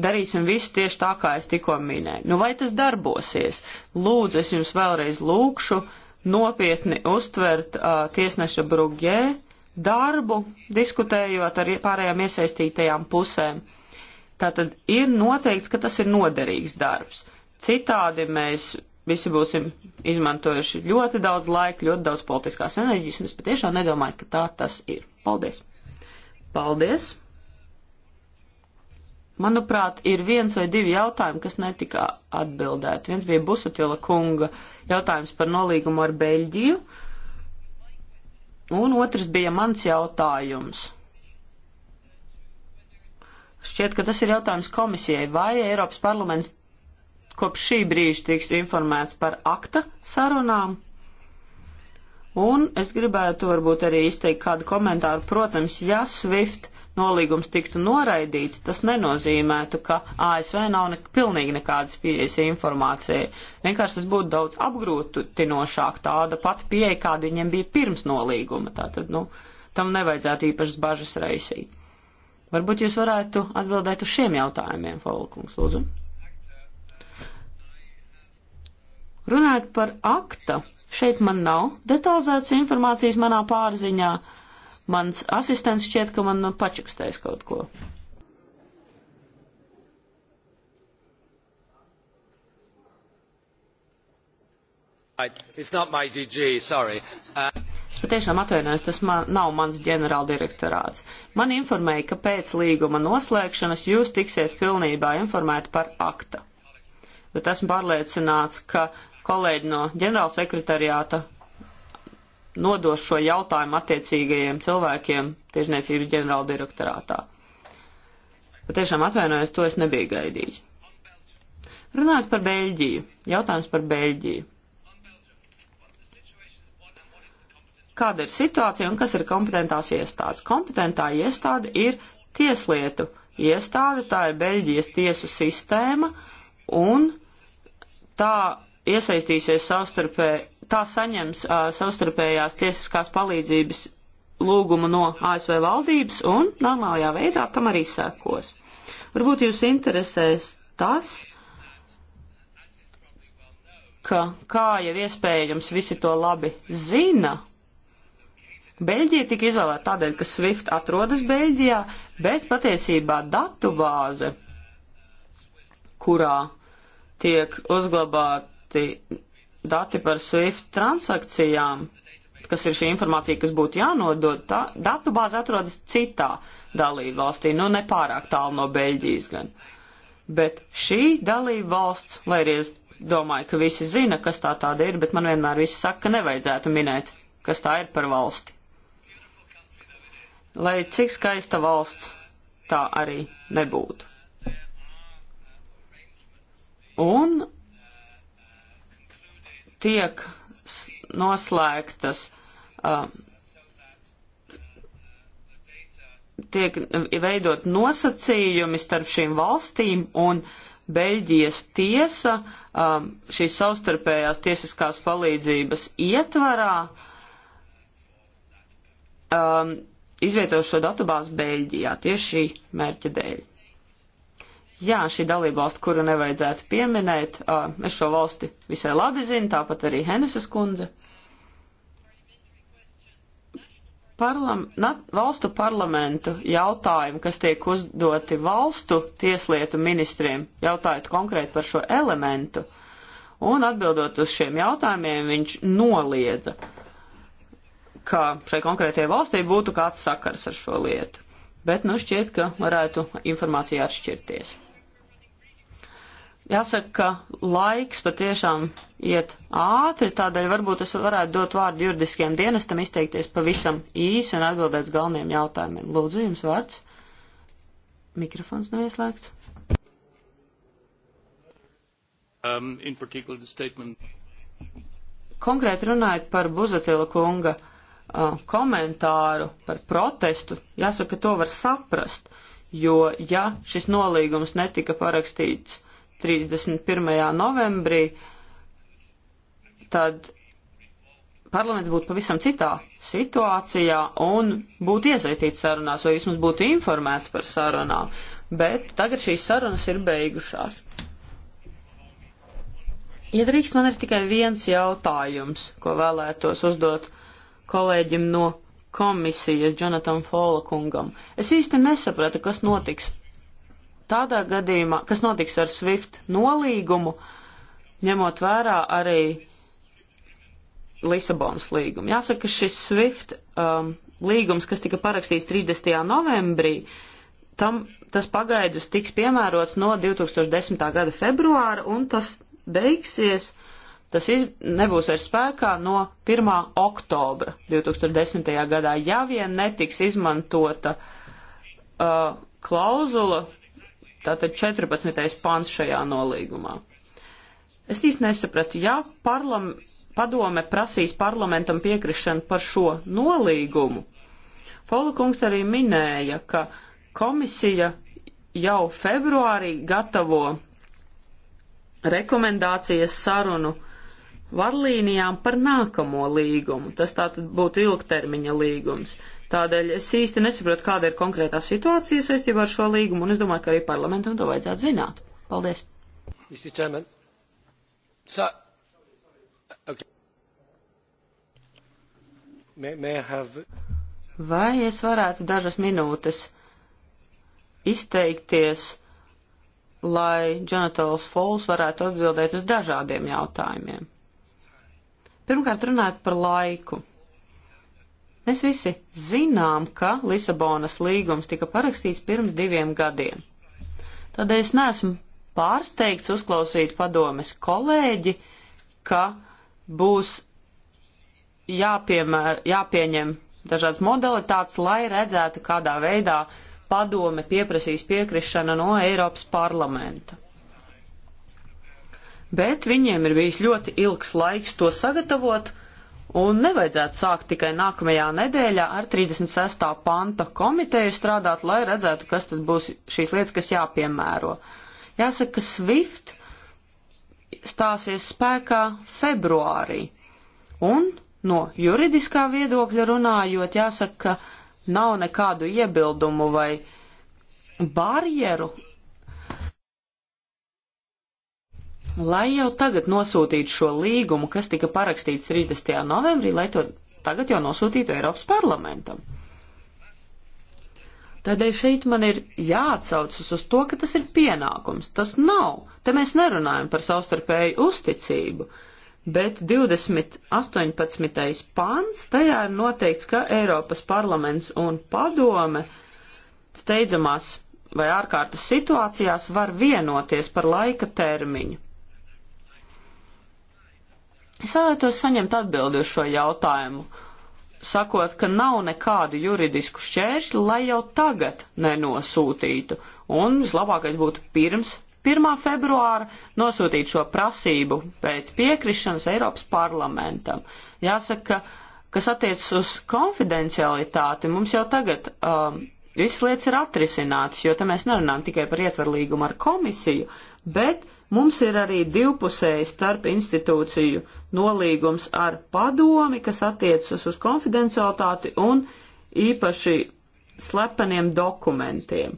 darīsim visu tieši tā, kā es tikko minēju. Nu, vai tas darbosies? Lūdzu, es jums vēlreiz lūkšu nopietni uztvert uh, tiesneša Brugē darbu, diskutējot ar pārējām iesaistītajām pusēm. Tātad ir noteikts, ka tas ir noderīgs darbs. Citādi mēs visi būsim izmantojuši ļoti daudz laika, ļoti daudz politiskās enerģijas, un es patiešām nedomāju, ka tā tas ir. Paldies! Paldies! Manuprāt, ir viens vai divi jautājumi, kas netika atbildēti. Viens bija Busutila kunga jautājums par nolīgumu ar Beļģiju, un otrs bija mans jautājums. Šķiet, ka tas ir jautājums komisijai, vai Eiropas parlaments kopš šī brīža tiks informēts par akta sarunām. Un es gribētu varbūt arī izteikt kādu komentāru. Protams, ja SWIFT nolīgums tiktu noraidīts, tas nenozīmētu, ka ASV nav ne, pilnīgi nekādas pieejas informācijai. Vienkārši tas būtu daudz apgrūtinošāk tāda pat pieeja, kāda viņiem bija pirms nolīguma. Tātad, nu, tam nevajadzētu īpašas bažas raisīt. Varbūt jūs varētu atbildēt uz šiem jautājumiem, Folkungs, lūdzu. Mm. Runājot par akta, šeit man nav detalizētas informācijas manā pārziņā. Mans asistents šķiet, ka man pačukstēs kaut ko. It's not my DG, sorry. Uh... Es patiešām atvainojos, tas man, nav mans ģenerāldirektorāts. Man informēja, ka pēc līguma noslēgšanas jūs tiksiet pilnībā informēti par akta. Bet esmu pārliecināts, ka kolēģi no ģenerāla sekretariāta nodos šo jautājumu attiecīgajiem cilvēkiem tiešniecības ģenerāla direktorātā. Patiešām atvainojos, to es nebiju gaidījis. Runājot par Beļģiju. Jautājums par Beļģiju. Kāda ir situācija un kas ir kompetentās iestādes? Kompetentā iestāde ir tieslietu iestāde, tā ir Beļģijas tiesu sistēma un tā iesaistīsies savstarpē, tā saņems uh, savstarpējās tiesiskās palīdzības lūgumu no ASV valdības un normālajā veidā tam arī sekos. Varbūt jūs interesēs tas, ka, kā jau iespējams visi to labi zina, Beļģija tika izvēlēta tādēļ, ka SWIFT atrodas Beļģijā, bet patiesībā datubāze, kurā tiek uzglabāt vākti dati par SWIFT transakcijām, kas ir šī informācija, kas būtu jānodod, tā datu bāze atrodas citā dalību valstī, nu nepārāk tālu no Beļģijas gan. Bet šī dalība valsts, lai arī es domāju, ka visi zina, kas tā tāda ir, bet man vienmēr visi saka, ka nevajadzētu minēt, kas tā ir par valsti. Lai cik skaista valsts tā arī nebūtu. Un tiek noslēgtas, uh, tiek veidot nosacījumi starp šīm valstīm un Beļģijas tiesa uh, šīs savstarpējās tiesiskās palīdzības ietvarā um, izvieto šo datubāzi Beļģijā tieši šī mērķa dēļ. Jā, šī dalībvalsts, kuru nevajadzētu pieminēt, es šo valsti visai labi zinu, tāpat arī Heneses kundze. Parlam, nat, valstu parlamentu jautājumi, kas tiek uzdoti valstu tieslietu ministriem, jautājot konkrēti par šo elementu, un atbildot uz šiem jautājumiem, viņš noliedza, ka šai konkrētajai valstī būtu kāds sakars ar šo lietu. Bet nu šķiet, ka varētu informācija atšķirties. Jāsaka, ka laiks patiešām iet ātri, tādēļ varbūt es varētu dot vārdu juridiskajam dienestam izteikties pavisam īsi un atbildēt galveniem jautājumiem. Lūdzu, jums vārds. Mikrofons nav ieslēgts. Um, Konkrēti runājot par Buzatila kunga uh, komentāru par protestu, jāsaka, to var saprast, jo ja šis nolīgums netika parakstīts 31. novembrī, tad parlaments būtu pavisam citā situācijā un būtu iesaistīts sarunās, vai vismaz būtu informēts par sarunām. Bet tagad šīs sarunas ir beigušās. Ja drīkst, man ir tikai viens jautājums, ko vēlētos uzdot kolēģim no komisijas, Jonathan Fola kungam. Es īsti nesapratu, kas notiks tādā gadījumā, kas notiks ar SWIFT nolīgumu, ņemot vērā arī Lisabonas līgumu. Jāsaka, šis SWIFT um, līgums, kas tika parakstīts 30. novembrī, tam tas pagaidus tiks piemērots no 2010. gada februāra, un tas beigsies, tas iz, nebūs vairs spēkā no 1. oktobra 2010. gadā, ja vien netiks izmantota uh, klauzula, tātad 14. pāns šajā nolīgumā. Es īsti nesapratu, ja parlam, padome prasīs parlamentam piekrišanu par šo nolīgumu, Folikungs arī minēja, ka komisija jau februārī gatavo rekomendācijas sarunu vadlīnijām par nākamo līgumu. Tas tātad būtu ilgtermiņa līgums. Tādēļ es īsti nesaprotu, kāda ir konkrētā situācija saistībā ar šo līgumu, un es domāju, ka arī parlamentam to vajadzētu zināt. Paldies. So, okay. may, may have... Vai es varētu dažas minūtes izteikties, lai Jonatans Fols varētu atbildēt uz dažādiem jautājumiem? Pirmkārt, runājot par laiku. Mēs visi zinām, ka Lisabonas līgums tika parakstīts pirms diviem gadiem. Tādēļ es neesmu pārsteigts uzklausīt padomes kolēģi, ka būs jāpiemēr, jāpieņem dažādas modalitātes, lai redzētu, kādā veidā padome pieprasīs piekrišana no Eiropas parlamenta. Bet viņiem ir bijis ļoti ilgs laiks to sagatavot Un nevajadzētu sākt tikai nākamajā nedēļā ar 36. panta komiteju strādāt, lai redzētu, kas tad būs šīs lietas, kas jāpiemēro. Jāsaka, ka SWIFT stāsies spēkā februārī. Un no juridiskā viedokļa runājot, jāsaka, ka nav nekādu iebildumu vai barjeru lai jau tagad nosūtītu šo līgumu, kas tika parakstīts 30. novembrī, lai to tagad jau nosūtītu Eiropas parlamentam. Tādēļ šeit man ir jāatsaucas uz to, ka tas ir pienākums. Tas nav. Te mēs nerunājam par savstarpēju uzticību, bet 2018. pants tajā ir noteikts, ka Eiropas parlaments un padome steidzamās vai ārkārtas situācijās var vienoties par laika termiņu. Es vēlētos saņemt atbildi uz šo jautājumu, sakot, ka nav nekādu juridisku šķēršļu, lai jau tagad nenosūtītu, un vislabākais būtu pirms 1. februāra nosūtīt šo prasību pēc piekrišanas Eiropas parlamentam. Jāsaka, kas attiecas uz konfidencialitāti, mums jau tagad um, visas lietas ir atrisinātas, jo te mēs nerunājam tikai par ietverlīgumu ar komisiju, bet Mums ir arī divpusēji starp institūciju nolīgums ar padomi, kas attiecas uz konfidencialitāti un īpaši slepeniem dokumentiem.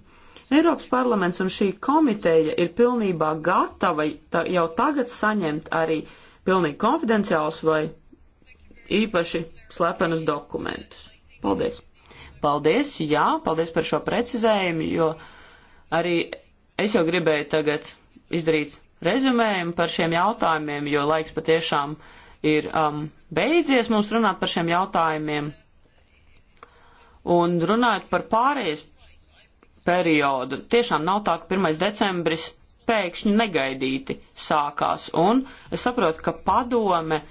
Eiropas parlaments un šī komiteja ir pilnībā gatava ta, jau tagad saņemt arī pilnīgi konfidenciālus vai īpaši slepenus dokumentus. Paldies! Paldies, jā, paldies par šo precizējumu, jo arī es jau gribēju tagad izdarīt rezumējumu par šiem jautājumiem, jo laiks patiešām ir um, beidzies mums runāt par šiem jautājumiem. Un runājot par pārējais periodu, tiešām nav tā, ka 1. decembris pēkšņi negaidīti sākās. Un es saprotu, ka padome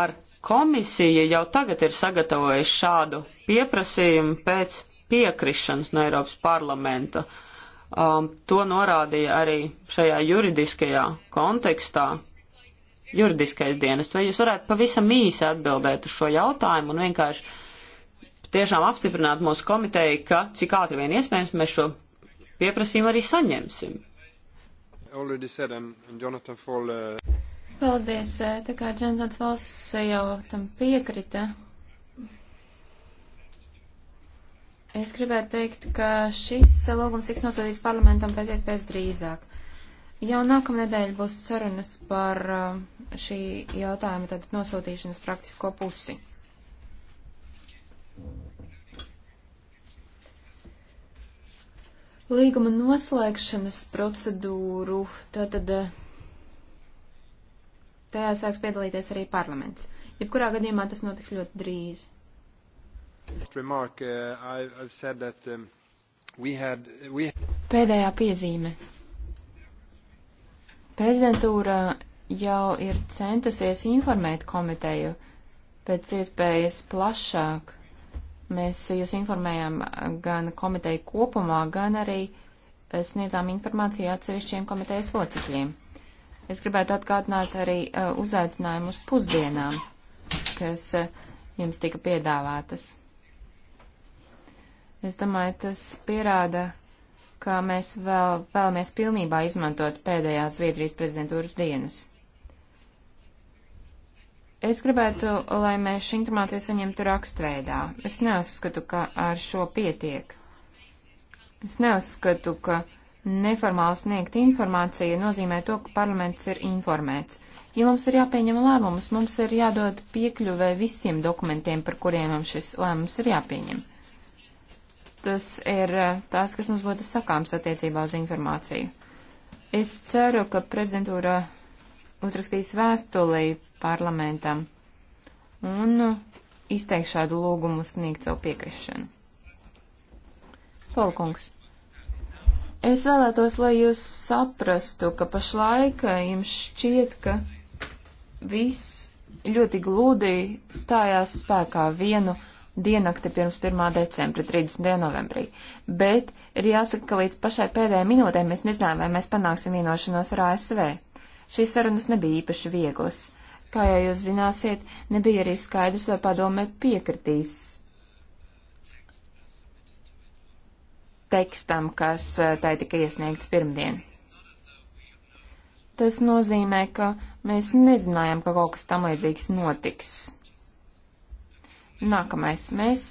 ar komisiju jau tagad ir sagatavojuši šādu pieprasījumu pēc piekrišanas no Eiropas parlamenta. Uh, Um, to norādīja arī šajā juridiskajā kontekstā juridiskais dienests. Vai jūs varētu pavisam īsi atbildēt uz šo jautājumu un vienkārši tiešām apstiprināt mūsu komiteju, ka cik ātri vien iespējams mēs šo pieprasījumu arī saņemsim? Um, uh, Paldies, eh, tā kā Džonatans Valss jau tam piekrita, Es gribētu teikt, ka šis lūgums tiks nosūtīts parlamentam pēc iespējas drīzāk. Jau nākamnedēļ būs sarunas par uh, šī jautājuma tad nosūtīšanas praktisko pusi. Līguma noslēgšanas procedūru, tātad uh, tajā sāks piedalīties arī parlaments. Jebkurā gadījumā tas notiks ļoti drīz. Remark, uh, I, I've said that um, we had, we... Pēdējā piezīme. Prezidentūra jau ir centusies informēt komiteju pēc iespējas plašāk. Mēs jūs informējām gan komiteju kopumā, gan arī eh, sniedzām informāciju atsevišķiem komitejas locekļiem. Es gribētu atgādināt arī eh, uzaicinājumu uz pusdienām, kas eh, jums tika piedāvātas. Es domāju, tas pierāda, ka mēs vēl, vēlamies pilnībā izmantot pēdējās Zviedrijas prezidentūras dienas. Es gribētu, lai mēs šī informācija saņemtu rakstveidā. Es neuzskatu, ka ar šo pietiek. Es neuzskatu, ka neformāli sniegt informāciju nozīmē to, ka parlaments ir informēts. Ja mums ir jāpieņem lēmums, mums ir jādod piekļuvē visiem dokumentiem, par kuriem mums šis lēmums ir jāpieņem tas ir eh, tas, kas mums būtu sakāms attiecībā uz informāciju. Es ceru, ka prezidentūra uzrakstīs vēstulī parlamentam un izteiks šādu lūgumu sniegt savu piekrišanu. Polkungs. Es vēlētos, lai jūs saprastu, ka pašlaik jums šķiet, ka viss ļoti glūdi stājās spēkā vienu diennakti pirms 1. decembra, 30. novembrī. Bet ir jāsaka, ka līdz pašai pēdējai minūtē mēs nezinām, vai mēs panāksim vienošanos ar ASV. Šīs sarunas nebija īpaši vieglas. Kā jau jūs zināsiet, nebija arī skaidrs, vai padome piekritīs tekstam, kas eh, tai tika iesniegts pirmdien. Tas nozīmē, ka mēs nezinājām, ka kaut kas tam līdzīgs notiks. Nākamais. Mēs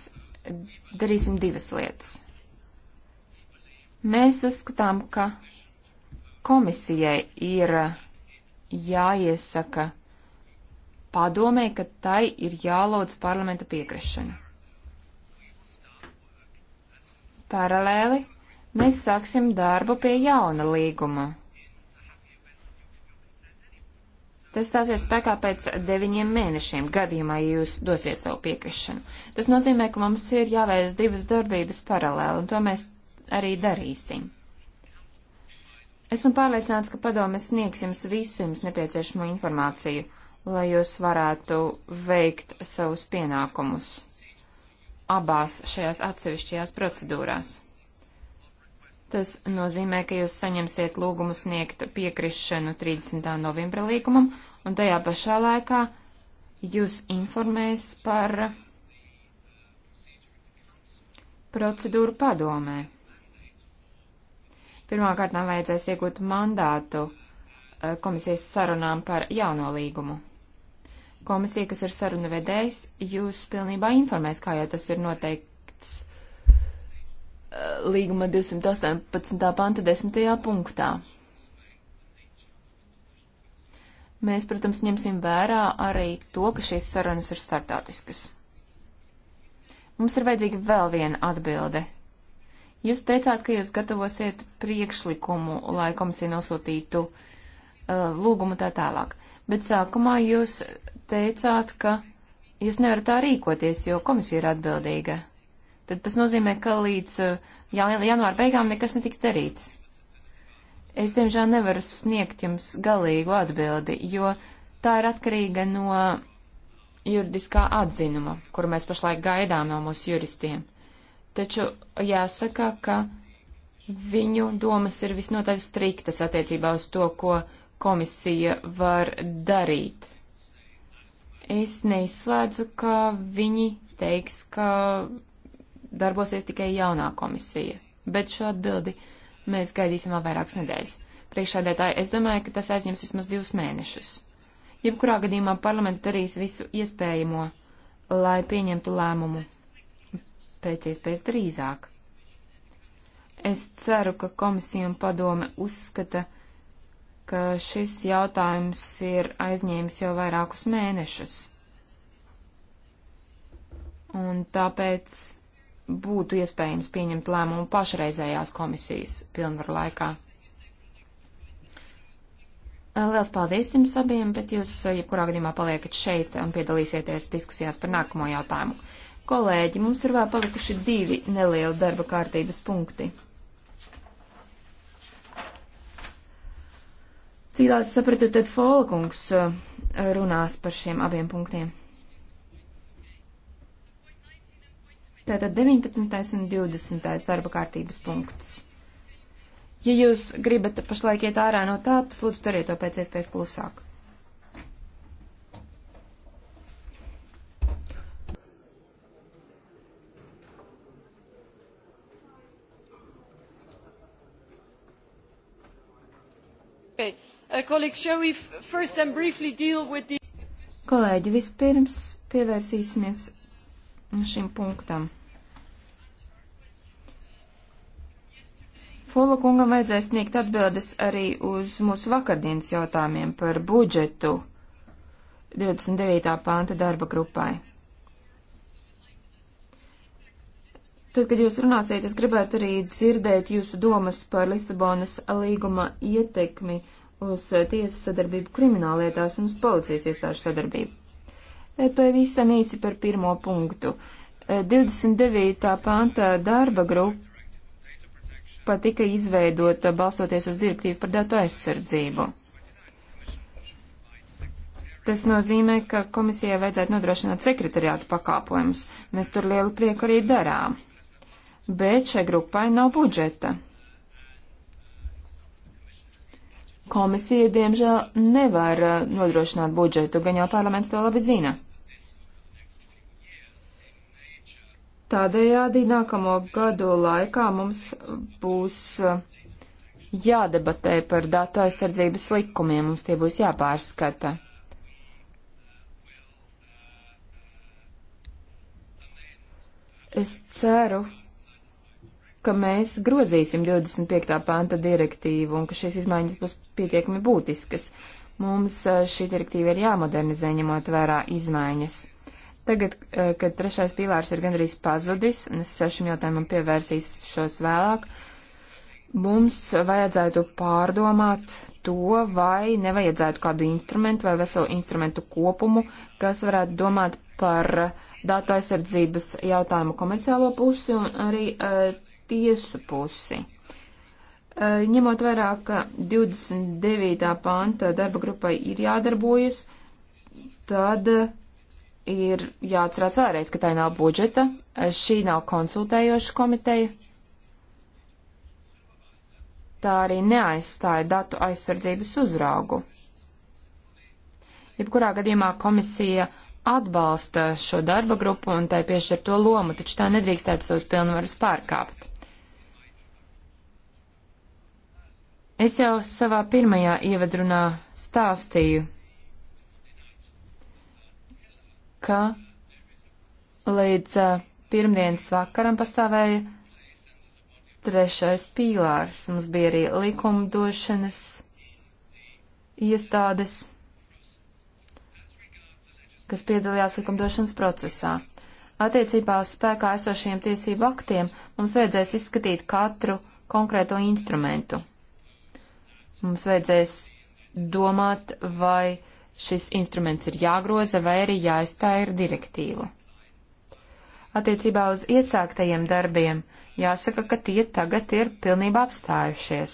darīsim divas lietas. Mēs uzskatām, ka komisijai ir jāiesaka padomē, ka tai ir jālūdz parlamenta piekrišana. Paralēli mēs sāksim darbu pie jauna līguma. Tas stāsies spēkā pēc deviņiem mēnešiem, gadījumā, ja jūs dosiet savu piekrišanu. Tas nozīmē, ka mums ir jāveic divas darbības paralēli, un to mēs arī darīsim. Esmu pārliecināts, ka padomes sniegs jums visu jums nepieciešamo informāciju, lai jūs varētu veikt savus pienākumus abās šajās atsevišķajās procedūrās. Tas nozīmē, ka jūs saņemsiet lūgumu sniegt piekrišanu 30. novembra līgumam, un tajā pašā laikā jūs informēs par procedūru padomē. Pirmkārt, vajadzēs iegūt mandātu eh, komisijas sarunām par jauno līgumu. Komisija, kas ir saruna vedējs, jūs pilnībā informēs, kā jau tas ir noteikti līguma 218. panta 10. punktā. Mēs, protams, ņemsim vērā arī to, ka šīs sarunas ir startautiskas. Mums ir vajadzīga vēl viena atbilde. Jūs teicāt, ka jūs gatavosiet priekšlikumu, lai komisija nosūtītu uh, lūgumu tā tālāk, bet sākumā jūs teicāt, ka jūs nevarat tā rīkoties, jo komisija ir atbildīga tad tas nozīmē, ka līdz uh, janvāra beigām nekas netiks darīts. Es, diemžēl, nevaru sniegt jums galīgu atbildi, jo tā ir atkarīga no juridiskā atzinuma, kuru mēs pašlaik gaidām no mūsu juristiem. Taču jāsaka, ka viņu domas ir visnotaļ striktas attiecībā uz to, ko komisija var darīt. Es neizslēdzu, ka viņi teiks, ka darbosies tikai jaunā komisija, bet šo atbildi mēs gaidīsim vēl vairākas nedēļas. Priekšādētāji, es domāju, ka tas aizņems vismaz divus mēnešus. Jebkurā gadījumā parlaments darīs visu iespējamo, lai pieņemtu lēmumu pēc iespējas drīzāk. Es ceru, ka komisija un padome uzskata, ka šis jautājums ir aizņēmis jau vairākus mēnešus. Un tāpēc būtu iespējams pieņemt lēmumu pašreizējās komisijas pilnvaru laikā. Liels paldies jums abiem, bet jūs jebkurā gadījumā paliekat šeit un piedalīsieties diskusijās par nākamo jautājumu. Kolēģi, mums ir vēl palikuši divi nelieli darba kārtības punkti. Cīlās sapratu, tad Folkungs runās par šiem abiem punktiem. Tātad 19. un 20. darba kārtības punkts. Ja jūs gribat pašlaik iet ārā no tāpas, lūdzu, dariet to pēc iespējas klusāk. Okay. Uh, the... Kolēģi, vispirms pievērsīsimies šim punktam. Fula kungam vajadzēja sniegt atbildes arī uz mūsu vakardienas jautājumiem par budžetu 29. pānta darba grupai. Tad, kad jūs runāsiet, es gribētu arī dzirdēt jūsu domas par Lisabonas līguma ietekmi uz tiesas sadarbību krimināllietās un uz policijas iestāžu sadarbību. Bet pavisam īsi par pirmo punktu. 29. Eh, panta darba grupa tika izveidota balstoties uz direktīvu par datu aizsardzību. Tas nozīmē, ka komisijai vajadzētu nodrošināt sekretariātu pakāpojumus. Mēs tur lielu prieku arī darām. Bet šai grupai nav budžeta. Komisija, diemžēl, nevar uh, nodrošināt budžetu, gan jau parlaments to labi zina. Tādējādi nākamo gadu laikā mums būs uh, jādebatē par datu aizsardzības likumiem, mums tie būs jāpārskata. Es ceru, ka mēs grozīsim 25. panta direktīvu un ka šīs izmaiņas būs pietiekami būtiskas. Mums eh, šī direktīva ir jāmodernizē, ņemot vērā izmaiņas. Tagad, eh, kad trešais pīlārs ir gandrīz pazudis, un es šim jautājumam pievērsīšos vēlāk, mums vajadzētu pārdomāt to, vai nevajadzētu kādu instrumentu vai veselu instrumentu kopumu, kas varētu domāt par datu aizsardzības jautājumu komerciālo pusi un arī uh, tiesu pusi. Ņemot vērā, ka 29. panta darba grupai ir jādarbojas, tad ir jāatcerās vēlreiz, ka tai nav budžeta, šī nav konsultējoša komiteja. Tā arī neaizstāja datu aizsardzības uzraugu. Jebkurā gadījumā komisija atbalsta šo darba grupu un tai piešķir to lomu, taču tā nedrīkstētu savus pilnvarus pārkāpt. Es jau savā pirmajā ievadrunā stāstīju, ka līdz uh, pirmdienas vakaram pastāvēja trešais pīlārs. Mums bija arī likumdošanas iestādes, kas piedalījās likumdošanas procesā. Attiecībā uz spēkā esošajiem tiesību aktiem mums vajadzēs izskatīt katru konkrēto instrumentu. Mums vajadzēs domāt, vai šis instruments ir jāgroza vai arī jāizstāja ir direktīva. Attiecībā uz iesāktajiem darbiem jāsaka, ka tie tagad ir pilnībā apstājušies.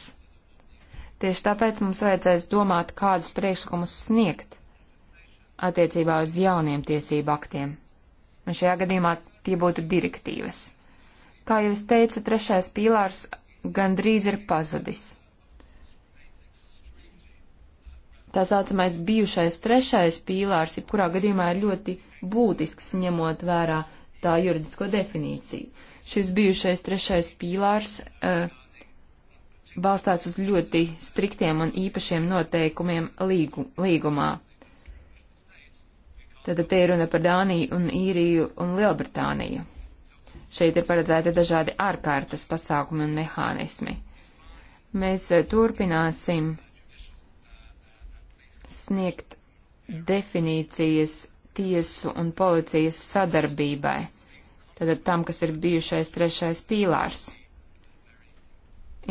Tieši tāpēc mums vajadzēs domāt, kādus priekšlikumus sniegt attiecībā uz jauniem tiesību aktiem. Un šajā gadījumā tie būtu direktīvas. Kā jau es teicu, trešais pīlārs gandrīz ir pazudis tā saucamais bijušais trešais pīlārs, jebkurā gadījumā ir ļoti būtisks, ņemot vērā tā juridisko definīciju. Šis bijušais trešais pīlārs uh, balstāts uz ļoti striktiem un īpašiem noteikumiem līgu, līgumā. Tad te ir runa par Dāniju un Īriju un Lielbritāniju. Šeit ir paredzēti dažādi ārkārtas pasākumi un mehānismi. Mēs eh, turpināsim sniegt definīcijas tiesu un policijas sadarbībai, tātad tam, kas ir bijušais trešais pīlārs.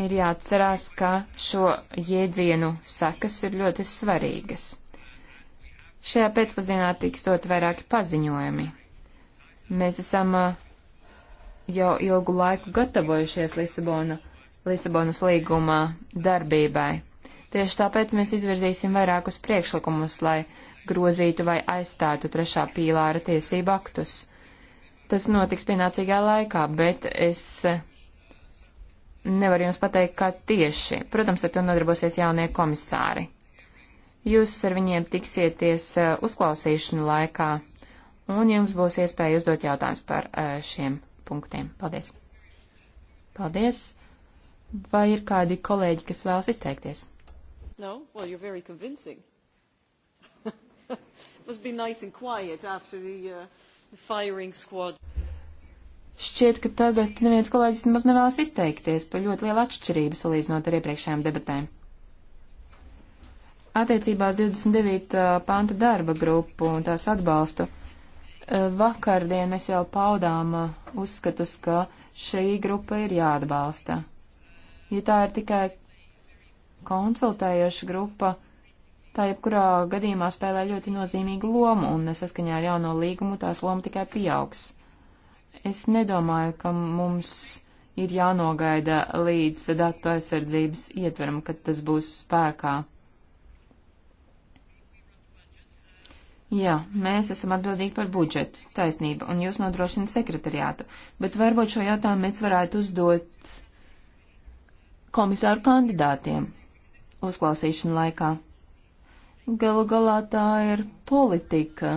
Ir jāatcerās, ka šo jēdzienu sekas ir ļoti svarīgas. Šajā pēcpusdienā tiks dot vairāki paziņojumi. Mēs esam uh, jau ilgu laiku gatavojušies Lisabonu, Lisabonas līgumā darbībai. Tieši tāpēc mēs izvirzīsim vairākus priekšlikumus, lai grozītu vai aizstātu trešā pīlāra tiesību aktus. Tas notiks pienācīgā laikā, bet es eh, nevaru jums pateikt, kā tieši. Protams, ar to nodarbosies jaunie komisāri. Jūs ar viņiem tiksieties eh, uzklausīšanu laikā, un jums būs iespēja uzdot jautājumus par eh, šiem punktiem. Paldies! Paldies! Vai ir kādi kolēģi, kas vēlas izteikties? No? Well, you're very convincing. Must be nice and quiet after the, uh, the firing squad. Šķiet, ka tagad neviens kolēģis nemaz nevēlas izteikties par ļoti lielu atšķirību salīdzinot ar iepriekšējām debatēm. Attiecībā uz 29. panta darba grupu un tās atbalstu. Eh, vakardien mēs jau paudām eh, uzskatus, ka šī grupa ir jāatbalsta. Ja tā ir tikai konsultējoša grupa tā jebkurā gadījumā spēlē ļoti nozīmīgu lomu, un saskaņā ar jauno līgumu tās loma tikai pieaugs. Es nedomāju, ka mums ir jānogaida līdz datu aizsardzības ietveram, kad tas būs spēkā. Jā, mēs esam atbildīgi par budžetu, taisnība, un jūs nodrošina sekretariātu, bet varbūt šo jautājumu mēs varētu uzdot komisāru kandidātiem uzklausīšanu laikā. Galu galā tā ir politika.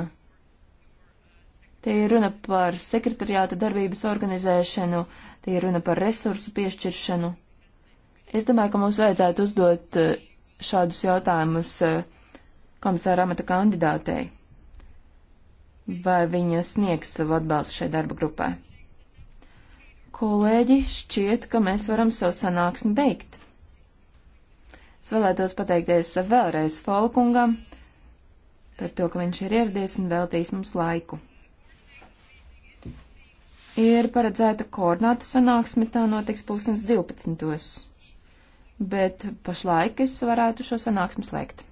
Te ir runa par sekretariāta darbības organizēšanu, te ir runa par resursu piešķiršanu. Es domāju, ka mums vajadzētu uzdot eh, šādus jautājumus eh, komisāra amata kandidātei. Vai viņa sniegs savu atbalstu šai darba grupai? Kolēģi, šķiet, ka mēs varam savu sanāksmi beigt. Es vēlētos pateikties vēlreiz Folkungam par to, ka viņš ir ieradies un veltīs mums laiku. Ir paredzēta koordināta sanāksme, tā notiks 2012. Bet pašlaik es varētu šo sanāksmu slēgt.